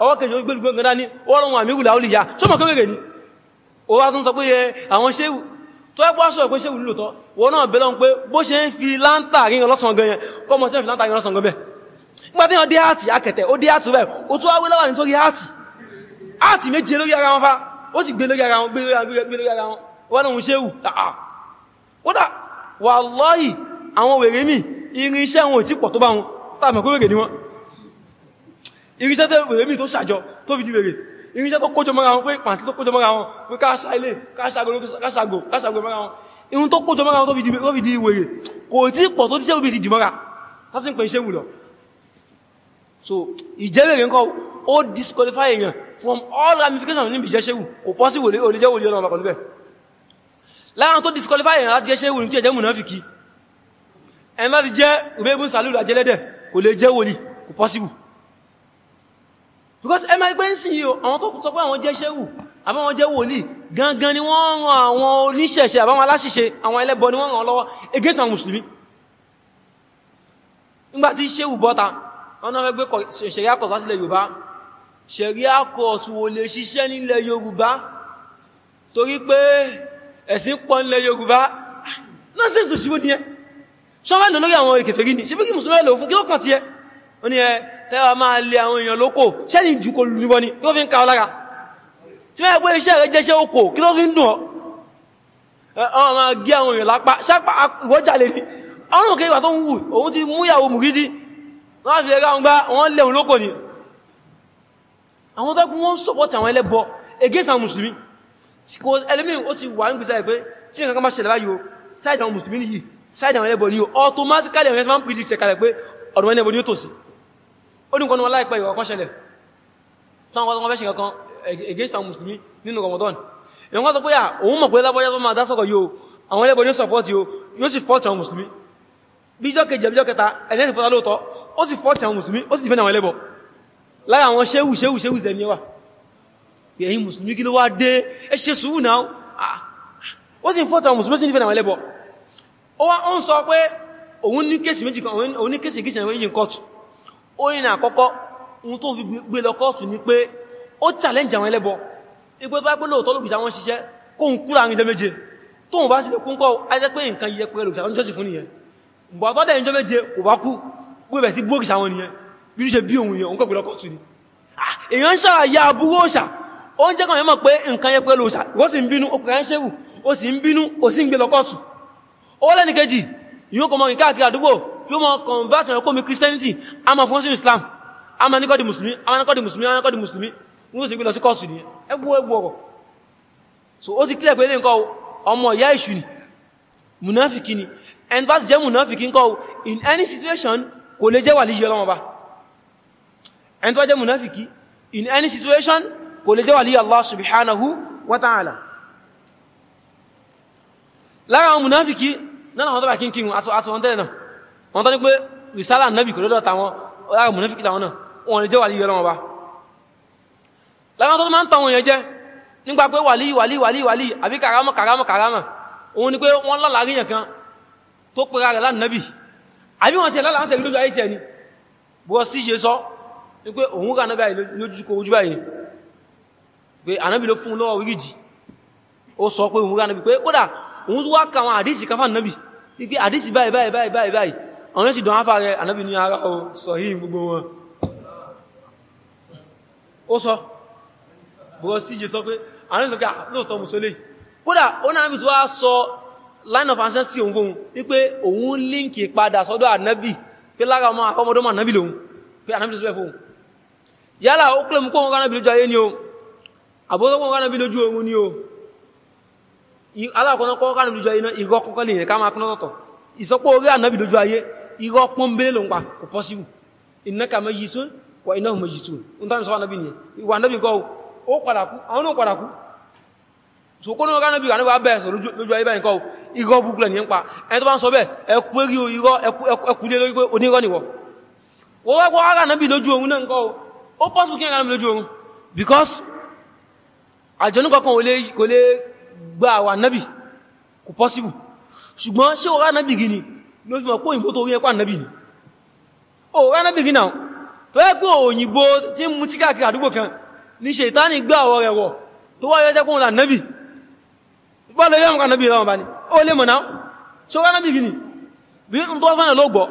ọwọ́ kejì gbẹ́gbẹ́gbẹ́ dání ọlọ́run àmì ìwùlà olìyà tó mọ̀ kéwèrè ní o wá tún sọ pé yẹ àwọn ṣéwù tó ẹgbọ́ aṣọ pé ṣéwù lòtọ́ wọ́n náà bẹ̀lọ́n pé bó ṣe ń fi láńtàrí ọlọ́sàn gan yẹn kọ́mọ̀ sí ń fi láńtàrí ọlọ́sàn gan bẹ́ẹ̀ nígbà tí wọ́n dé àti akẹ̀tẹ̀ ó dé àti bẹ́ẹ̀ ó tún wáwé láwà nítorí àti àti méje lórí ara wọn fa ó sì gbé lórí ara wọn gbé lórí ara wọn wọ́n náà ń ṣéwù kódà wà lọ́yì àwọn wèrè mì irin iṣẹ́ wọn ò tí pọ̀ tó bá wọn tàbí kó wèrè ni wọn irinṣẹ́ tẹ́ wèrè mi tó ṣàjọ tó fi di wèrè irinṣẹ́ tó kójọ mọ́ra wọn pé pàǹtí tó kójọ mọ́ra wọn pé káṣà ilé káṣàgò káṣàgò mọ́ra wọn irun tó kójọ mọ́ra wọn tó fi di wèrè kò tí pọ̀ tó tí sẹ́wù bí ti dìmọ́ra lásìn pẹ̀ iṣẹ́ wùlọ so ìjẹ́wèrè ń kọ́ ó disqualify èèyàn from all ramifications níbi jẹ́ sẹ́wù kò pọ́ sí wòlé olè jẹ́ wòlé ọlọ́run pẹ̀lú bẹ́ẹ̀ láàrín tó disqualify èèyàn láti jẹ́ sẹ́wù ní tí ẹjẹ́ mùnáfìkì ẹ̀ láti jẹ́ ìbẹ́gùn sàlúù àjẹ́lẹ́dẹ̀ kò lè jẹ́ wòlí kò possible because ẹ máa gbé ń sìn yìí àwọn tó sọ pé àwọn jẹ́ ṣẹ́wù àbá wọn jẹ́ wòlíì gangan ni wọ́n ran àwọn oníṣẹ̀ṣẹ̀ àbáwọn aláṣìṣe àwọn ẹlẹ́bọ ni wọ́n ràn lọ́wọ́ against àwọn mùsùlùmí nígbà tí ṣẹ́wù bọ́ta wọn náà fẹ́ gbé ṣẹ̀ríà kọ̀ sílẹ̀ yorùbá ṣẹ̀ríà kọ̀ ò lè ṣiṣẹ́ nílẹ̀ yorùbá torí pé ẹ̀sìn pọ̀ nílẹ̀ yorùbá nọ́ọ̀sẹ̀ tó ṣíwó ni ẹ ṣọ́wẹ́ lò lórí àwọn ìkèfèrí ni ṣe bí kí mùsùlùmí lò fún kí ó kàn ti ẹ ó ní ẹ tẹ́wà máa lé àwọn èèyàn lóko ṣẹ́ni jù kò lùbọ́ ni yóò fi ń ka ọlára tí wọ́n gbé iṣẹ́ rẹ̀ jẹ́ṣẹ́ oko kí ló fi ń dùn ọ́ ọmọ máa gé àwọn èèyàn lápá ṣápá ìwọ́jà lè ní ọrùn òkè ìgbà tó ń wù òun ti mú ìyàwó mùgídí wọ́n fi ẹ̀rá ọgbá wọ́n ni àwọn tó kún wọ́n sọ́pọ̀tì against àwọn mùsùlùmí tí kò ẹlẹ́mì ó ti wà nígbèsà ẹ̀ side àwọn mùsùlùmí nìyí side àwọn ẹlẹ́bọ automatically àwọn ẹ̀fẹ́ máa ń predict ṣẹ̀kalẹ̀ pé ó ní kan wọn láìpẹ́ ìwọ̀ kan ṣẹlẹ̀ táwọn kan fẹ́ ṣe kankan against àwọn musulmi nínú Ramadan èyàn kan sọ pé òun mọ̀ pé lábọ́já tó máa dá sọ́kọ̀ yóò àwọn ẹlẹ́bọ̀ ní support yóò yóò sì fọ́ọ̀tì àwọn musulmi bíjọ́ kejì àbíjọ́ kẹta ẹ̀lẹ́sì pọ́tà lóòtọ́ ó sì fọ́ọ̀tì àwọn musulmi ó sì dìfẹ́ àwọn ẹlẹ́bọ̀ lára àwọn ṣéwù ṣéwù ṣéwù zẹ̀ ní ẹwà ẹ̀yin musulmi kí ló wá dé ẹ ṣe sùúrù náà ó sì fọ́ọ̀tì àwọn musulmi ó sì dìfẹ́ àwọn ẹlẹ́bọ̀ ó wá ń sọ pé òun ní kéèsì méjì kan òun ní kéèsì gíṣẹ̀ méjì kọ́tù orin àkọ́kọ́ ohun tó fi gbé lọ kọ́ọ̀tù ní pé ó challenge àwọn ẹlẹ́bọ ipé bá gbé lóòtọ́ lògbìsà wọn ṣiṣẹ́ kó ń kúrò àrin jẹméje tó ń bá sílẹ̀ kún kọ́ ajẹ́ pé nǹkan yẹ pé lògbìsà wọn jọ́sì fún nìyẹn bọ̀ tọ́dẹ̀ ìjọ méje kò bá kú ni ah, èèyàn ń ṣàyà aburú òṣà ó ń jẹ́ kan mọ̀ pé nǹkan yẹ pé lòṣà ó sì ń bínú ó kìí ṣẹ́wù ó sì ń bínú ó sì yóò kọmọ ìkáàkiri àdúgbò yóò mọ́ convert ẹ̀kọ́ mi christianity a ma fún sí islam a ma ní kọ́ di musulmi a ma ní kọ́ di musulmi a ma ní kọ́ di musulmi wọ́n sì gbé lọ sí kọ́ọ̀sù ní ẹgbù ẹgbù ọ̀rọ̀ so ó ti kílẹ̀ pé lè nǹkan ọmọ ìyá ìṣù munafiki ni and bá sì munafiki nǹkan in any situation kò lè jẹ́ wà líyẹ ọlọ́mọ bá munafiki in any situation kò lè jẹ́ subhanahu wa ta'ala lára àwọn munafiki náà àwọn tó bá kínkín aṣọ àtẹ́lẹ̀ náà wọ́n tọ́ ní pé risala nabi kò lọ́dọ̀ táwọn lára mùnáfíkì làwọn náà wọn lè jẹ́ wàlíyí ọlọ́wọ́n bá lára tó máa ń tàwọn èèyàn jẹ́ nígbà pé wàlíyí wàlíyí wàlíyí wàlíyí àbí kàrámọ̀ kàrámọ̀ kàrámọ̀ òun ni pé wọ́n lọ́la ni bọ́ sí ṣe sọ ní pé òun rà náà báyìí lójú kò ojú báyìí pé ànábì ló fún un lọ́wọ́ rígìdì ó sọ pé òun rà náà pé kódà àwọn sì dán áfà rẹ̀ anábì ní ara o sọ̀hí gbogbo wọn ó sọ bọ́ síje sọ pé anábì sọ pé ah, lóòtọ́ musolé kódà ó náà bí tó wá sọ line of ancestry sí òun fóun wípé òun líǹkì padà sọ́dọ̀ anábì pé lára ọmọ ọmọdọ́mọ anábì lòun pé anábì tó sọ fóun yálà ó kílẹ̀ mú kó wọn kánábì lójú ayé ni o àbótọ́ wọn kánábì lójú oorun ni o alákọ̀ọ́kọ́ kánábì lójú ayé náà ìrọ́kọ́kọ́ lè yẹn ká máa kún lọ́tọ̀tọ̀ ìsọpọ̀ orí anábì lójú ayé irọ́ pọ́nbélé ló ń pa kò pọ́síwù innaka mayyitun wa innahum mayyitun ń tán sọ́wọ́ anábì nìyẹn ìwà anábì kọ́ ó padà kú àwọn náà padà kú so kó náà kánábì wà náà bẹ́ẹ̀ sọ lójú ayé báyìí kọ́ irọ́ búkúlẹ̀ ní ń pa ẹni tó bá ń sọ bẹ́ẹ̀ ẹkú eré irọ́ ẹkúlé lórí because àjọ̀nú kankan kò lè gba àwọn nábì kò pọ́síbù ṣùgbọ́n ṣé wọ́n rá nábì gini ló fi mọ̀ pó òyìnbó tó rí ẹpà náà bì ní o rẹ́nà bì gínà tó yẹ pé òyìnbó tí ń mú tí káàkiri àdúgbò kan ní ṣe ìtánì gbá ọwọ́ rẹ̀ wọ̀ tó wá yọ́sẹ́ kún ọ̀nà náà bì bá lè rí ọmọkà náà bì lọ́wọ́ bá ní ó lè mọ̀ náà so rẹ́nà bì gínì bí n tó fẹ́nà ló gbọ́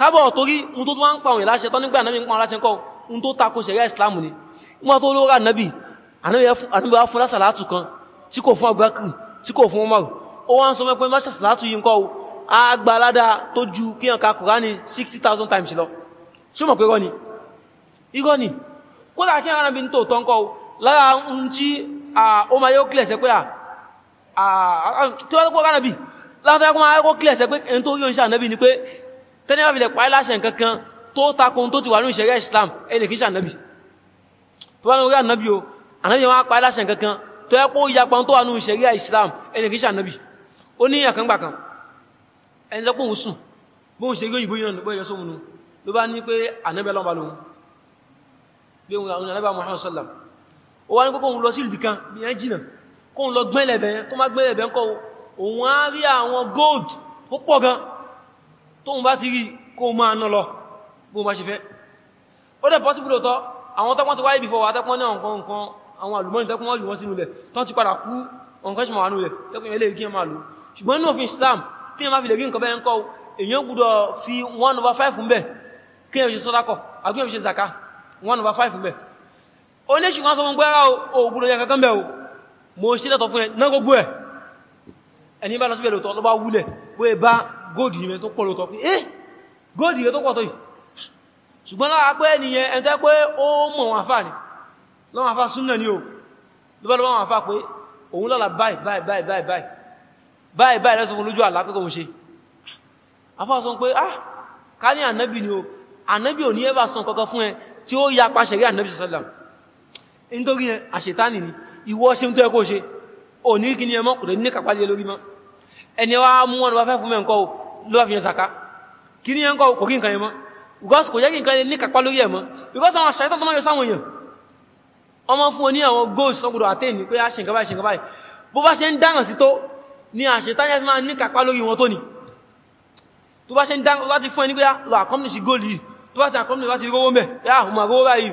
kábọ̀ torí n tó wá ń pa òyìn láṣẹ tán nígbà náà ń pa láṣẹ kọ́ n kò fún Abubakar tí kò fún Umar ó wá ń sọ mẹ́pẹ́ máṣàsàlátù yìí ń kọ́ agbalada tó ju kí ọ̀ka kùránì 60,000 times lọ ṣúmọ̀ pé rọ́ ni irọ́ ni kódà kí ọ̀rán bí n tó tọ́ ń kọ́ lára ń tí ó ma yóò kílẹ̀ṣẹ́ pé tí wọ́n pọ̀ ránàbí látàkùn ma yóò kílẹ̀ṣẹ́ pé ẹni tó yóò ṣànẹ́bí ni pé tẹ́nìyàfilẹ̀ tó takun tó Islam ẹni kìí ṣànẹ́bí tó wà ní orí ànẹ́bí o ànẹ́bí wọn pàíláṣẹ nǹkankan tó yẹ kó yapa tó wà Islam ẹni kìí ṣànẹ́bí ó ní ẹ̀kan gbà kan ẹni lọ́pọ̀ òun sùn bóun ṣe rí òyìnbó yìí bóyẹ sóhun ló bá ní pé ànábẹ́ lọ́nà lóhun bí òun àwọn ànábẹ́ sallam ó wá ní pé kóhun lọ sí ìlú kan bí ẹ jìnà kóhun lọ gbẹ́lẹ̀bẹ̀ tó má gbẹ́lẹ̀bẹ̀ ń kọ́ òun á rí àwọn gold ó pọ̀ gan tóhun bá ti rí kóhun máa ná lọ bóun bá ṣe fẹ́ ó dẹ̀ possible lóòtọ́ àwọn tọ́pọ́n ti wáyé before wà tẹ́pọ́n ní ọ̀nkan nǹkan àwọn àlùmọ́nì tẹ́pọ́n wọ́n lù wọ́n sínú ilẹ̀ tán ti padà kú ọ̀nkan ṣe mọ̀ wà nú ilẹ̀ tẹ́pọ́n ilé ìgbìyàn máa lò ṣùgbọ́n ní òfin Islam tí ẹ má fi lè rí nǹkan bẹ́ẹ̀ ń kọ́ èyàn gbúdọ̀ fi 1 over 5 ń bẹ̀ kí ẹ fi ṣe sọ́dákọ̀ àgbé ẹ fi ṣe zaka 1 over 5 ń bẹ̀ oníṣù wọn sọ fún gbẹ́ra o gbúdọ̀ yẹn kankan bẹ̀ o mo ṣe lẹ́tọ̀ fún ẹ náà gbogbo ẹ̀ ẹni bá lọ síbẹ̀ lóòtọ́ lọ́bá wúlẹ̀ bóyẹ bá góòdì rẹ̀ tó pọ̀ lóòtọ́ pé eh góòdì rẹ̀ tó pọ̀ tó yìí ṣùgbọ́n lára pé ẹniyẹn ẹn tẹ́ pé ó mọ̀ wọn àfà ní lọ́wọ́n àfà súnnà ní o lọ́wọ́n àfà pé òun lọ́la báyìí báyìí báyìí báyìí báyìí báyìí lẹ́sùn lójú àlá pé kòun ṣe afọ́ sọ pé ah ká ní ànábì ni o ànábì ò ní ẹ́bà sọ kankan fún ẹ tí ó ya pa ṣẹ̀rí ànábì sọ́sọ́lá nítorí ẹ àṣetánì ni ìwọ ṣe ń tó ẹ kó ṣe ò ní kí ni ẹ mọ́ kò lè ní kápá lé lórí mọ́ ẹni wá mú o ló wá fi yẹn sàká kí ni yẹn kọ́ kò kí nǹkan yẹn mọ́ because kò yẹ kí nǹkan yẹn ní kápá lórí ẹ̀ mọ́ because àwọn àṣàyẹ́tàn tó máa yọ sáwọn èèyàn ọmọ fún ọ ní àwọn goals sọ́gbọ̀dọ̀ àtẹ́yìn pé ah, bó bá ṣe ń dáràn sí tó ní àṣetáyẹ́ fi máa ní kàpá lórí wọn tó ní tó bá ṣe ń dáńkọ́ láti fún ẹni pé ah, lọ accomplish goal yìí tó bá ṣe accomplish láti rówó mẹ́ yá ah, ọmọ rówó báyìí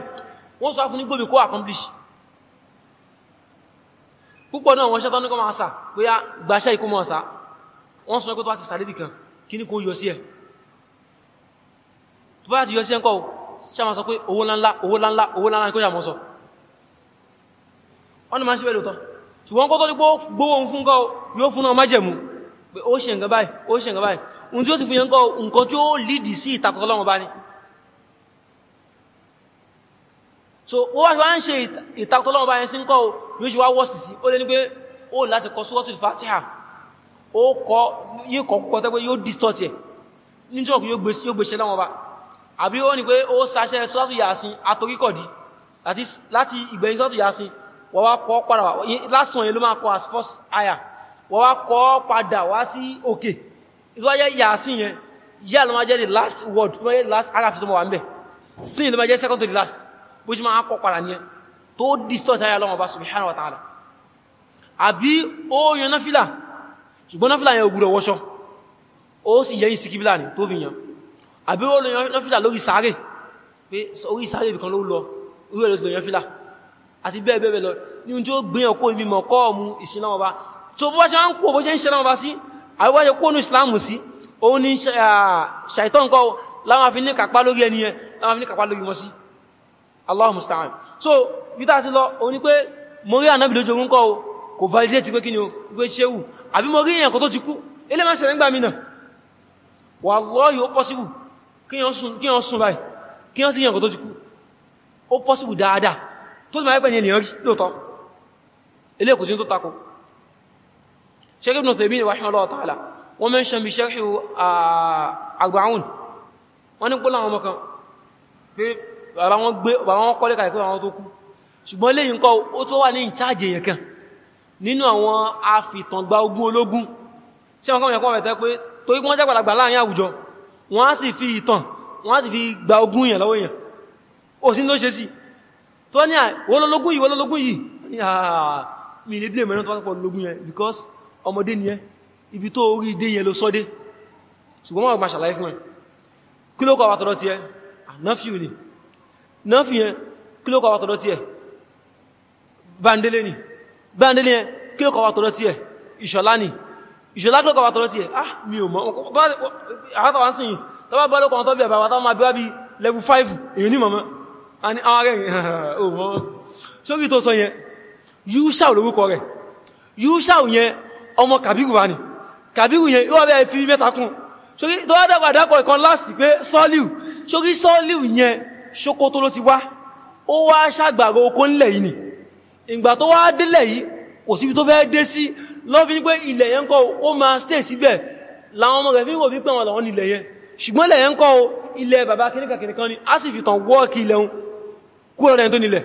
wọ́n sọ fún ní goal kó accomplish púpọ̀ náà wọ́n ṣẹ́tọ́ ní kọ́ máa sà pé yá gbaṣẹ́ ikú mọ́ ń ṣe bẹ́ẹ̀ lóòótọ́ ṣùgbọ́n kó tó ní gbówó ń fún kọ́ yóò fún náà májẹ̀mú pé ó ṣe nǹkan báyìí ó ṣe nǹkan báyìí ohun tí ó sì fún yẹn kọ́ nǹkan tí ó lìdì sí ìtakọ̀tọ̀ bá ní so ó wá wá ń ṣe ìtakọ̀tọ̀ lọ́wọ́ bá yẹn sí ń kọ́ yóò ṣe wá wọ́sì sí ó lé ní pé ó láti kọ Suratul Fatiha ó kọ yóò kọ púpọ̀ tẹ́gbẹ́ yóò distort ẹ̀ nítorí yóò gbèṣẹ́ lọ́wọ́ bá àbí ó ní pé ó ṣaṣẹ́ Suratul Yasin atorikọ̀dí láti ìgbẹ̀yìn wọ́n wá kọ́ padà lásán yẹn máa kọ́ as first aya wọ́n wá kọ́ padà wá sí òkè ìfọ́jẹ́ yàásìn yẹn yà ló máa jẹ́ the last word ló máa jẹ́ the last aya fi tó mọ̀ wà ń bẹ̀ sin ló máa jẹ́ second to the last bó ṣe máa kọ́ padà nìyẹn tó distort aya lọ́wọ́ bá subhanahu wa ta'ala àbí ó yan náfìlà ṣùgbọ́n náfìlà yẹn ògùrọ̀ wọṣọ ó sì yẹ ìsìkíbílà ní tó fi yan àbí ó lọ yan náfìlà lórí sáré pé orí sáré ibìkan ló lọ orí ẹ̀ ló ti lọ yan fìlà àti bẹ́ẹ̀bẹ́ẹ̀ lọ ní oúnjẹ ó gbé ọkọ̀ ibi mọ̀ kọ́ ọmú ìsinlọ́mọba tó bó ṣe ń kó bó ṣe ń ṣẹlọ́mọba sí àwíwáyé kónú ìsìláàmù sí òun ni ṣàìtàn kọ́ láwọn afi ní kàpá lórí ẹni so bí tá a ti lọ òun ni pé mo rí ànábì lójú orúnkọ o kò validate pé kí ni o pé ṣéwù àbí mo rí èèyàn kan tó ti kú wọ́n sùn báyìí kí wọ́n sí èèyàn kan tó ti kú ó possible dáadáa tó ti máa pẹ́ ní ilẹ̀ rí lóòtọ́ ilé kùsí tó takò Shaykh Ibn Uthaymeen rahimahullah ta'ala wọ́n mẹ́ ṣe bí Sharh Arba'un wọ́n ní pọ́lá àwọn kan pé bàbá wọn kọ́lé kàìkọ́ àwọn tó kú ṣùgbọ́n lẹ́yìn kọ́ ó tó wà ní ìcháàjì èèyàn kan nínú àwọn afìtàngbà ogun ológun tí wọ́n kọ́mọ̀ ẹ̀kọ́ rẹ̀ pé torí wọ́n jẹ́ gbàlagbà láàrin àwùjọ wọ́n á sì fi ìtàn wọ́n á sì fi gba ogun èèyàn lọ́wọ́ èèyàn ó sí tó ṣe sí tó ní àwọlọ́lógún yìí wọlọ́lógún yìí ní àmì ilé blame ẹ̀rọ tó wákọ̀ lógún yẹn because ọmọdé ni ẹ ibi tó orí dé yẹn ló sọ́dé ṣùgbọ́n wọ́n gbà ṣàlàyé fún ẹ kí ló kọ́ wà tọ́dọ́ ti ẹ náfíù ni náfíù yẹn kí ló kọ́ wà tọ́dọ́ ti ẹ bándélé ni bándélé yẹn kí ló kọ́ wà tọ́dọ́ ti ẹ ìṣọ̀lá ni ìṣọ̀lá kí ló kọ́ wà tọ́dọ́ ti ẹ ah mi ò mọ̀ àwọn tàwọn sí yìí tọ́bá bọ́ lókọ̀ wọn tọ́bí àbáwá tọ́ máa bí wá bí level 5 èyí ní mọ̀mọ́ a ní ààrẹ ọmọ sórí tó sọ yẹn yúṣàù lórúkọ rẹ̀ yúṣàù yẹn ọmọ kàbírù wà ní kàbírù yẹn yóò bẹ́ẹ̀ fi mẹ́ta kún sórí tó wá dàgbà dákọ̀ ìkan láti pé sọ́líù sórí sọ́líù yẹn ṣókótó ló ti wá ó wá ṣàgbàrò okó ńlẹ̀ yìí ni ìgbà tó wá délẹ̀ yìí kò síbi tó fẹ́ dé sí lọ́fí pé ilẹ̀ yẹn kọ́ ó máa stay síbẹ̀ láwọn ọmọ rẹ̀ fi ń wò wípé àwọn làwọn ilẹ̀ yẹn ṣùgbọ́n ilẹ̀ yẹn kọ́ ilẹ̀ bàbá kìnnìkàkìnnìkan ni a sì fi tàn wọ́ọ̀kì ilẹ̀ kúrò rẹ̀ tó nílẹ̀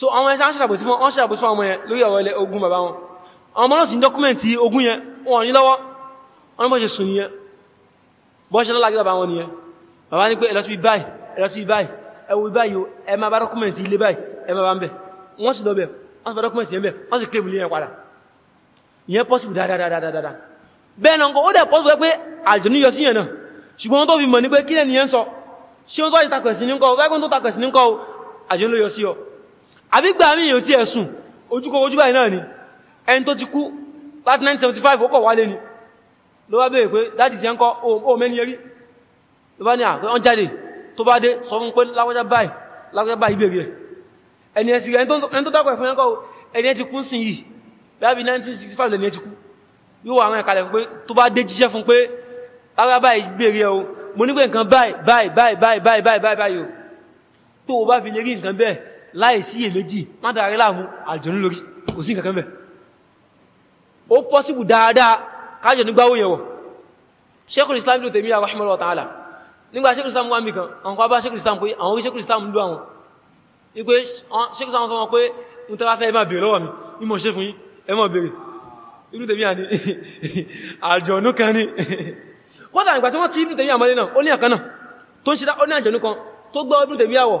so àwọn ẹ̀ṣà ṣàbòsí fún ọ́ṣàbòsí fún àwọn ẹ̀ lórí ọ̀rọ̀ ilẹ̀ ogun bàbá wọn àwọn ọmọ náà sí dọ́kúmẹ̀ntì ogun yẹn wọ́n ní lọ́wọ́ wọ́n bọ́ ṣe sùn yẹn bọ́ ṣe lọ́lágí bàbá wọn nìyẹn bàbá ní pé ẹ lọ sí báyìí ẹ lọ sí báyìí ẹ wo báyìí ẹ máa bá dọ́kúmẹ̀ntì ilé báyìí ẹ máa bá ń bẹ̀ wọ́n sì lọ bẹ̀ wọ́n sì bá dọ́kúmẹ̀ntì yẹn bẹ̀ wọ́n sì claim ilé yẹn padà ìyẹn possible dáadáa bẹ́ẹ̀ náà ó tó fi mọ̀ ní pé kí lẹ́ni yẹn sọ ṣé wọ́n tó ìtakọ̀ ẹ̀sìn ní kọ́ àjẹ́ ló yọ sí ọ àbígbà mí èyàn tí ẹ̀ sùn ojúkọ ojú báyìí náà ni ẹni tó ti kú láti 1975 ó kọ̀ wálé ni ló bá bèèrè pé dáàdì ti ń kọ́ o mẹ́ni yẹrí ló bá ní àwọn jáde tó bá dé sọ fún pé láwọ́já báyìí láwọ́já báyìí bèèrè ẹ̀ ẹni ẹ̀ sì rẹ̀ ẹni tó dákọ̀ ẹ̀ fún ẹ̀kọ́ ẹni ẹ̀ tó o bá fi lè rí nǹkan bẹ́ẹ̀ láì sí èméjì má dáre láàmú àjọ̀nú lórí kò sí nǹkan bẹ́ẹ̀ ó pọ́síbù dáadáa kájọ̀ nígbàwó yẹ̀wọ̀ Sheikhul Islam ló tèmí Sheikhul Islam wá mìkan àwọn Sheikhul Islam pé àwọn Sheikhul Islam lú àwọn ipé Sheikhul Islam sọ wọn pé ń tẹ́lá fẹ́ ẹ máa bèèrè lọ́wọ́ mi ìmọ̀ ṣe fún yín ẹ máa bèèrè inú tèmí àní àjọ̀nú kan ní kódà ìgbà tí wọ́n ti inú tèmí àmọ́lé náà ó ní ẹ̀kan náà tó ń ṣe dá ó ní àjọ̀nú kan tó gbọ́ inú tèmí àwọ̀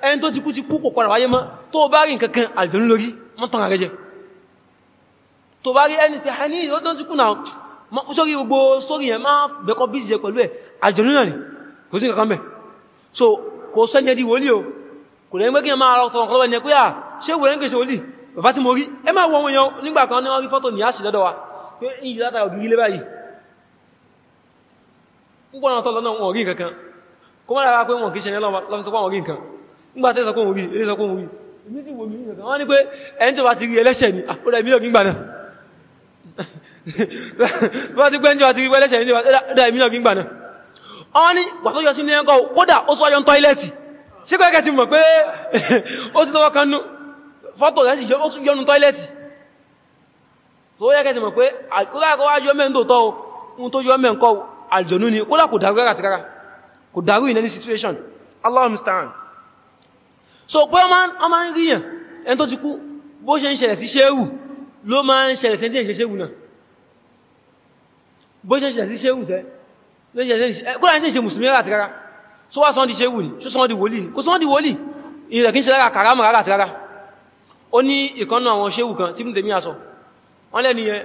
ẹni tó ti kú ti kú kò padà wáyé mọ́ tó bá rí nǹkankan àlìjẹ̀nú lórí mọ́tàn àrẹ jẹ tó bá rí ẹni pé a ní ìrọ́tọ́ ti kú náà sórí gbogbo sórí yẹn máa bẹ̀kọ́ bí ìṣẹ́ pẹ̀lú ẹ̀ àlìjẹ̀nú náà ni so kò di wòlíì o kò lẹ́yìn pé kí máa rọ tọrọ kọlọ́wọ́ ẹni pé à ṣé wòlíì ń kèsè wòlíì bàbá tí wa pé ń yìí látara ògiri lé báyìí ń pọ́nà tọ́lọ́nà wọn rí nǹkan kan kó mọ́ lára pé wọn kìí ṣe ní lọ́wọ́ wọn rí nǹkan nígbà tẹ́ sọkún orí eré sọkún orí èmi sì wò mí nìkan wọ́n ní pé ẹni tó ah, bá ti rí ẹlẹ́ṣẹ̀ ni ó dá èmi náà gbígbà náà wọ́n ti pé ẹni tó bá ti rí ẹlẹ́ṣẹ̀ ni ó dá èmi náà gbígbà náà wọ́n ní wà tó yọ sí ní ẹ̀kọ́ kódà ó sọ yọ ń tọ́ílẹ̀tì sí kẹ́kẹ́ ti mọ̀ pé ó ti lọ́wọ́ kan nú fọ́tò rẹ̀ sì yọ ó tún yọnu tọ́ílẹ̀tì tó yẹ kẹ́ ti mọ̀ ni kódà situation Allah musta'an so pé wọ́n máa ń ríyàn ẹni tó ti kú bó ṣe ń ṣẹlẹ̀ sí ṣéwù ló máa ń ṣẹlẹ̀ sí ṣe ṣéwù náà bó ṣe ń ṣẹlẹ̀ sí ṣéwù tẹ́ ló ṣẹlẹ̀ sí kó láti ṣe mùsùlùmí rárá ti rárá so wá sọ́ndì ṣéwù ni so sọ́ndì wòlíì ni kò sọ́ndì wòlíì ilẹ̀ kí ń ṣe lára kàrámù rárá ti rárá ó ní ìkọ́nà àwọn ṣéwù kan tí tèmi àsọ wọ́n lẹ́ni yẹn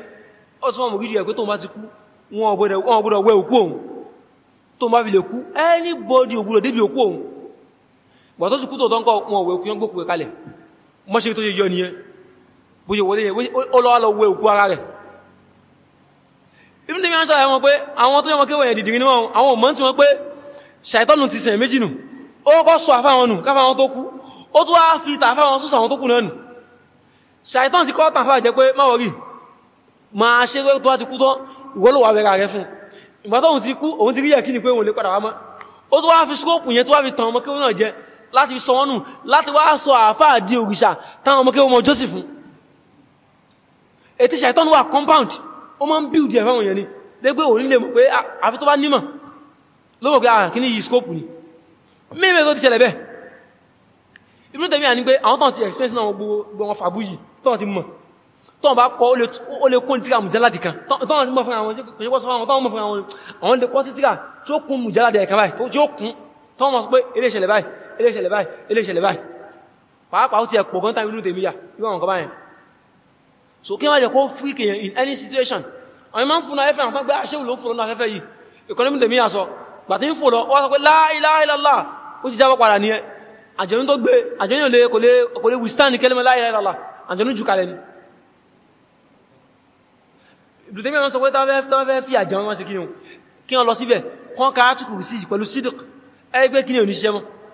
ó sọ mọ̀ gídí ẹ̀ pé tó bá ti kú wọn ò gbọ́dọ̀ wẹ òkú òun tó fi lè kú anybody ò gbọ́dọ̀ débi òkú gbà tó sì kú tòótọ́ ńkọ́ wọn òwe òkú yán gbókù rẹ̀ kalẹ̀ mọ́ṣe tó ṣe yọ nìyẹn bó ṣe wọlé yẹn ó lọ́wọ́ lọ wé òkú ara rẹ̀ ibi tí wọ́n ṣàlàyé wọn pé àwọn tó yẹ wọn kéwọ̀n yẹn dìdìrí ni wọn àwọn ò mọ̀ tí wọn pé ṣàìtọ́nù ti sẹ̀ méjì nù ó kọ́ sọ àfáwọn nù káfáwọn tó kú ó tún wá fi tàfáwọn sọ́sọ̀ àwọn tó rí ẹ̀kí ni pé òun lè padà wá mọ́ ó tún wá fi skóòpù yẹn tó wá fi tàn ọmọ kéwọ́n náà jẹ́ láti sọ wọ́nù láti wá sọ àáfáà di òrìṣà táwọn ọmọ kéwọ́n mọ Joseph ètí ṣàìtọ́nù wà compound ó máa ń bí ìdí ẹ̀fẹ́wọ̀n yẹn ni dégbé òní lè mọ̀ pé ah, àfi tó bá nímọ̀ ló mọ̀ pé àà ah, kí ní yìí scope ni mímẹ̀ tó ti ṣẹlẹ̀ bẹ́ẹ̀ inú tẹ̀mí à ní pé àwọn tán ti experience náà gbogbo wọn fàbú yìí tán ti mọ̀ tán bá kọ́ ó ilé ìṣẹ̀lẹ̀ báyìí ilé ìṣẹ̀lẹ̀ báyìí pàápàá ó ti ẹ̀pọ̀ gan tàbí inú tèmi yà so kí wọ́n jẹ́ kó fíkì in any situation ọ̀yìn máa ń fún afẹ́fẹ́ àwọn gbá ah, ṣéwù ló ń fún afẹ́fẹ́ yìí ìkọ́nìmí tèmi yà sọ gbàtí ń fò lọ ó sọ pé la ilaha illallah ó ti jábọ́ padà nìyẹn àjẹ̀nú tó gbé àjẹ̀nú lè kò lè withstand kẹlẹ́mọ́ la ilaha illallah àjẹ̀nú jù kalẹ̀ ni ìbùtẹ́mí àwọn sọ pé tán fẹ́ fi àjẹ̀nú wọn sí kí wọn lọ síbẹ̀ kán ká tukù sí pẹ̀lú sídìk ẹgbẹ́ kí ni ò ní ṣiṣẹ́ mọ́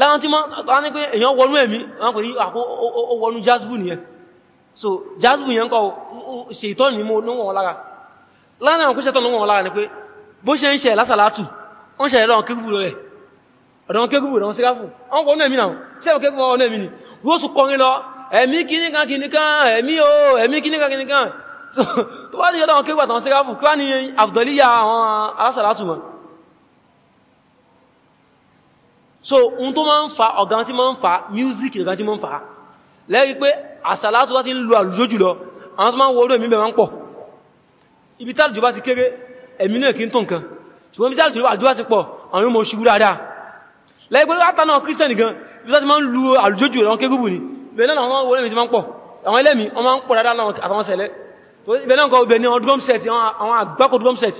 láwọn tí wọ́n ní pé èyàn wọnú ẹ̀mí wọ́n pè ní àkówọnú ah, jazbu nìyẹn so jazbu yẹn kọ́ ṣe ìtọ́ ní wọ́n lára láwọn àwọn kúṣẹ́tọ́ ní wọ́n lára ni pé bó ṣe ń ṣe lásàlátù wọ́n ṣe lọ́wọ́n kékùbù rẹ̀ ọ̀dọ̀wọ́n kékùbù rẹ̀ síráfù wọ́n wọnú ẹ̀mí náà ṣẹ́wọ̀n kékùbù wọnú ẹ̀mí ni wọ́n sùn kọrin lọ ẹ̀mí kìníkan kìníkan ẹ̀mí o ẹ̀mí kìníkan kìníkan tó bá ti yọ́dọ̀ wọn kékùbù àtàwọn síráfù kí wá ní àfdọ̀líyà àwọn alásàlátù wọn so ohun tó máa ń fa ọ̀gán tí máa ń fa music ọ̀gán tí máa ń fa lẹ́rí pé àsàlátù wá sí ń lo àlùjó jùlọ àwọn tó máa ń wọ́rọ̀ èmì bẹ̀rẹ̀ ń pọ̀ ibi tí àlùjó bá ti kéré ẹ̀mí náà kí ń tó nǹkan ṣùgbọ́n ibi tí àlùjó bá ti pọ̀ àwọn yóò mọ̀ ṣubú dáadáa lẹ́rí pé látàná kírísítẹ̀nì gan ibi tí máa ń lu àlùjó jùlọ àwọn kérúbù ni bẹ̀rẹ̀ náà àwọn wọ́rọ̀ èmì ti máa ń pọ̀ àwọn ẹlẹ́mì wọ́n máa ń pọ̀ dáadáa àtàwọn sẹ̀lẹ̀ drum set àwọn àgbákò drum set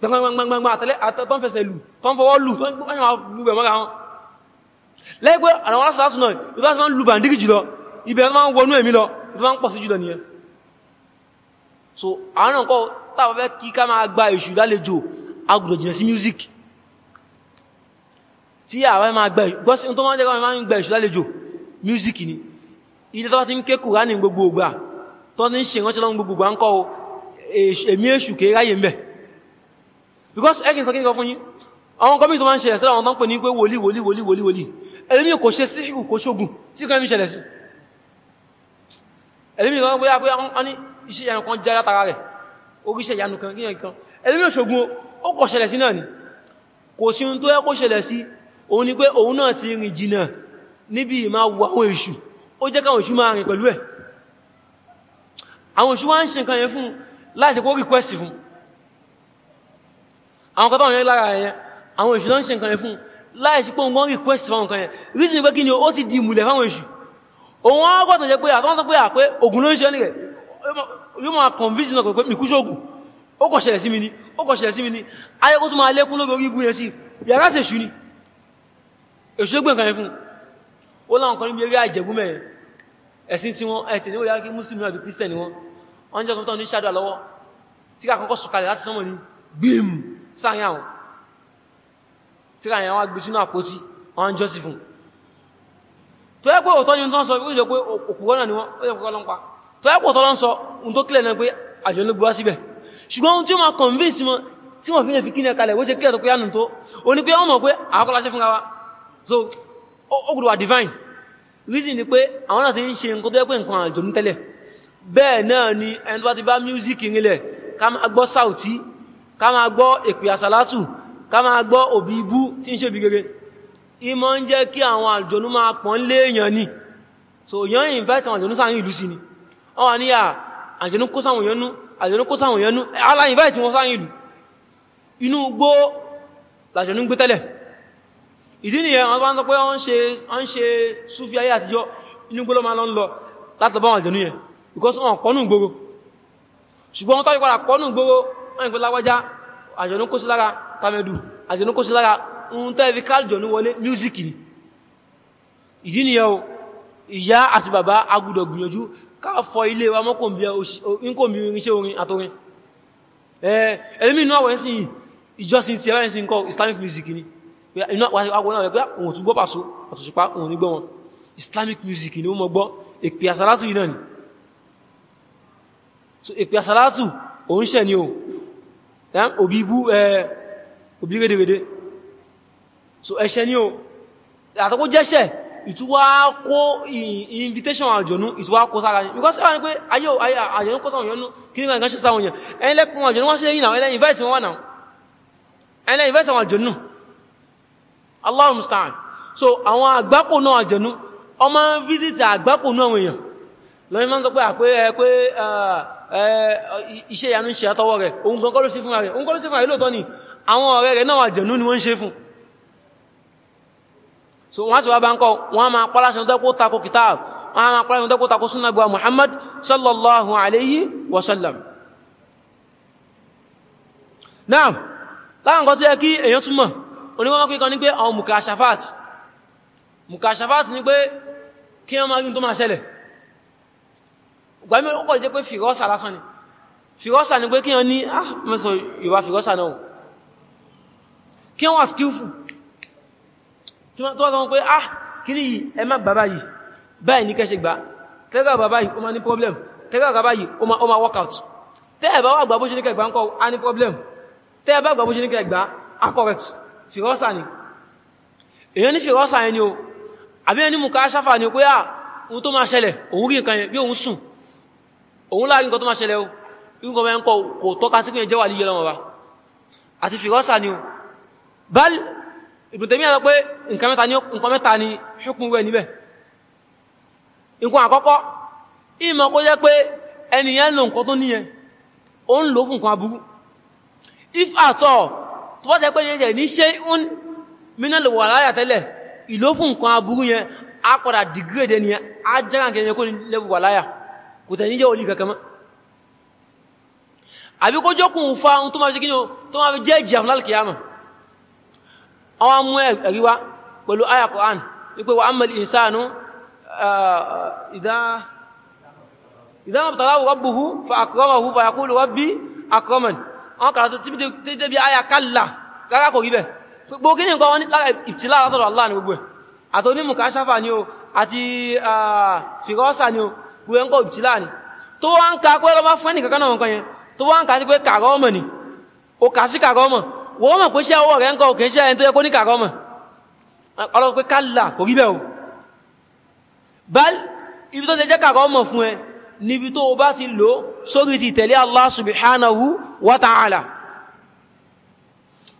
gbangbangbangbangba àtẹ́lẹ́ àtọ́nfẹ́sẹ̀ lù tọ́nfọwọ́ lù lẹ́gbẹ́ àwọn alásàásù náà ìbá sí ma ń lù bàndíkì jùlọ ibẹ̀ ma ń wọnú ẹ̀mí lọ ìbá ma ń pọ̀ sí jùlọ nìyẹn so àwọn náà kọ́ tàbẹ́ kí ká máa gba èṣù lálejò agbọ̀dọ̀ jìnà sí music tí àwọn ma gbẹ̀ gbọ́sí tó máa jẹ́ ma ń gba èṣù lálejò music ni ilé tó ti ń ké Kùránì gbogbo ògbà tó ti ń ṣe ìránṣẹ́ lọ́n gbogbo ògbà ń kọ́ èmi èṣù kéráyè mẹ́ because ẹgbẹ̀ sọ kí n kọ fún yín àwọn kọmí tó máa ń ṣẹlẹ̀ sílẹ̀ àwọn tán pè ní pé wòlí wòlí wòlí wòlí wòlí ẹlẹ́mí kò ṣe sí ìkò ṣógun tí kọ́ ẹmí ṣẹlẹ̀ sí ẹlẹ́mí kan bóyá pé wọ́n ní iṣẹ́ ìyanu kan jẹ́ látara rẹ̀ oríṣẹ́ ìyanu kan kíyàn kan ni kò sí ohun tó yẹ kó ṣẹlẹ̀ sí òun ni pé òun náà ti rìn jìnà níbi ìmá wo àwọn èṣù ó jẹ́ káwọn èṣù àwọn kọtọ́ òyìn lára ẹ̀yẹn àwọn èṣù lọ́n ṣe nǹkan yẹn fún láìsí pé wọ́n request fáwọn nǹkan yẹn reason pé kí ni ó ti di ìmùlẹ̀ fáwọn èṣù òun ágọ́tọ̀ jẹ́ pé àtọ́sọ́ pé àpé ògùn ló ń ṣe ní rẹ̀ yóò máa convince náà pé mìkú ṣógùn ó kọ̀ ṣẹlẹ̀ sí mi ní ó kọ̀ ṣẹlẹ̀ sí mi ní ayé kó tún máa lékún lórí orí igun yẹn sí yàrá sì èṣù ni èṣù gbé nǹkan yẹn fún ó láwọn kan níbi eré àjẹgúnmẹ̀ ẹ̀sìn tí wọ́n ẹ̀tì ní ó yára kí muslim àbí christian ni wọ́n wọ́n jẹ́ kọ́ńtọ́ ní ṣáàdà lọ́wọ́ tí kàkọ́kọ́ sọ̀kalẹ̀ láti sánmọ̀ ní gbìmù sáàrin àwọn tí ra ìyàwó agbésínú àpótí wọ́n jọ́sí fún tó ẹ́pọ̀ òtọ́ ni tó ń sọ ìjọ pé òpùwọ́nà ni wọ́n yẹ kọ́kọ́ lọ́npa tó ẹ́pọ̀ tó lọ́n sọ ohun tó kílẹ̀ náà pé àjọ ló gbúwá síbẹ̀ ṣùgbọ́n ohun tí ó máa convince mọ́ tí wọ́n fi lè fi kílẹ̀ kalẹ̀ wó ṣe kílẹ̀ tó pé yánu tó o ní pé wọ́n mọ̀ pé àkọ́láṣẹ́ fúnra wa so ó gbọ́dọ̀ wà divine reason ni pé àwọn náà ti ń ṣe nǹkan tó yẹ pé nǹkan àjọ ní tẹ́lẹ̀ bẹ́ẹ̀ náà ni ẹni tó bá ti bá music rinlẹ̀ ká máa gbọ́ sáùtí ká máa gbọ́ èpè àsàlátù ká máa gbọ́ òbí ibú tí ń ṣe bí gẹ́gẹ́ ìmọ̀ ń jẹ́ kí àwọn àjọ̀nú máa pọ̀ ń léèyàn ni so yán invite àwọn àjọ̀nú sáàrin ìlú sí ni wọ́n wà ní à àjọ̀nú kó sáwọn yánú àjọ̀nú kó sáwọn yánú alá invite wọn sáàrin ìlú inú gbó làjọ̀nú gbé tẹ́lẹ̀ ìdí nìyẹn wọ́n bá ń sọ pé wọ́n ń ṣe súfì ayé àtijọ́ because wọn pọ̀nù gbogbo ṣùgbọ́n wọ́n tọ́jú padà pọ̀nù gbogbo wọ́n ń pè láwájá àjọ̀nú kó sí lára tàmẹ́dù àjọ̀nú kó sí lára ohun tẹ́ fi káàjọ̀ ní wọlé mísíkì ni ìdí nìyẹn o ìyá àti bàbá agudọ̀ gbìyànjú káàfọ ilé wa mọ́kànbí irinṣẹ́ orin àtorin ẹ̀ẹ́lẹ́mì inú àwọn ẹ̀sìn ìjọsìn ti ẹ̀rẹ́ kọ́ Islamic music ni inú àwọn ẹ̀rẹ́ pé òun tún gbọ́ pàṣọ àtòṣùpá òun ní wọn Islamic music ni ó mọ́ gbọ́ èpè àsàlátù yìí òbí bú òbí rédèrèdè so ẹ̀ṣẹ̀ ni o àtọ́kó jẹ́ṣẹ̀ ìtúwà kó invitation àjọ̀nú ìtúwà kó sára ní because ẹwà ní pé ayé àjọ̀nú kó sáwọn yọnú kí ní kan ṣe sáwọn yẹn ẹ̀yìn lẹ́kùn àjọ̀nú wọ́n sí lẹ́yìn náà ẹlẹ́ invite wọn wà náà ẹlẹ́ invite àwọn àjọ̀nú Allahu musta'an so àwọn àgbákò náà àjọ̀nú ọmọ visit àgbákò náà àwọn èèyàn lọ́yìn máa ń sọ pé àpé ẹ pé ah, iṣẹ́ ìyanu ṣe àtọwọ́ rẹ̀ òun kan kọ́ ló ṣe fún rẹ̀ òun kọ́ ló ṣe fún rẹ̀ lóòtọ́ ni àwọn ọ̀rẹ́ rẹ̀ náà àjẹ̀nú ni wọ́n ṣe fún so wọ́n sì wá bá ń kọ́ wọ́n máa pàláṣẹ tẹ́kó takò kitab wọ́n máa pàláṣẹ tẹ́kó takò súnà gbà Muhammad sallallahu alayhi wa sallam náà láwọn kan tó yẹ kí èèyàn túmọ̀ oníwọ́n pé kan ní mukashafat mukashafat ní pé kí wọ́n máa rí tó máa ṣẹlẹ̀ gbàmí ó kọ̀ jẹ́ pé fìrọ́sà lásán ni fìrọ́sà ni pé kíyàn ní ah mẹ́sàn yorùbá fìrọ́sà náà kí wọ́n skillful tí wọ́n tọ́wọ́ pé ah kí ní ẹ má bàbá yìí báyìí ní kẹ́ṣe gbá tẹ́gà bàbá yìí ó ma ní problem tẹ́gà bàbá yìí ó workout tẹ́ẹ̀ bá wà gbà bó ṣe ní problem tẹ́ẹ̀ bá gbà bó ṣe ní a correct fìrọ́sà ni èyàn ní fìrọ́sà ni o àbí ẹni mú ká ṣáfà ni pé ah òun tó máa ṣẹlẹ̀ òun rí nǹkan yẹn bí òun sùn òun láàrin nǹkan tó máa ṣẹlẹ̀ o nǹkan mẹ́rin kọ kò tọ́ka sí pé jẹ́ wà líyẹ lọ́wọ́ wa àti fìrọ́sà ni o bal Ibn Taymiyyah pé nǹkan mẹ́ta ni hukmu wẹ̀ níbẹ̀ nǹkan àkọ́kọ́ ìmọ̀ kó jẹ́ pé ẹniyàn lò nǹkan tó níyẹn ó ń lò fún nǹkan if kò tẹ̀ ní jẹ́ olí kankan mọ́ àbí kó jọ́kùn fa ohun tó máa ṣe kí ní o tó máa fi jẹ́ ìjìyà fún lálùkìyàmà àwọn mú ẹ̀rí wá pẹ̀lú àyà Qur'an wípé wa amal insanu idha mabtalahu rabbuhu fa akramahu fa yaqulu rabbi akraman àwọn kàrà tó títẹ́ bí àyà kalla rárá kò gbogbo gbogbo ẹ̀ńkọ́ òbítí láàrin tó wá ń ka pé ọlọ́mọ fún ẹnìkan náà nǹkan yẹn tó wá ń ka sí pé kàrọ́ ọmọ ni ó kà sí kàrọ́ ọmọ wọ́n mọ̀ pé iṣẹ́ ọwọ́ rẹ̀ ń kọ́ kì í ṣe ẹni tó yẹ kó ní kàrọ́ ọmọ ọlọ́run pé kálà kò rí bẹ́ẹ̀ o bal ibi tó lè jẹ́ kàrọ́ ọmọ fún ẹ níbi tó o bá ti lò sórí ti tẹ̀lé Allah subhanahu wa ta'ala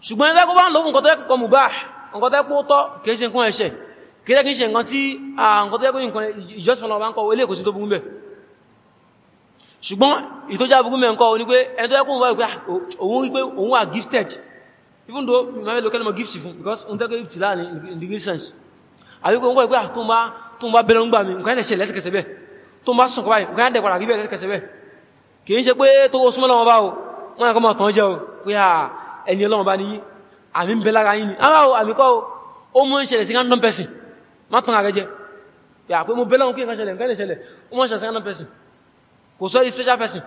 ṣùgbọ́n ẹgbẹ́ kó bá ń lò fún nǹkan tó yẹ kó mubah nǹkan tó yẹ kó tọ́ kì ṣe nǹkan ẹ̀ṣẹ̀ kílẹ̀ kí n ṣe nǹkan tí àǹkan tó yẹ́ pé nǹkan ìjọsìn ọlọ́wọ́ ńkọ ilé ìkòsí tó burú mẹ́ ṣùgbọ́n ìtọ́já burú mẹ́ ńkọ ní pé tó yẹ́ kóhùn wáyé pé gifted even though my fellow kẹ́lẹ́mọ̀ because òun tẹ́kọ̀ gift láàrin in degree sense àbíkò ń kọ́ ìpé tó ń bá tó ń bá bẹ̀rẹ̀ ń gbà mí nǹkan ẹ̀ṣẹ̀ lẹ́sẹ̀kẹsẹ̀ bẹ́ẹ̀ tó ń bá sùn kọ́báyìí nǹkan ẹ̀dẹ̀ padà rí bẹ́ẹ̀ lẹ́sẹ̀kẹsẹ̀ bẹ́ẹ̀ kì o wọ́n pé ẹni ọlọ́wọ́ ní àmì ń bẹ lára yìí ni ara o àmì kọ́ o mú ń ṣẹlẹ̀ sí random person má tán ààrẹ jẹ́ yà pé mo bẹ́lọ́run kí nǹkan ṣẹlẹ̀ nǹkan lè ṣẹlẹ̀ ó mọ́ ṣẹ̀sẹ̀ random person kò sọ di special person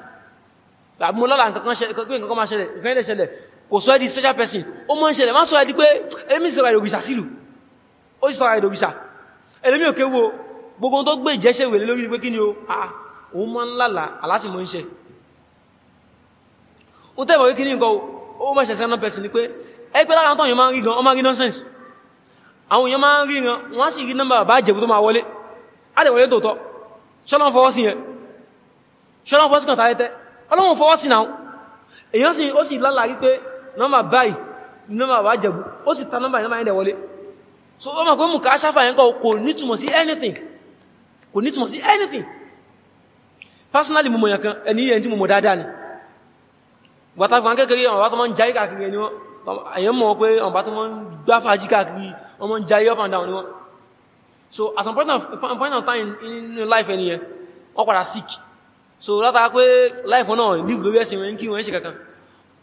ya mo lọ́la nǹkan kan máa ṣẹlẹ̀ nǹkan lè ṣẹlẹ̀ kò sọ di special person ó mọ́ ṣẹlẹ̀ má sọ ẹ di pé ẹlẹ́mì sọ̀rọ̀ ìdògìṣà sílù ó sì sọ̀rọ̀ ìdògìṣà ẹlẹ́mì òkè wo gbogbo tó gbé ìjẹ́ṣẹ́ wèlé lórí pé kí ni o òun máa ń lálà aláṣì mọ́ ń ṣe ó tẹ́bọ̀ pé kí ni nǹkan ó mọ́ ṣẹ̀sẹ̀ random person ni pé ẹgbẹ́ lára tán yóò máa ń rí gan ọmọ rí nonsense àwọn èèyàn máa ń rí ran wọ́n sì rí nọ́mbà bá jẹ̀bú tó máa wọlé adẹ̀wọlé tòótọ́ ṣọ́lọ́n fọwọ́ sí yẹn ṣọ́lọ́n fọwọ́ sí kàn tààrẹ́tẹ́ ọlọ́run fọwọ́ sí náà èèyàn sì ó sì lálàá rí pé nọ́mbà báyìí nọ́mbà bá jẹ̀bú ta nọ́mbà èyàn mọ̀ pé ọ̀bá tó wọ́n gbá fàájí káàkiri wọ́n ń jayé up and down ni wọ́n so at some point of, point of time in life ẹni yẹn wọ́n padà sick so látara pé life náà live lórí ẹ̀sìn wọn kí wọ́n ṣe kankan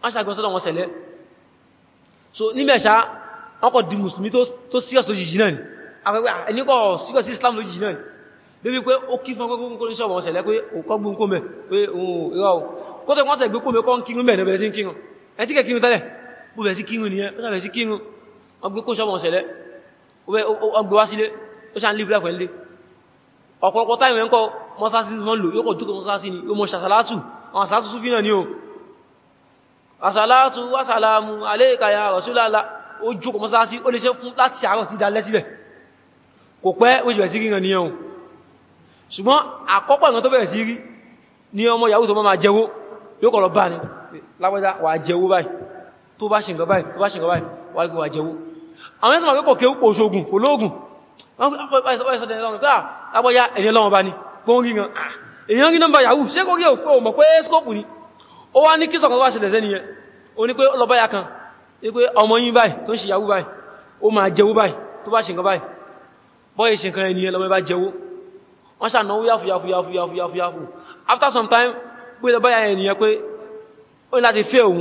wọ́n ṣàgbọ́n sọ́dọ̀ wọn sẹ̀lẹ̀ so níbẹ̀ ṣá wọ́n kọ̀ di mùsùlùmí tó serious lójijì náà ni afẹ́fẹ́ ẹni kọ̀ serious Islam lójijì náà ni débi pé ó kí fún ọgbẹ́gbẹ́ kó ní ṣọ́bọ̀ wọn sẹ̀lẹ̀ pé òkọ́ gbóǹkó mẹ́ pé òun ìrọ̀ kó tó wọ́n tẹ̀ gbé kó mẹ́ kọ́ ń kírun mẹ́ ní ọbẹ̀rẹ̀ sí ń kírun ẹ̀ bó bẹ̀ sí kírun nìyẹn ó sàbẹ̀ sí kírun wọ́n gbé kó sọ́wọ́n ṣẹlẹ̀ ó gbé wá sílé ó sàn live life ẹ̀lé ọ̀pọ̀lọpọ̀ táìmù ẹ̀ńkọ́ mọ́sásí wọ́n lò yóò kọ̀ jókòó mọ́sásí ni yóò mọ́ sàṣàlátù àwọn sàṣàlátù súfì náà ni o àṣàlátù wásàlámù aléìkàyà rọ̀súlàlá ó jókòó mọ́sásí ó lè ṣe fún láti àárọ̀ ti dalẹ́ síbẹ̀ kò pẹ́ ó sì bẹ̀rẹ̀ sí ríran nìyẹn o ṣùgbọ́n àkọ́kọ́ ìran tó bẹ̀rẹ̀ sí rí ni ọmọ yahoo tó máa jẹ́wó yóò kọ̀ lọ bá ni lápẹ́ta wà jẹ́wó báyìí tó bá ṣe nǹkan báyìí tó bá ṣe nǹkan báyìí wà gbogbo àjẹwó àwọn ẹ̀sìn àkọ́kọ́ kí ó pò ṣogun ológun agbọ́yá ẹ̀yẹ lọ́wọ́ bá ní gbọ́n rí gan ah, èyàn rí nọ́mbà yahoo ṣe kó rí òpó mọ̀ pé skópù ní ó wá ní kí sọ̀kan wá ṣẹlẹ̀ sẹ́niyẹ o ní pé ọlọ́báyà kan ní pé ọmọ yín báyìí tó ń ṣe yahoo báyìí ó máa jẹ́wó báyìí tó bá ṣe nǹkan báyìí bọ́yẹ̀ ṣe nǹkan ẹniyẹn lọ́mọ bá jẹ́wó wọ́n ṣànáwó yáfù yáfù yáfù yáfù yáfù yáfù after some time pé lọ́báyà ẹniyẹn pé ó ní láti fẹ́ òun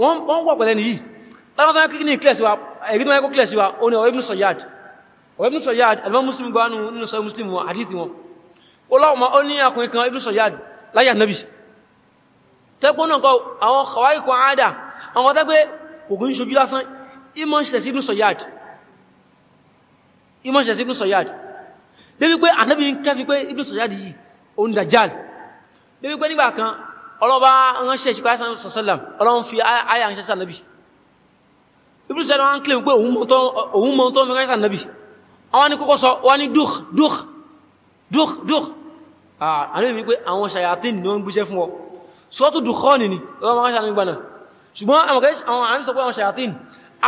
wọ́n wà pẹ̀lẹ́ nìyí lára kí ní kílẹ̀ síwá ẹ̀rí tó wáyé kó kílẹ̀ síwá ó ní ọ̀rẹ́bùn sọ̀yád ọ̀rẹ́bùn sọ̀yád alimọ́ muslim gbá nínú sọ muslim wọn àdíthì wọn ó lọ́wọ́mọ́ ó ní akùnrin kan ibùn sọ̀yád láyà nabi tẹ́kùn náà kọ àwọn kọwàí kan áádà àwọn tẹ́gbẹ́ kò kún ṣojú lásán ìmọ̀ ṣẹ̀ sí ibùn sọ̀yád ìmọ̀ ṣẹ̀ sí ibùn sọ̀yád débi pé ànábì ń kẹ́fi pé ibùn sọ̀yád yìí ó ń dàjáàlì débi pé nígbà kan ọlọ́ba ránṣẹ́ ìṣẹ́kọ́ àìsàn sọ̀sọ́làm ọlọ́run fi àyà ránṣẹ́ sí ànábì ibi sẹ́ni wọ́n ń kílè pé òun mọ́ tó ń ránṣẹ́ ànábì àwọn ní kókó sọ wọ́n ní dùk dùk dùk dùk àwọn èmi pé àwọn ṣàyàtín ni wọ́n gbéṣẹ́ fún ọ sọ́tù dùkọ́ọ̀nì ni wọ́n máa ránṣẹ́ ànábì gbaná ṣùgbọ́n àwọn àmì sọ pé àwọn ṣàyàtín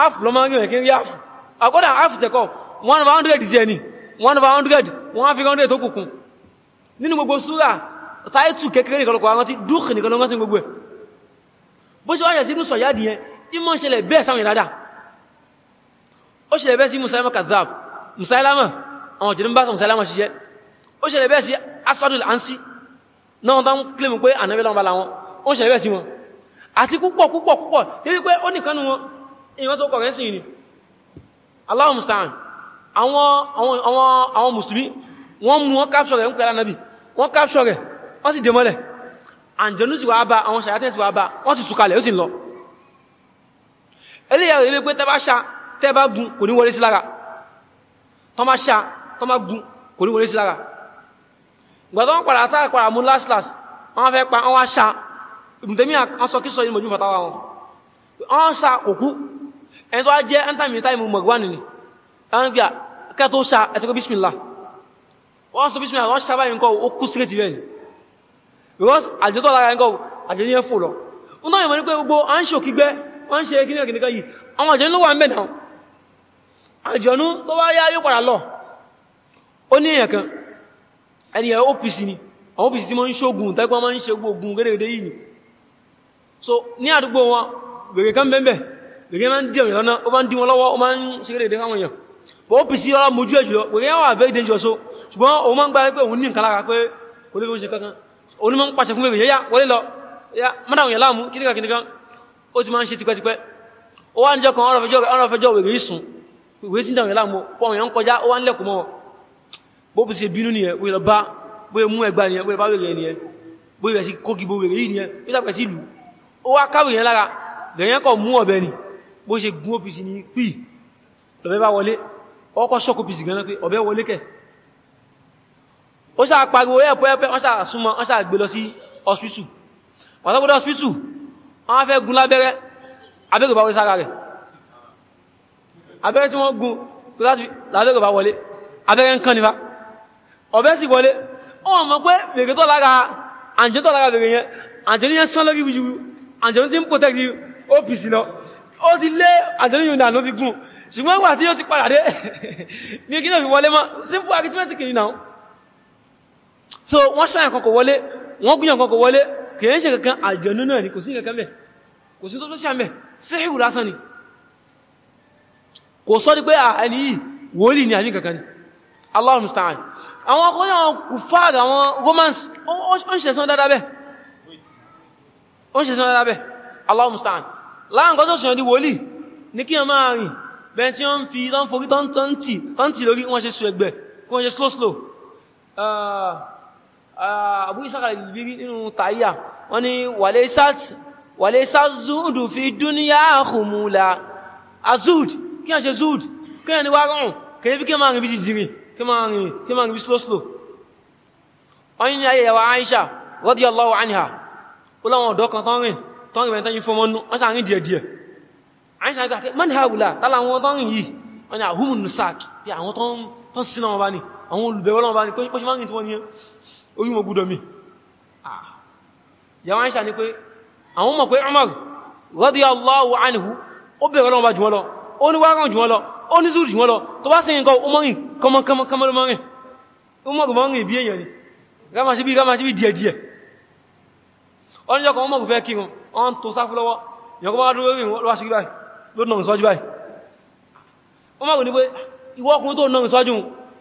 áfù lọ́ máa ń rìn kiri áfù àkọ́dà áfù tẹ̀kọ́ one over hundred ti ẹni one over hundred wọ́n á fi hundred tó kùkùn nínú gbogbo súrà táìtù kékeré nìkan lọ́kọ̀ àwọn tí dúkì nìkan lọ́gbọ́n sí gbogbo ẹ̀ bó ṣe wáyẹ̀ sí mú sọ̀yáàdì yẹn ìmọ̀ ṣẹlẹ̀ bẹ́ẹ̀ sáwọn ìrádà ó ṣẹlẹ̀ bẹ́ẹ̀ sí musailama kadhab musailama àwọn jẹ́ aswadul ansi náà bá ń kílèmù pé ànábẹ́ lọ́wọ́ láwọn ó ṣẹlẹ̀ bẹ́ẹ̀ sí wọn àti púpọ̀ púpọ̀ púpọ̀ débi pé Allahu musta'an àwọn àwọn àwọn mùsùlùmí wọ́n mú wọn capture rẹ̀ ń pẹ̀lá nàbì wọ́n capture wọ́n sì dé mọ́lẹ̀ àǹjọ̀nú sì wá bá àwọn ṣàyátẹ́ sì wá bá wọ́n ti túkalẹ̀ ó sì lọ eléyà rẹ̀ pé tẹ́ ṣá tẹ́ bá gun kò ní wọlé sí lára tọ́ gun kò ní wọlé sí lára gbọ́dọ̀ wọn padà sáà padà mú last last wọn fẹ́ pa wọn wá ṣá ìmùtẹ́mí àwọn sọ kí sọ yìí mọ̀jú fàtàwà wọn wọn ṣá òkú ẹni tó wá jẹ́ because àjẹ́ tó lára ẹ̀kọ́ àjẹ́ ní ẹ̀fò lọ wọ́n náà yẹ̀mọ̀ ní pé gbogbo à ń ṣe òkígbẹ́ wọ́n ń ṣe kíníkà kíníkà yìí àwọn àjẹ́ ló wà ń bẹ̀ náà àjọ̀nú tó bá yá yóò padà lọ ó ní èèyàn kan ẹniyàn OPC ni àwọn OPC tí mọ́ ń ṣógun tẹ́gbọ́n mọ́ ń ṣe gbogbo gẹ́gẹ́gẹ́ yìí ni so ní àdúgbò wọn gbèrè kan bẹ́ẹ̀ gbèrè máa ń dí ọ̀rẹ́ lọ́nà ó máa ń dí wọn lọ́wọ́ ó máa ń ṣe gẹ́gẹ́gẹ́ káwọn èèyàn bọ́ onímọ̀ ń pàṣẹ fún bèbè yẹ́yà wọlé lọ yá mọ́dà òyìn láàmú kíníkà kíníkà ó ti máa ń ṣe tipẹ́tipẹ́ ó wá ń jọ kan ọ̀rọ̀ fẹjọ́ wèrè ìsùn wèrè sí ń dàwọn láàmú pọ̀ òyìn ń kọjá ó wá ń lẹ̀kùn mọ́ bó bí ṣe bínú nìyẹn wèrè ni bó ṣe gún òpìsì ní pì lọ́bẹ̀ bá wọlé ọkọ̀ ṣọ́kọ̀ òpìsì ó sáà pariwo ẹ̀pọ̀ ẹ̀pẹ́ wọ́n sáà súnmọ́ wọ́n sáà gbé lọ sí ọ̀sùsù wọ́n sọ́pọ̀ ọ̀sùsù wọ́n fẹ́ gun lábẹ́rẹ́ abẹ́rẹ́ bá wọlé sára rẹ̀ abẹ́rẹ́ tí wọ́n gun lábẹ́rẹ́ bá wọlé abẹ́rẹ́ ń kán nípa ọ̀bẹ́ sì wọlé wọ́n mọ̀ pé bèrè tó lára àǹjẹ́ tó lára bèrè yẹn àǹjẹ́ yẹn sán lórí wíjú àǹjẹ́ tí ń protect OPC lọ ó ti lé àǹjẹ́ yìí nà ló fi gun ṣùgbọ́n ìgbà tí ó ti padà dé ní kí náà fi wọlé mọ́ simple arithmetic yìí so wọ́n ṣáyà kan kò wọlé wọ́n gúnyàn kan kò wọlé kìí ṣe kankan àjẹ̀nú náà ni kò sí kankan mẹ́ kò sí tó tó ṣàmẹ́ síhìrù lásán ni kò sọ́ di pé àní yìí wòlíì ni àní kankan ni Allahu musta'an àwọn ọkùnrin àwọn kùfáàdì àwọn romans ó ń ṣe sán dáadáa bẹ́ẹ̀ ó ń ṣe sán dáadáa bẹ́ẹ̀ Allahu musta'an láàrín tó ṣẹ̀yàn di wòlíì ní kí wọ́n máa rìn bẹ́ẹ̀ tí wọ́n fi tán forí tán tì lórí wọ́n ṣe sù ẹgbẹ̀ kí wọ́n ṣe slow slow uh, Abu Ishaq al-Biri nínú tàyà wọ́n ní wàlẹ́sà zúdù fi dúníyà àkùmùlà azúd kí a ṣe zúd kí a ní wá rọrùn kìí fi kí máa rìn bí jìjìrì kí máa rìn kí máa rìn bí slow slow wọ́n ní ayé yàwó Aisha radiyallahu anha ó láwọn ọ̀dọ́ kan tán rìn tán rìn tán yí fọmọ nú wọ́n sàárín díẹ̀ díẹ̀ Aisha gbà man haula tálà àwọn tán rìn yìí wọ́n ní àhúmùn nusak bí àwọn tán sínú wọn bá ní àwọn olùbẹ̀wọ́ lọ́wọ́ bá ní pé ṣe máa rìn tí orí wọn gúdọ̀ mi ah. yàwọn ṣà ní pé àwọn mọ̀ pé Umar radiyallahu anhu ó bèèrè lọ́wọ́ bá jù wọ́n lọ ó ní wárán jù wọ́n lọ ó ní zúrù jù wọ́n lọ tó bá sí nǹkan ọmọrin kọmọkọmọrin ọmọrin bí èèyàn ni rámasí bí rámasí bí díẹ̀díẹ̀ ọdíjọ́kọ̀ ọmọrin fẹ́ kírun ọ́n ah, tó sáfú lọ́wọ́ ìyànkọ́ bá dúró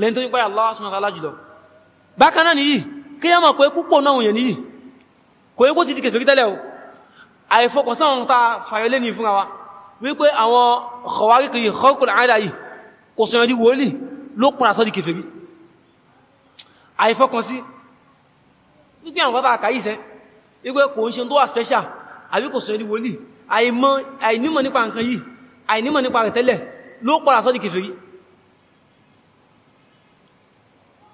lẹ́ni tó ń páyà Allah subhanahu wa ta'ala jùlọ bákan náà nìyí kí yá mọ̀ pé púpọ̀ náà wòyàn nìyí kò yẹ kó ti di kèfèrí tẹ́lẹ̀ o àìfọkàn sáwọn ta fàyọlé ní fúnra wa wípé àwọn kọwárí kìí kọ́kùn àádá yìí kò sọ̀rọ̀ di wòlí ló pàdà sọ́ di kèfèrí àìfọkàn sí wípé special àbí kò sọ̀rọ̀ di wòlí àìnímọ̀ nípa nǹkan yìí àìnímọ̀ nípa rẹ̀ tẹ́lẹ̀ ló pàdà sọ́ di kèfèrí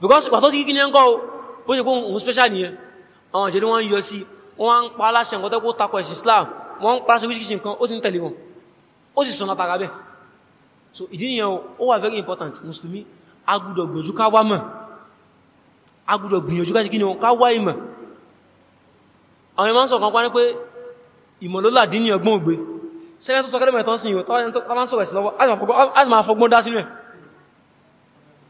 because pàtó ti kí ní ẹnkọ́ bó ṣe pé òun special nìyẹn àwọn jẹ́ ní wọ́n yọ sí wọ́n ń pa aláṣẹ nǹkan tẹ́kọ́ takọ ẹ̀sì Islam wọ́n ń paláṣẹ wíṣíkíṣì nǹkan ó sì ń tẹ̀lé wọn ó sì sọ̀nà tàrà bẹ́ so ìdí nìyẹn ó wà very important mùsùlùmí agbúdọ̀ gbìyànjú ká wá mọ̀ agbúdọ̀ gbìyànjú ká kí ni ká wá ìmọ̀ àwọn ìmọ̀ ń sọ kan pa ní pé ìmọ̀ ló làdí ní ọgbọ́n ògbé sẹ́yìn tó sọ kẹ́lẹ́mẹ̀ tán sí yóò tọ́wọ́n sọ̀rọ̀ sí lọ́wọ́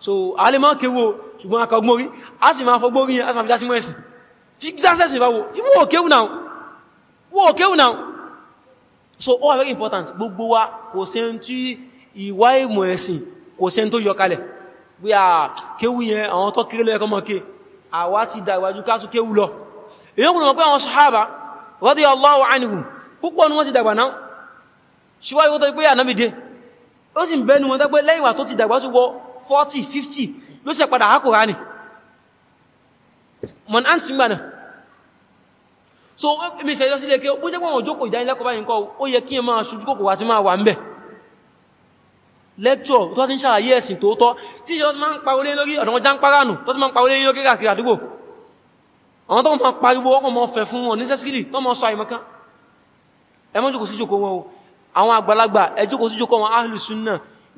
so a lè máa kéwò ṣùgbọ́n akagbórí a sì máa fọgbórí yẹn a sì máa fi dásí mẹ́sìn fi dásẹ́sì ìbáwò tí wọ́n kéwù náà wọ́n kéwù náà so all very important gbogbo wa kò se ń tí ìwá ìmọ̀ ẹ̀sìn kò se ń tó yọ kalẹ̀ bí a kéwù yẹn àwọn tó kéré lẹ́ẹ̀kọ́ mọ́ ké àwa ti dà ìwájú ká tún kéwù lọ èyàn kùnà mọ̀ pé àwọn sahaba radiyallahu anhum púpọ̀ ni wọ́n ti dàgbà náà ṣíwájú tó pé ànábìdé ó sì ń bẹ́nu wọn tẹ́gbẹ́ lẹ́yìnwà tó ti dàgbà sí wọ́ 40 50 ló ṣe padà hákòrá ni mọ̀n án ti gbànà so mi sẹ̀yọ́ sí lẹ́kẹ́ ó jẹ́ pọ̀n òjókò ìdánilẹ́kọ̀ọ́ báyìí nǹkan ó yẹ kí ẹ máa ṣojú kòkò wá sí máa wà ń bẹ̀ lẹ́kṣọ̀ tó ti ń ṣàlàyé ẹ̀sìn tóótọ́ tí ìṣẹ́ tó ti máa ń parolé lórí ọ̀dọ̀ wọn já ń páránù tó ti máa ń parolé lórí kàkiri àdúgbò àwọn tó máa pariwo ọkọ̀ mọ́ fẹ̀ fún wọn ní sẹ́sílì tó mọ́ sọ àìmọ́kán ẹ má jókòó sí jókòó wọn o àwọn àgbàlagbà ẹ jókòó sí jókòó wọn áhìlù súnnà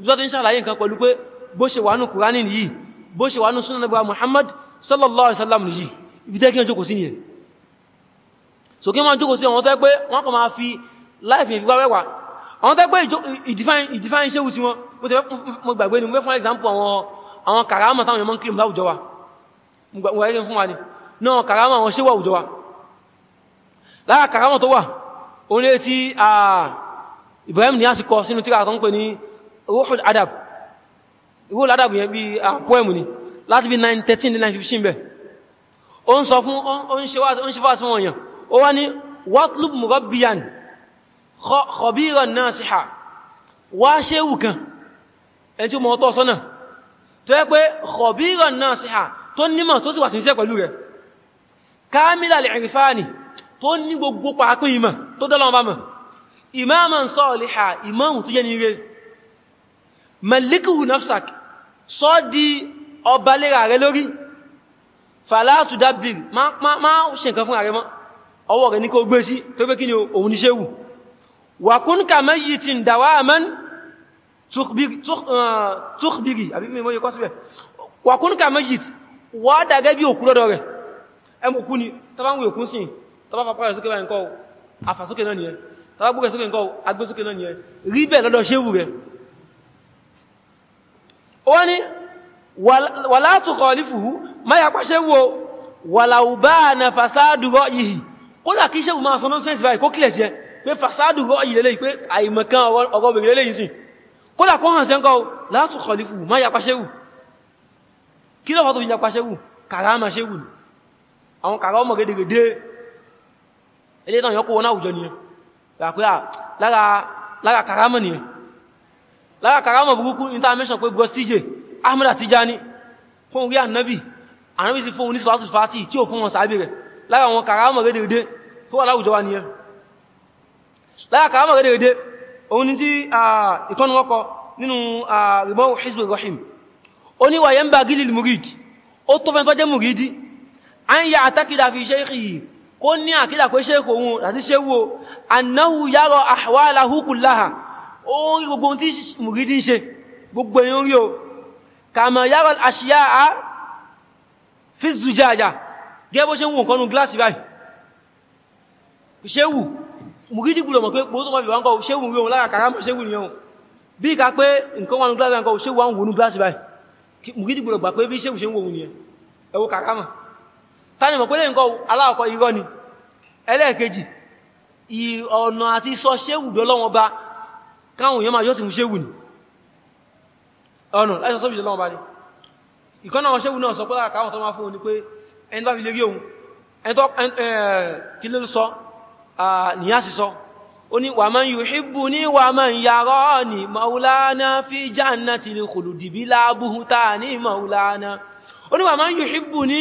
tó ti bó ṣe wà nù kùránì yìí bó ṣe wà nù súnà nàbà muhammad sallallahu alaihi wasallam yìí ibi tẹ́ kí wọ́n jókòó sí nìyẹn so kí wọ́n jókòó sí àwọn tẹ́ pé wọ́n kọ̀ máa fi láìfin ìfikọ́ wẹ́wà àwọn tẹ́ pé ìdífáyín ṣe wùsí wọn mo gbàgbé ni mo fẹ́ fún example àwọn àwọn kàrámà táwọn yọmọ́ ń kílùm láwùjọ wa mo rẹ́rin fún wa ni náà kàrámà àwọn ṣe wà àwùjọ wa lára kàrámà tó wà onílé tí Ibrahim Niyasi kọ sínú tíra tó ń pè ní ruhul adab ìwó ládàbù yẹn bí àpọ́ẹ̀mù ni láti bí 913 ní 915 bẹ̀ o ń sọ fún o ń ṣe wá sí wọ̀nyàn o wá ní watlub murabbiyan khabiran nasiha wá ṣéwù kan ẹni tí ó mọ̀ ọ̀tọ̀ sọ́nà tó yẹ pé khabiran nasiha tó nímọ̀ tó sì wà sínsẹ́ pẹ̀lú rẹ̀ kamila al nafsak sọ di ọba léra rẹ lórí fàlátù dábìr ma ṣe nǹkan fún ààrẹ mọ́ ọwọ́ rẹ̀ ní kó gbé sí tó pé kí ni òun ní ṣe wù wà kún ká mẹ́yìí ti ń dàwà amẹ́n túkbìrì àbí mímọ́ yíkọ́ síbẹ̀ wà kún ká mẹ́yìí ti wà dàgẹ́ bí òkú lọ́dọ̀ rẹ̀ ẹmù ni tàbáwọ̀ òkú sí tàbáfàpá rẹ̀ sókè báyìí nǹkan àfàsókè náà nìyẹn tàbágbókè sókè nǹkan agbésókè náà nìyẹn rí bẹ́ẹ̀ lọ́dọ̀ ṣéwù rẹ̀ ó ní wàlá tukhalifuhu má yà pàṣẹ wo walau bana fasadu ra'yihi kódà kí ṣe máa sọ́nà sẹ́nsì báyìí kó kílẹ̀ ṣe pé fasadu ra'yi lélẹ́yìí pé àìmọ̀kan ọ̀rọ̀ obìnrin lélẹ́yìí sí kódà kó hàn sẹ́ńkọ́ la tukhalifuhu má yà pàṣẹ wù kí lọ́wọ́ tó fi yà pàṣẹ wù kàrámà ṣe wù àwọn kàrámà gẹ́gẹ́gẹ́ ilé náà yọ́kọ́ lára kàrámọ̀ burúkú intermission pé bros tj ahmed àtijáni fún orí ànábì ànábì sí fún oníṣòwàtò fàtí tí ò fún wọn sàábì rẹ̀ lára àwọn kàrámọ̀ rédèrèdè tó wà láwùjọ wa ní ẹ lára kàrámọ̀ rédèrèdè òun ni tí ìkọ́nù wọ́kọ nínú ribọ́ hizbul rahim ó ní wàyẹ́ ń bá gílì murid ó tó fẹ́ tó jẹ́ muridi a ń yà àtàkìdà fi ṣeéhì kó ní àkídà pé ó gbogbo tí mùrídí ń ṣe gbogbo ẹni orí o kàmà yàrá àṣíyà á fi zùjáàjá gẹ́ bó ṣe ń wù nǹkan nù gíláàsì báyìí ṣe wù mùrídí gbùdọ̀ mọ̀ pé gbogbo tó mọ̀ fìwà ń kọ́ ṣe wù rí ohun lára kàrámọ̀ ṣe wù ní ohun bí i ká pé nǹkan wà nù gíláàsì báyìí ṣe wà ń wù nù tani mọ̀ pé lẹ́yìn kọ́ aláwọ̀kọ́ irọ́ ni ẹlẹ́ẹ̀kejì ọ̀nà àti sọ ṣe wù káwọn èèyàn máa yọ́ sí ṣéwù ní ọ̀nà láti sọ́bí ìjọ lọ́wọ́ bá ní ìkọ́nà àwọn ṣéwù náà sọ pé láàkà ah, àwọn tó máa fún òní pé ẹni bá fi lè rí òun kí ló sọ nìyá sí sọ ó ní wa man yuhibbuni wa man yarani maulana fi jannatil khuludi bila buhtani maulana ó ní wa man yuhibbuni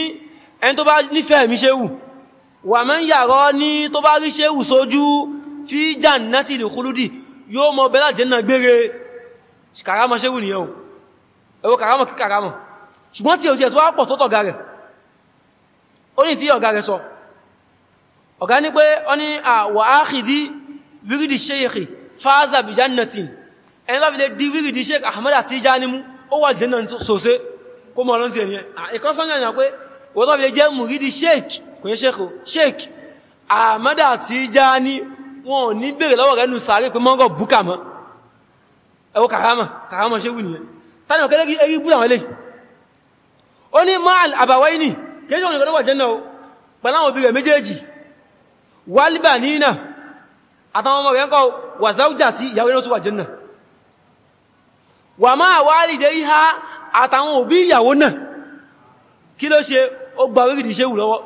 ẹni tó bá nífẹ̀ẹ́ yóò mọ bẹ́lá jẹ́nà gbére kàrámọ̀ ṣe wù ní ẹ̀hùn ẹwọ kàrámọ̀ kí kàrámọ̀ ṣùgbọ́n tí òsì ẹ̀tọ́ pọ̀ tó tọ̀gá rẹ̀ ó ní tí ọ̀gá rẹ̀ sọ ọ̀gá ní pé ọ ní àwọ̀ áàkìdí wírídì ṣeéhì fáázà di wírídì ṣeéhì Ahmad Tijani mú ó wà jẹ́nà sòsé kó mọ̀ lọ́nà ẹ̀yẹn ìkọ́sọ́nyà ni pé wọ́n tó fi lè jẹ́ mùrídì ṣeéhì kò wọn ò ní bèèrè lọ́wọ́ rẹ̀ nù sàárè pé mọ́ngọ̀ búkà mọ́ ẹwọ kàrámà kàrámà ṣe wù nìyẹn tánà kẹ́lẹ́ kí erí búrà wọn lè ó ní máàl àbàwáyí nì kéjọ́ òní kọ́lọ́wà jẹ́ náà pẹ̀láwọn òbí rẹ̀ méjèèjì wálíbà níyìnà àtàwọn ọmọ rẹ̀ ń kọ́ wà záújà tí ìyàwó inú tó wà jẹ́ náà wà máa wáàlì dé ìhá àtàwọn òbí ìyàwó náà kí ló ṣe ó gba orídìí ṣe wù lọ́wọ́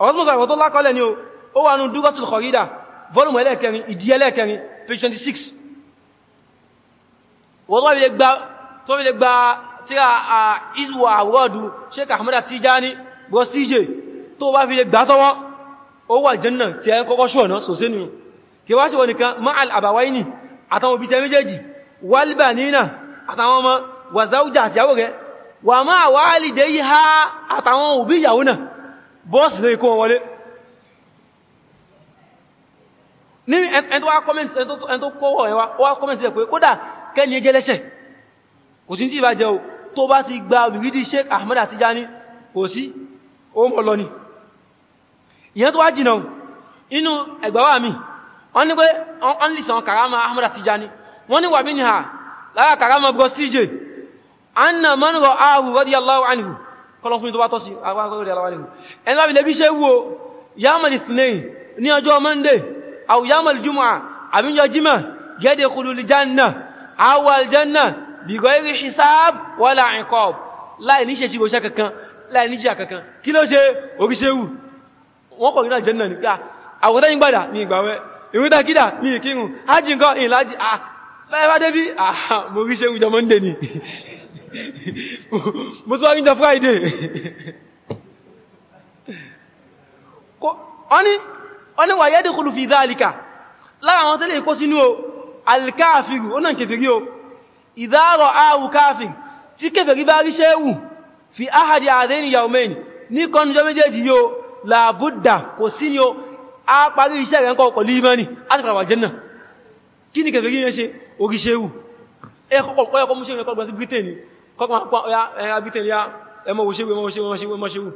ló ó wà nù Duratul Kharida volume ẹlẹ́ẹ̀kẹrin ìdí ẹlẹ́ẹ̀kẹrin page 26 wọ́n tó wílé gba tó wílé gba tíra à iswa àwọ́dù Sheikh Ahmad Tijani bọ́stíje tó bá fi lè gbá sọ́wọ́ ó wà jẹ́nà tí ẹ kọ́kọ́ ṣọ́nà sòsé nínú kí wá sí wọn nìkan ma'al àbàwáyìní àtàwọn òbí tẹ méjèèjì wálìbà nínà àtàwọn ọmọ wà záújà àti yàwó rẹ̀ wà máa wálìdé yí ha àtàwọn òbí ìyàwó náà bọ́ọ̀sì lè kó wọn wọlé ní ẹni tó wá comment ẹni tó kọ́wọ́ ẹwà ó wá comment rẹ̀ pé kódà kẹ́ni ẹjẹ́ lẹ́ṣẹ̀ kò sí tí ìbá jẹ́ o tó bá ti gba wìrídí Sheikh Ahmad Tijani kò sí ó mọ̀ lọ ni ìyẹn tó wá jìnà inú ẹgbàwà mi wọ́n ní pé wọ́n lè karama Ahmad Tijani wọ́n ní wà karama bros tj anna man rọ ahu radiyallahu anhu kọlọ fún ìtọ́bátọ́ sí àwọn akọ́rọ̀ radiyallahu anhu ẹni lábi lẹ́bí ṣe wú ọjọ́ monday aw yamal jumu'a àbí jọ jímọ̀ yẹ́dẹ̀ kúlùlù janna awal janna bigoyri hisab wala iqab láì ní ṣe ṣígoṣẹ́ kankan láì ní jíyà kankan kí ló ṣe oríṣẹ́wù wọ́n kọ̀ nílá janna ní pé àwọ̀tẹ́ yìí gbàdà ní ìgbàwẹ́ ìrúta kídà ní ìkírun hajji nǹkan ìlàjì bẹ́ẹ̀bá débí mo ríṣẹ́wù jọ monday ni mo tún wá rí jọ friday wọ́n ni wà yẹ́ dìkùlù fi dhalika lára wọn tẹ́lẹ̀ ìkó sínú alkafiru ó náà kèfèrí o ìdárọ̀ ààrù káfir tí kèfèrí bá rí ṣẹ́wù fi áhàdì àdéni yaumain ní kọnújọ méjèèjì yóò làbúdà kò sí ni ó a parí iṣẹ́ rẹ̀ ń kọ́ pẹ̀lú imani láti padà wà jẹ́nà kí ni kèfèrí yẹn ṣe orí ṣẹ́wù ẹ kọ́kọ́ mú ṣẹ́wù ẹ̀kọ́ gbọ́n sí Britain kọ́kọ́ Britain ya ẹmọ wo ṣẹ́wù ẹmọ wo ṣẹ́wù ẹmọ wo ṣẹ́wù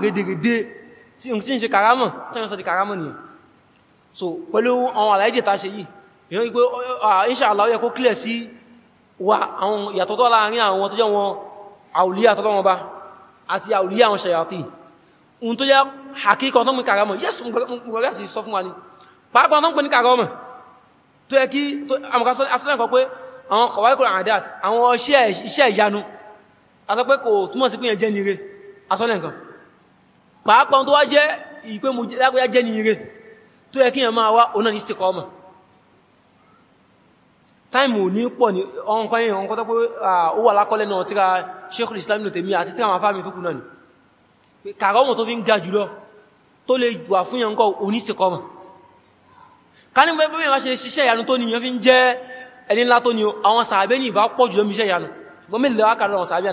kẹ́ tí n ṣe karamọ̀ tẹ́yàn sọ di karamọ̀ ni so pẹ̀lú àwọn àlàyé ta ṣe yìí ìyàn wípé inṣàlá yẹ kó kílẹ̀ sí wa àwọn ìyàtọ̀tọ̀ láàrin àwọn tó jẹ́ wọn àwùlíyà tọ́lọ́wọ́n bá àti àwùlíyà àwọn ṣẹ̀yàtì ohun tó jẹ́ àkíkọ̀ tó ń pè karamọ̀ yes mọ̀gbẹ̀rẹ̀ sì sọ fún wa ni pàápàá tó ń pè ní karamọ̀ tó yẹ kí àmọ̀kásọ́ asílẹ̀ kọ pé àwọn kọ̀wáìkọ̀ àdáàt àwọn iṣẹ́ ìyanu a sọ pé kò túmọ̀ sí pé yẹn jẹ́ nire asọ́lẹ̀ nǹkan pàápàá tó wá jẹ́ ìpé mú lágbóyá jẹ́ ní ire tó yẹ kí yẹn máa wá oná ní síkọ ọmọ táìmù ní pọ̀ ní ọkọ̀ yẹn ọkọ̀ tó pé ó wà lákọlẹ̀ náà tíra Sheikhul ni kàrọ ọmọ tó fi ń ga jùlọ tó lè wà fún yẹn nǹkan oníṣẹ́kọ́ ọmọ ṣe ṣiṣẹ́ ni àwọn sàábẹ́ ní ìbá pọ̀ jùlọ mi iṣẹ́ ìyanu ṣùgbọ́n mélòó wákàrọ̀ àwọn sàábẹ́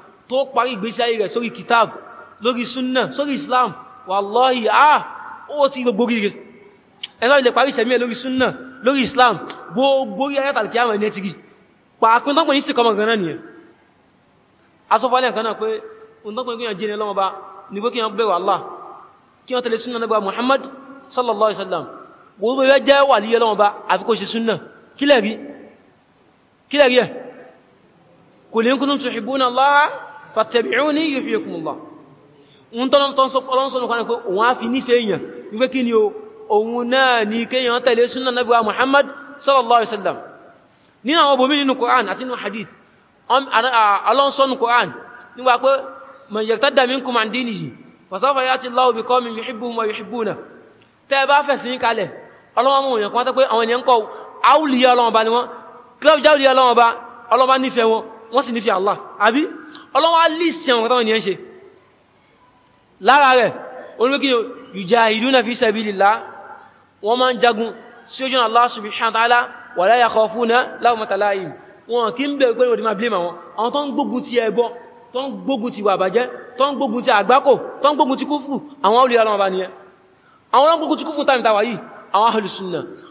tó parí ìgbésí ayé rẹ̀ sórí kitab lórí sunna sórí islam wallahi ah ó ti gbogbo rí rẹ̀ ẹ̀nà ilẹ̀ parí ìṣẹ̀mí ẹ̀ lórí sunna lórí islam gbogbo rí ayé tàbí kíyàmà ní ẹtì rí pàápín tó pè ní sìkọmọ gan náà nìyẹn asọ́fọ́lẹ̀ kan náà pé ohun tó pè ní jẹ́ lọ́wọ́ bá Allah kí wọ́n tẹ̀lé sunna nígbà Muhammad sallallahu alaihi wasallam gbogbo yẹ jẹ́ wà líyẹ lọ́wọ́ bá àfikò ṣe sunna kílẹ̀ rí kílẹ̀ rí ẹ̀ kò lè ń Allah fàtẹ̀bìrúnì yuhyikumullah ń tọ́nà tọ́n sọ ọlọ́nsọ́nà kan pé òun á fi nífẹ́ èèyàn wípé kí ni o òun náà ni kéèyàn tẹ̀lé súnà nabi wa muhammad sallallahu alaihi wasallam nínú àwọn obìnrin nínú quran àti nínú hadith ọlọ́nsọ́nà quran nígbà pé man yartadda minkum an dinihi fasawfa ya'ti Allahu biqawmin yuhibbuhum wa yuhibbuna tẹ́ bá fẹ̀ sí kalẹ̀ ọlọ́wọ́n mú èèyàn kan tẹ́ pé àwọn èèyàn kọ áwùlì ọlọ́wọ́n ba ni wọ́n kílọ̀bù jáwùlì ọlọ́wọ́n ba ọlọ́wọ́n nífẹ̀ẹ́ wọn wọ́n sì nífẹ̀ẹ́ Allah àbí ọlọ́wọ́ alìsí àwọn ọ̀tàwọn ènìyàn ṣe lára rẹ̀ oníwékíni yujahiduna fi sabilillah wọ́n máa ń jagun sí ojú Allah subhanahu wa ta'ala wala yakhafuna lawmata la'im wọn kí ń bẹ̀rẹ̀ pẹ́lú ọdí máa blé àwọn àwọn tó ń gbógun ti ẹbọ tó ń gbógun ti wàbàjẹ́ tó ń gbógun ti àwọn olùyà lọ́wọ́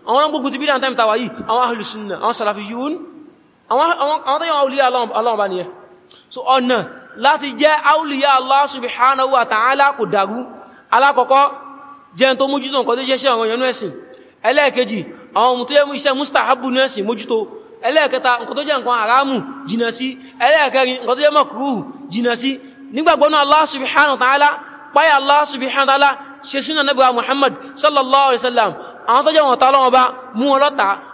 àwọn gbógun àwọn tó yàn àwòlíyà Allah bá nìyẹn so ọ̀nà láti jẹ́ àwòlíyà Allah subhanahu wa ta'ala kò dàrú alákọ̀ọ́kọ́ jẹ́ tó mójútó nǹkan tó jẹ́ṣẹ́ àwọn yẹnú ẹ̀sìn ẹlẹ́ẹ̀kejì àwọn ohun tó yẹ mú iṣẹ́ mustahabu ní ẹ̀sìn mójútó ẹlẹ́ẹ̀kẹta nǹkan tó jẹ́ nǹkan àrámù jìnà sí ẹlẹ́ẹ̀kẹrin nǹkan tó jẹ́ mọ̀kúrú jìnà sí nígbàgbọ́ náà Allah subhanahu wa ta'ala páyà Allah subhanahu wa ta'ala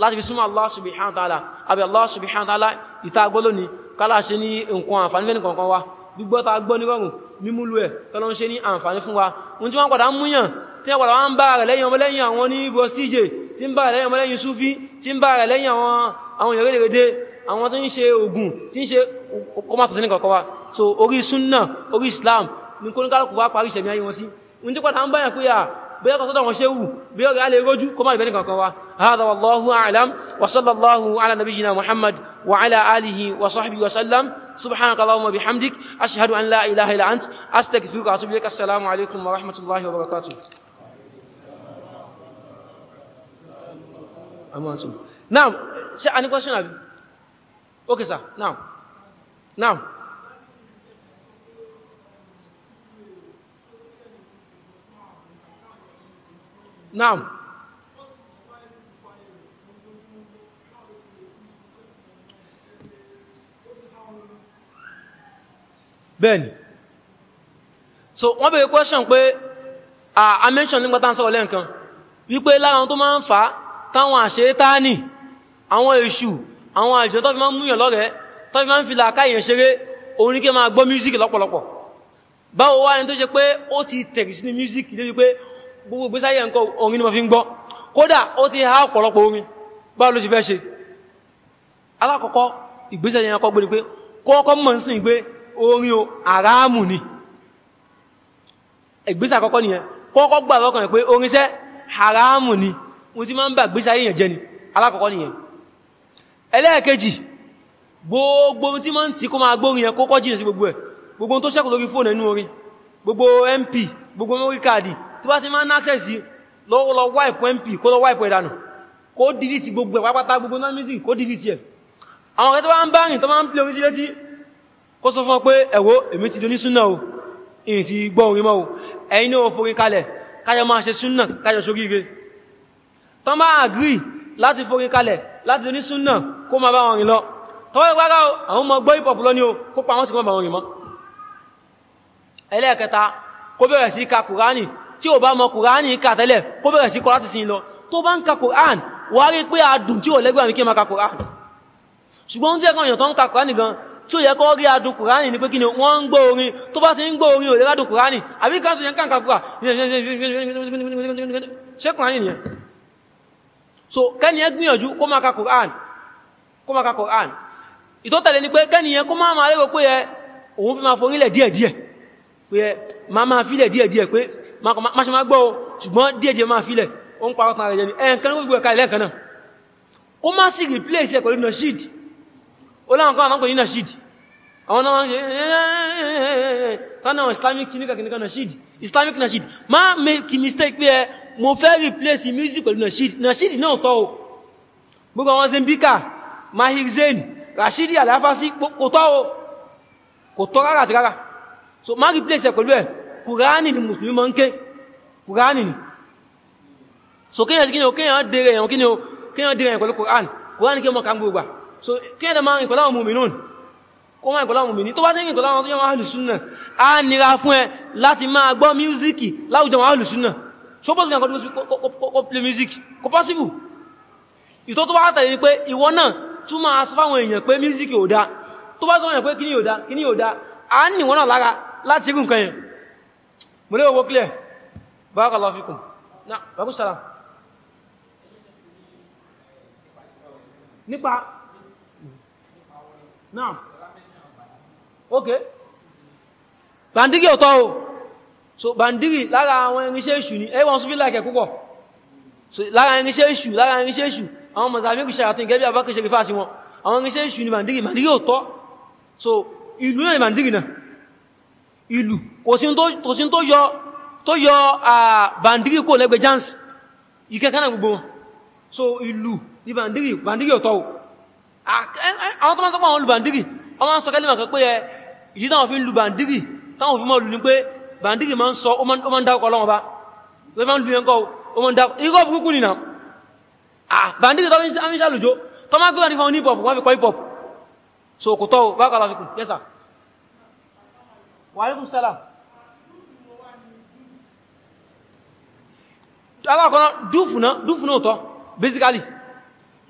láti fi súnmọ́ Allah subhanahu wa ta'ala àbí Allah subhanahu wa ta'ala ìta gbọ́lọ́ ni kálá ṣe ní nǹkan àǹfààní fẹ́ nìkan kan wa gbígbọ́ta gbọ́ nírọ̀rùn mímúlú ẹ̀ tọ́lọ́ ń ṣe ní àǹfààní fún wa ohun tí wọ́n padà ń múyàn tí wọ́n padà ń bá rẹ̀ lẹ́yìn ọmọ lẹ́yìn àwọn ní bọ́stíje ogun tí ń ṣe kọmátọ̀sí so orí sunna orí Islam ní kóníkálùkù bá parí ìṣẹ̀mí ayé wọn sí ohun tí padà ń bóyá kọ́ sọ́dọ̀ wọn ṣe wù bóyá kọ́ alẹ́ rójú kó má ìbẹ́ nìkan kan wa hada wallahu a'lam wa sallallahu ala nabiyina muhammad wa ala alihi wa sahbihi wa sallam subhanaka allahumma bihamdik ashhadu an la ilaha illa ant astaghfiruka wa atubu ilaik assalamu alaikum wa rahmatullahi wa barakatuh Now, Ben. So, wọ́n bèèrè question pé, uh, I mentioned nígbà tán sọ́rọ̀ lẹ́nkan, wípé láwọn tó máa ń fa táwọn àṣẹ táàní, àwọn èṣù, àwọn àjẹ́ tó fi máa ń múyàn lọ́rẹ̀ẹ́, tó fi máa ń fi làkáyẹ̀ ṣeré, orin kí máa gbọ́ music lọ́pọ̀lọpọ̀. Báwo wá ni tó ṣe pé ó ti tẹ̀rì sí ní music, débi pé gbogbo ìgbésáyẹ̀ nǹkan orin ni mo fi ń gbọ́ kódà ó ti há ọ̀pọ̀lọpọ̀ orin báwo ló ṣe fẹ́ ṣe alákọ̀ọ́kọ́ ìgbésáyẹ̀ nǹkan gbé ni pé kọ́kọ́ mọ̀ sí pé orin o àráàmù ni ìgbésà àkọ́kọ́ nìyẹn kọ́kọ́ gbà lọ́kàn pé orinṣẹ́ àráàmù ni mo ti máa ni alákọ̀ọ́kọ́ nìyẹn ẹlẹ́ẹ̀kejì gbogbo tí máa ń tí kó máa gbórin yẹn kọ́kọ́ jìnà sí gbogbo ẹ̀ gbogbo tó ṣẹ́kù lórí fóònù ẹnu orin gbogbo mp gbogbo memory card tí wá sí máa ń access lọ wáìpù mp kó lọ wipe ẹ̀dànù kó dìdí ti gbogbo ẹ̀ pápátá gbogbo náà music kó dìdí ti ẹ̀ àwọn ọ̀rẹ́ tó bá ń bá rìn tó máa ń pè orí sí létí kó sọ fún ọ pé ẹ̀wọ́ èmi ti doní súnà o ìyìn agree láti forin kalẹ̀ láti doní súnà kó máa bá wọn rìn lọ tọ́wọ́ ìpárá àwọn ọmọ gbọ́ hip o kó pa àwọn sì kọ́ bá wọn rìn mọ́ ẹlẹ́ẹ̀kẹta kó bẹ̀rẹ̀ sí ka kùránì tí ó bá mọ kùránì kà tẹ́lẹ̀ kó bẹ̀rẹ̀ sí kọ́ láti sin lọ tó bá ń ka kùrán wà rí pé adùn tí ó lẹ́gbẹ̀ẹ́ mi kí ma ka kùrán ṣùgbọ́n tí ẹ̀kan èèyàn tó ń ka kùránì gan tí ó yẹ kọ́ rí adùn kùránì ní pé kí ni wọ́n ń gbọ́ orin tó bá ti ń gbọ́ so kẹ́ni ẹ gbìyànjú kó ma ka kùrán kó ma ni pé kẹ́ni yẹn kó má máa lérò pé ẹ òun fi máa forílẹ̀ díẹ̀díẹ̀ pé ẹ máa máa ma ṣe ma gbọ́ ṣùgbọ́n díẹ̀díẹ̀ máa filẹ̀ o ń parọ́ tààrẹ jẹni ẹnkan gbogbo ẹ̀ka ilẹ̀ ẹ̀kan náà kó má sì replace ẹ̀ pẹ̀lú nasheed ó láwọn kan àwọn pẹ̀lú nasheed àwọn náà wọ́n tánà islamic kìníkà kìníkà nasheed islamic nasheed má make mistake pé ẹ mo replace music pẹ̀lú nasheed nasheed náà tọ́ o gbogbo àwọn zembika mahir zain rashidi alafasi kò tọ́ o kò tọ́ rárá àti rárá so ma replace ẹ̀ pẹ̀lú ẹ̀ kùránì ni mùsùlùmí ma ń ké kùránì ni so kíyàn sí kíyàn dèrè ẹ̀yàn kíyàn dèrè ẹ̀yàn pẹ̀lú kùránì kùránì kíyàn mọ́ ká gbogbo so kíyàn dẹ̀ máa rìn pẹ̀lú àwọn mùmínún kó máa pẹ̀lú àwọn mùmínún tó bá sí rìn pẹ̀lú àwọn tó yẹ wọn alùsùnà á nira fún ẹ láti máa gbọ́ míúsíkì láwùjọ wọn alùsùnà so bó ti kàn kọ́ play music kò possible ìtọ́ tó bá tẹ̀lé pé ìwọ náà tún máa sọ fáwọn èèyàn pé mo lè wọ́wọ́ clear barakallahu fikum na babu salam nípa náà ok bandigi ọ̀tọ̀ o so bandigi lára àwọn irinṣẹ́ èṣù ni ẹwọ́n súnfí láìkẹ̀ púpọ̀ so lára irinṣẹ́ èṣù lára irinṣẹ́ èṣù àwọn mọ̀sàmíkù ṣàràtún gẹ́bí àbákẹ́ ṣe rí fásí wọn àwọn irinṣẹ́ èṣù ni bandigi bandigi ọ̀tọ̀ so ìlú náà ni ìlú kò sí tó yọ tó yọ bàndírì kò lẹ́gbẹ̀ jans ìkẹ́kẹ́ náà gbogbo wọn so ìlú ní bàndírì bàndírì ọ̀tọ̀ àwọn tó máa sọ́pọ̀ àwọn olùbàndírì wọ́n máa ń sọ kẹ́lẹ̀mà pé ẹ ìdí táwọn fi ń lu bàndírì táwọn fi máa lù ní pé bàndírì máa ń sọ ó máa ń dákọ̀ ọlọ́wọ́n bá wọ́n máa ń lu ẹnkọ́ ó máa ń dákọ̀ ikọ́ burúkú nìna bàndírì tó fi ń sàlùjó tó máa gbé wà ní fún hip hop wọ́n fi kọ́ hip hop so kò tọ́ bákọ̀ láfikún yes wàhálùkù sálàm alákọ̀ọ́nà dúfùná dúfùná tọ́ basically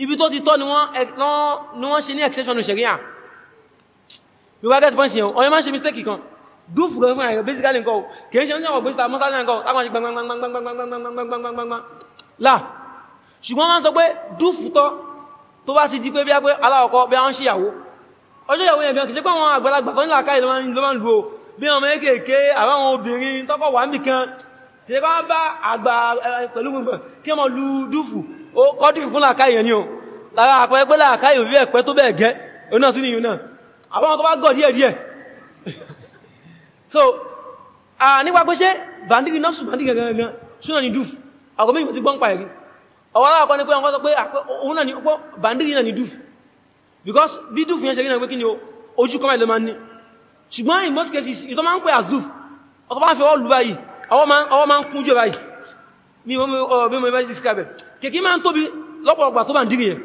ibi tó ti tọ́ ni wọ́n ṣe ní exception ṣẹ̀ríyà you will get point yẹn ọ̀yẹ́ máa ṣe mistake kan dúfù gan fún àyẹ̀yọ̀ basically nǹkan kìí ṣe ní àwọn gbésítà mọ́sálì nǹkan táwọn ṣe gbangbangbangbangbangbangbangbangbangbangbang là ṣùgbọ́n wọ́n sọ pé dúfù tọ́ tó bá ti di pé bí i aláwọ̀kọ́ bí i àwọn ṣíyàwó ọjọ́ ìyàwó yẹn gan kìí ṣe pé àwọn àgbàlagbà kan nílàkà ìlú lò bí ọmọ èkèké àwọn obìnrin tọ́kọ̀ wà mí kan kìí ṣe bá àgbà pẹ̀lú gbogbo kí ọmọ lu dúfù ó kọ́dù fún làkà ìyẹn ni o lára àpẹẹ pé làkà ìwé ẹ̀pẹ́ tó bẹ́ẹ̀ ni pé àwọn sọ ni pọ́ because bí dúfù yẹn ṣe rí náà pé kí ni o ojú kọ́mọ̀ ìlú máa ní ṣùgbọ́n in most cases ìtọ́ máa ń pè as dúfù ọkọ̀ bá ń fẹ́ ọlù báyìí ọwọ́ máa ń kún jù báyìí mi mo ibájí describe kèkí máa ń tóbi lọ́pọ̀lọpọ̀ tó bá ń dìrì yẹn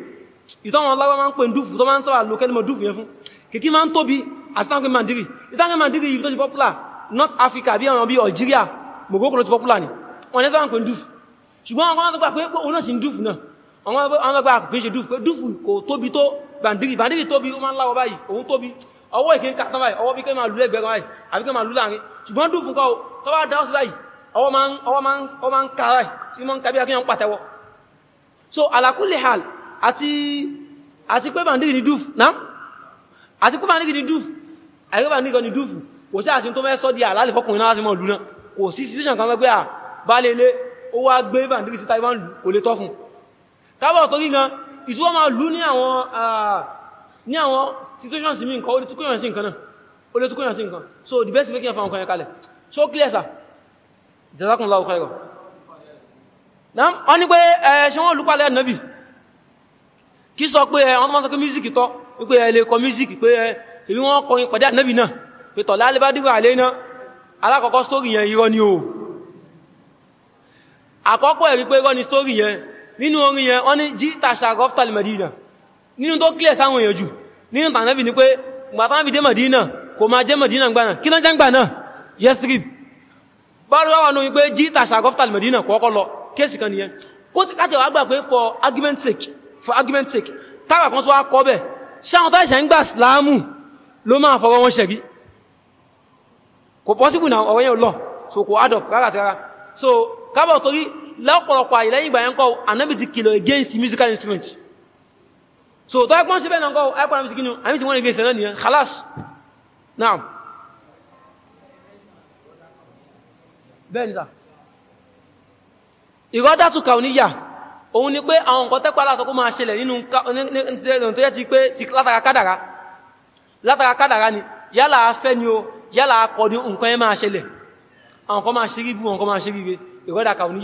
ìtọ́ wọn lágbà máa ń pè dúfù tó máa ń sábà lo kẹ́lẹ́mọ̀ dúfù yẹn fún kèkí máa ń tóbi àtàkùn mandiri ìtàkùn mandiri yìí tó ti popular North Africa bí àwọn bí Algeria Morocco ló ti popular ni wọ́n ní sábà ń pè dúfù ṣùgbọ́n àwọn kan sọ pé òun náà sì ń dúfù náà àwọn kan sọ pé àpèṣe dúfù pé dúfù bàndírì bàndírì tóbi ó máa ń láwọ báyìí òun tóbi ọwọ́ ìkín kàtán báyìí ọwọ́ bí kẹ́ máa lú lẹ́gbẹ̀ẹ́ báyìí àbí kẹ́ máa lú láàrin ṣùgbọ́n dùn fún kọ́ tó bá dáwọ́ sí báyìí ọwọ́ máa ń ka báyìí tí wọ́n ń ka bí akíyàn pàtẹ́wọ́ so alakuli hal àti àti pé bàndírì ni dùf náà àti pé bàndírì ni dùf àyè bàndírì ni dùf kò sí àti tó mẹ́ sọ́ di àlálẹ̀ fọkùnrin náà láti mọ̀ lú náà kò sí situation kan mẹ́gbẹ́ à bá lélé ó wá gbé bàndírì síta ìbọn kò le tọ́ fún kábọ̀ tó gígan ìṣúwọ́ máa lú ní àwọn ní àwọn situations mi nǹkan ó lè túnkúyàn sí nǹkan náà ó lè túnkúyàn sí nǹkan so the best making of àwọn kan kalẹ̀ so clear sir jazakumullahu khairan náà wọ́n ní pé ṣe wọ́n lúpàlẹ̀ ànábì kí sọ pé wọ́n tó máa sọ pé music tọ́ wípé ẹ lè kọ music pé èyí wọ́n kọrin pàdé ànábì náà pé tọ̀lá alẹ́ bá dìgbà alẹ́ iná alákọ̀ọ́kọ́ story yẹn irọ́ ni o àkọ́kọ́ ẹ̀rí pé story nínú orin yẹn wọ́n ní jíta ṣàgọ́ftàlì Madina nínú tó kílẹ̀ sáwọn èèyàn jù nínú tànàbì ní pé gbàtàbì dé Madina kò máa jẹ́ Madina gbà náà kí ló jẹ́ gbà náà Yathrib bárúwáwà ní pé jíta ṣàgọ́ftàlì Madina kọ́kọ́ lọ kéèsì kan for argument sake for argument sake táwà kan tó wá kọ́ bẹ̀ ṣáwọn tó ṣẹ̀ ń gbà sílámù ló máa fọwọ́ wọn so kò adopt so kábọ̀ torí lọ́pọ̀lọpọ̀ àìlẹ́yìn ìgbà yẹn kọ́ ànábì ti kìlọ̀ against musical instruments so tó ẹgbọ́n ṣe bẹ́ẹ̀ náà kọ́ ẹgbọ́n àmì kìlọ̀ àmì wọ́n against ẹ̀ náà nìyẹn now bẹ́ẹ̀ ni sà ìrọ́dá tún kàún níyà òun ni pé àwọn nǹkan tẹ́pàá lásọ kó máa ṣẹlẹ̀ nínú tó yẹ́ ti pé látara kádàrá látara kádàrá ni yálà afẹ́ ni o yálà akọ ni nǹkan yẹn máa ṣẹlẹ̀ àwọn kan máa ṣe rí bú àwọn máa ṣe rí re ìrọ́dá kàún ni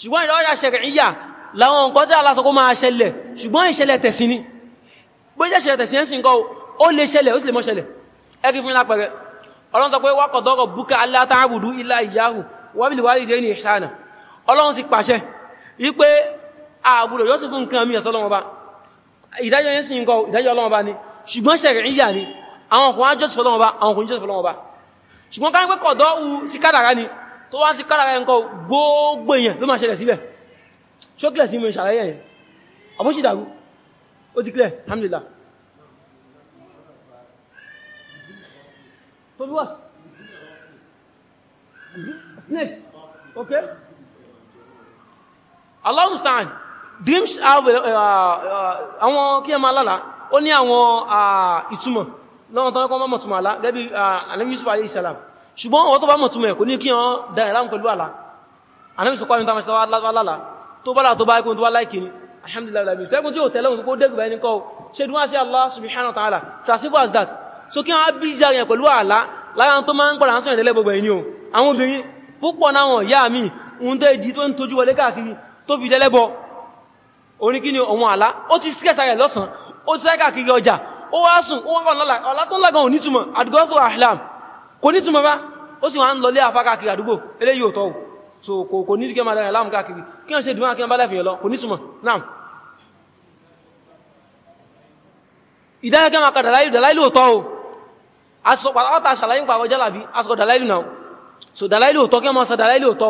ṣùgbọ́n ìlọ́yà ṣẹ̀rìyà láwọn nǹkan tí aláṣọ kó máa ṣẹlẹ̀ ṣùgbọ́n ìṣẹlẹ̀ tẹ̀sí ni bó jẹ́ ṣẹlẹ̀ tẹ̀sí ẹ̀sìn kan ó lè ṣẹlẹ̀ ó sì lè mọ́ ṣẹlẹ̀ ẹkì fún lápẹẹrẹ ọlọ́run sọ pé wákọ̀dọ́rọ̀ búkà alátàbùdú ilá ìyáhù wábìlì wálìdé ní ìṣànà ọlọ́run sì pàṣẹ wípé ààbùdó yóò sì fún nǹkan mi ẹ̀sọ́ lọ́wọ́ bá ìdájọ́ yẹn sì ń kọ ìdájọ́ ọlọ́run bá ni ṣùgbọ́n ṣẹ̀rìyà ni àwọn ọkùnrin ajọ́sí fọlọ́wọ́ bá àwọn ọkùnrin jọ́sí fọlọ́wọ́ bá ṣùgbọ́n ká ní tó wá sí kára ẹ̀ nǹkan gbogbo èèyàn ló máa ṣẹlẹ̀ síbẹ̀ ṣókílẹ̀ sí mọ̀ ìṣàlàyé ẹ̀yẹn àbúṣìdàrú ó ti kílẹ̀ alhamdulillah tó bí wà snakes okay Allah musta'an dreams have uh, uh, àwọn kí ẹ máa lálàá ó ní àwọn uh, ìtumọ̀ lọ́wọ́n tán kọ́ mọ́mọ̀ túnmọ̀ àlá gẹ́bí Yusuf alayhi salam ṣùgbọ́n ọwọ́ tó bá mọ̀ túnmọ̀ ẹ̀kọ́ ní kí wọ́n da ìlànà pẹ̀lú àlá anábì sọpá ìrìntà mẹ́sàn lálá tó bá tó bá alhamdulillah tẹ́kùn tí ó tẹ́lẹ̀ òun kó dẹ́gbẹ̀ ẹni kọ́ ṣe Allah subhanahu wa ta'ala sàṣíbọ̀ as that so kí wọ́n bí ìjà yẹn pẹ̀lú àlá lára tó máa ń pọ̀lá ń sọ̀rọ̀ lẹ́gbẹ̀gbẹ̀ ẹni o àwọn obìnrin púpọ̀ náwọn ìyá mi ń tẹ́ ìdí tó ń tojú wọlé káàkiri tó fi dẹ́lẹ́bọ orí kí ni ọmọ àlá ó ti stress ara lọ́sàn ó ti sẹ́ káàkiri ọjà ó wá sùn ó wá kọ̀ ọ̀lá tó ń lágan ò nítumọ̀ adgọ́tò ahlam kò ní túnmọ̀ bá ó sì wá ń lọlé àfá káàkiri àdúgbò eléyìí ò tọ́ so kò kò ní kí ọmọ adáyà láàmù káàkiri kí wọ́n ṣe dùnmọ́ kí wọ́n bá lẹ́fẹ̀ẹ́ lọ kò ní túnmọ̀ náà ìdáyà kí wọ́n ka dàláìlù dàláìlù ò tọ́ so dàláìlù ò tọ́ kí wọ́n sọ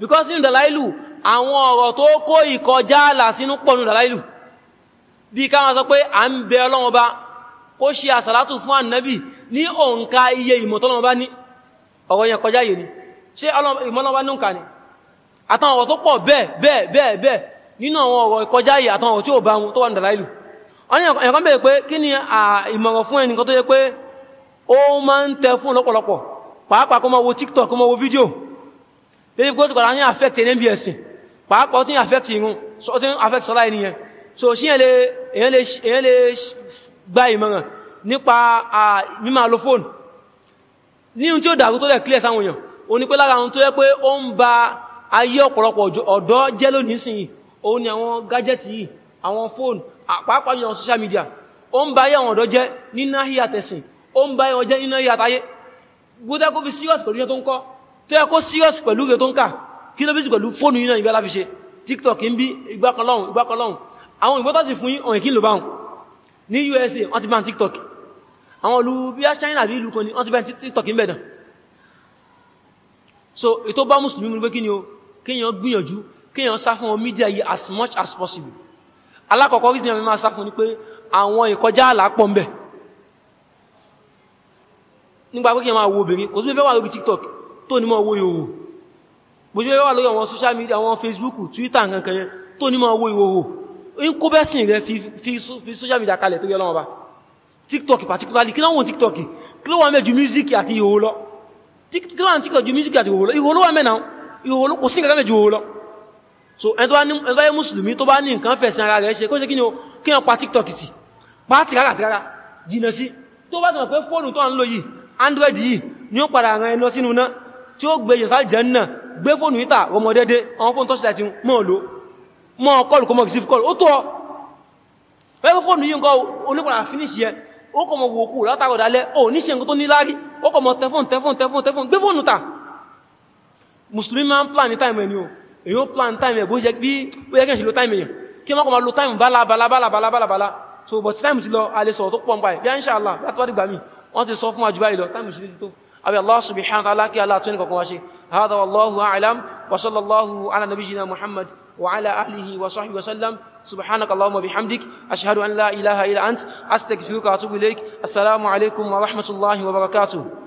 because in dàláìlù àwọn ọ̀rọ̀ tó kó ìkọjá àlà sínú pọ̀nù kó ṣe àsàlátù fún ànábì ní òǹkà iye ìmọ̀tọ́lọ́mọba ní ọ̀rọ̀ yẹn kọjá yìí ni ṣe ìmọ̀lọ́mọba ní òǹkà ni àtàwọn ọ̀rọ̀ tó pọ̀ bẹ́ẹ̀ bẹ́ẹ̀ bẹ́ẹ̀ bẹ́ẹ̀ nínú àwọn ọ̀rọ̀ ìkọjá yìí àtàwọn ọ̀rọ̀ tí ó bá wọn tó wà ní dàláìlù ọ̀yẹ̀kan bẹ̀rẹ̀ pé kí ni ìmọ̀ràn fún ẹnìkan tó yẹ pé ó máa ń tẹ fún lọ́pọ̀lọpọ̀ pàápàá kó máa wo tiktok kó máa wo fídíò débi kó ti padà ní affect ẹni bí ẹ̀sìn pàápàá ó ti gba ìmọ̀ràn nípa mímọ̀ lo fóònù ní ohun tí ó dàrú tó lẹ̀ clear sáwọn èèyàn o ní pé lára ohun tó yẹ pé ó ń ba ayé ọ̀pọ̀lọpọ̀ ọ̀dọ́ jẹ́ lónìí sìn yìí òun ni àwọn gájẹ́tì yìí àwọn fóònù pàápàá àwọn social media ó ń ba ayé àwọn ọ̀dọ́ jẹ́ nínú ayé àtẹ̀sìn ó ń ba ayé wọn jẹ́ nínú ayé àtayé gbọ́dọ̀ kó fi serious pẹ̀lú iṣẹ́ tó ń kọ́ tó yẹ kó serious pẹ̀lú rẹ̀ tó ń kà kí ló bí sí pẹ̀lú tiktok ń bí ìgbà kan lọ́hùn ìgbà kan lọ́hùn àwọn ìgbọ́tọ̀sì fún yín ọ̀rìn kí ń lò báhùn ní USA wọ́n ti ban TikTok àwọn olú bí i China bí ìlú kan ní wọ́n ti ban TikTok ń bẹ̀dàn so ètò bá mùsùlùmí mú pé kí ni o kíyàn gbìyànjú kíyàn sá fún media yìí as much as possible alákọ̀ọ́kọ́ reason àmì máa sá fún ni pé àwọn ìkọjá àlà pọ̀ ń bẹ nígbà pé kíyàn máa wo obìnrin kò sí TikTok tó ní mọ́ owó ìhòhò bó sí pé wà social media Facebook Twitter nǹkan kan yẹn tó ní mọ́ kó bẹ́sìn rẹ fi social media kalẹ̀ tó yẹ lọ́wọ́ bá tiktok particularly kí láwọn tiktok kí ló wà mẹ́ ju music àti ìhòó lọ kí láwọn tiktok ju music àti ìhòó lọ ìhòó ló wà mẹ́nà ìhòó ló kò sí nǹkan mẹ́jù ìhòó lọ so ẹn tó yẹ mùsùlùmí tó bá ní nǹkan fẹ̀sìn ara rẹ̀ ṣe kó ṣe kí ni o kí wọ́n pa tiktok ti pa tìrára tìrára jìnà sí tó bá sọ̀rọ̀ pé fóònù tó ń lò yìí android yìí ni ó padà ran ẹnu sínú náà tí ó gbé yẹ̀sà jẹ́ náà gbé fóònù yìí ta ọmọdédé àwọn fóònù mọ́ kọlù kọmọ̀ sí kọlù ó tó ọ wẹ́gbẹ́ fóònù yíò ń kọ́ onípàdà finish yẹ ó kọ mọ̀ wòkú látàrọ̀dálẹ́ ó ní ṣe nǹkan tó ní lárí ó kọ mọ̀ tẹfóòn tẹfóòn tẹfóòn tẹfóòn gbé fóònù ta musulmi máa ń plan ní time ẹni o èyí time ẹ̀ bó ṣe bí ó time èyàn kí wọ́n kọ mọ̀ time bala bala bala bala bala bala so but time ti lọ a lè sọ̀rọ̀ tó pọ̀ nípa ẹ̀ bí i ṣàlá láti wá dìgbà mí wọ́n ti sọ fún wa jù báyìí lọ time ṣe tó abi allah subhanahu wa ta'ala allah tún ní kọ̀kan wá muhammad وعلى أهله وصحبه وسلم سبحانك اللهم وبحمدك أشهد أن لا إله إلا أنت أستغفرك وأتوب إليك السلام عليكم ورحمة الله وبركاته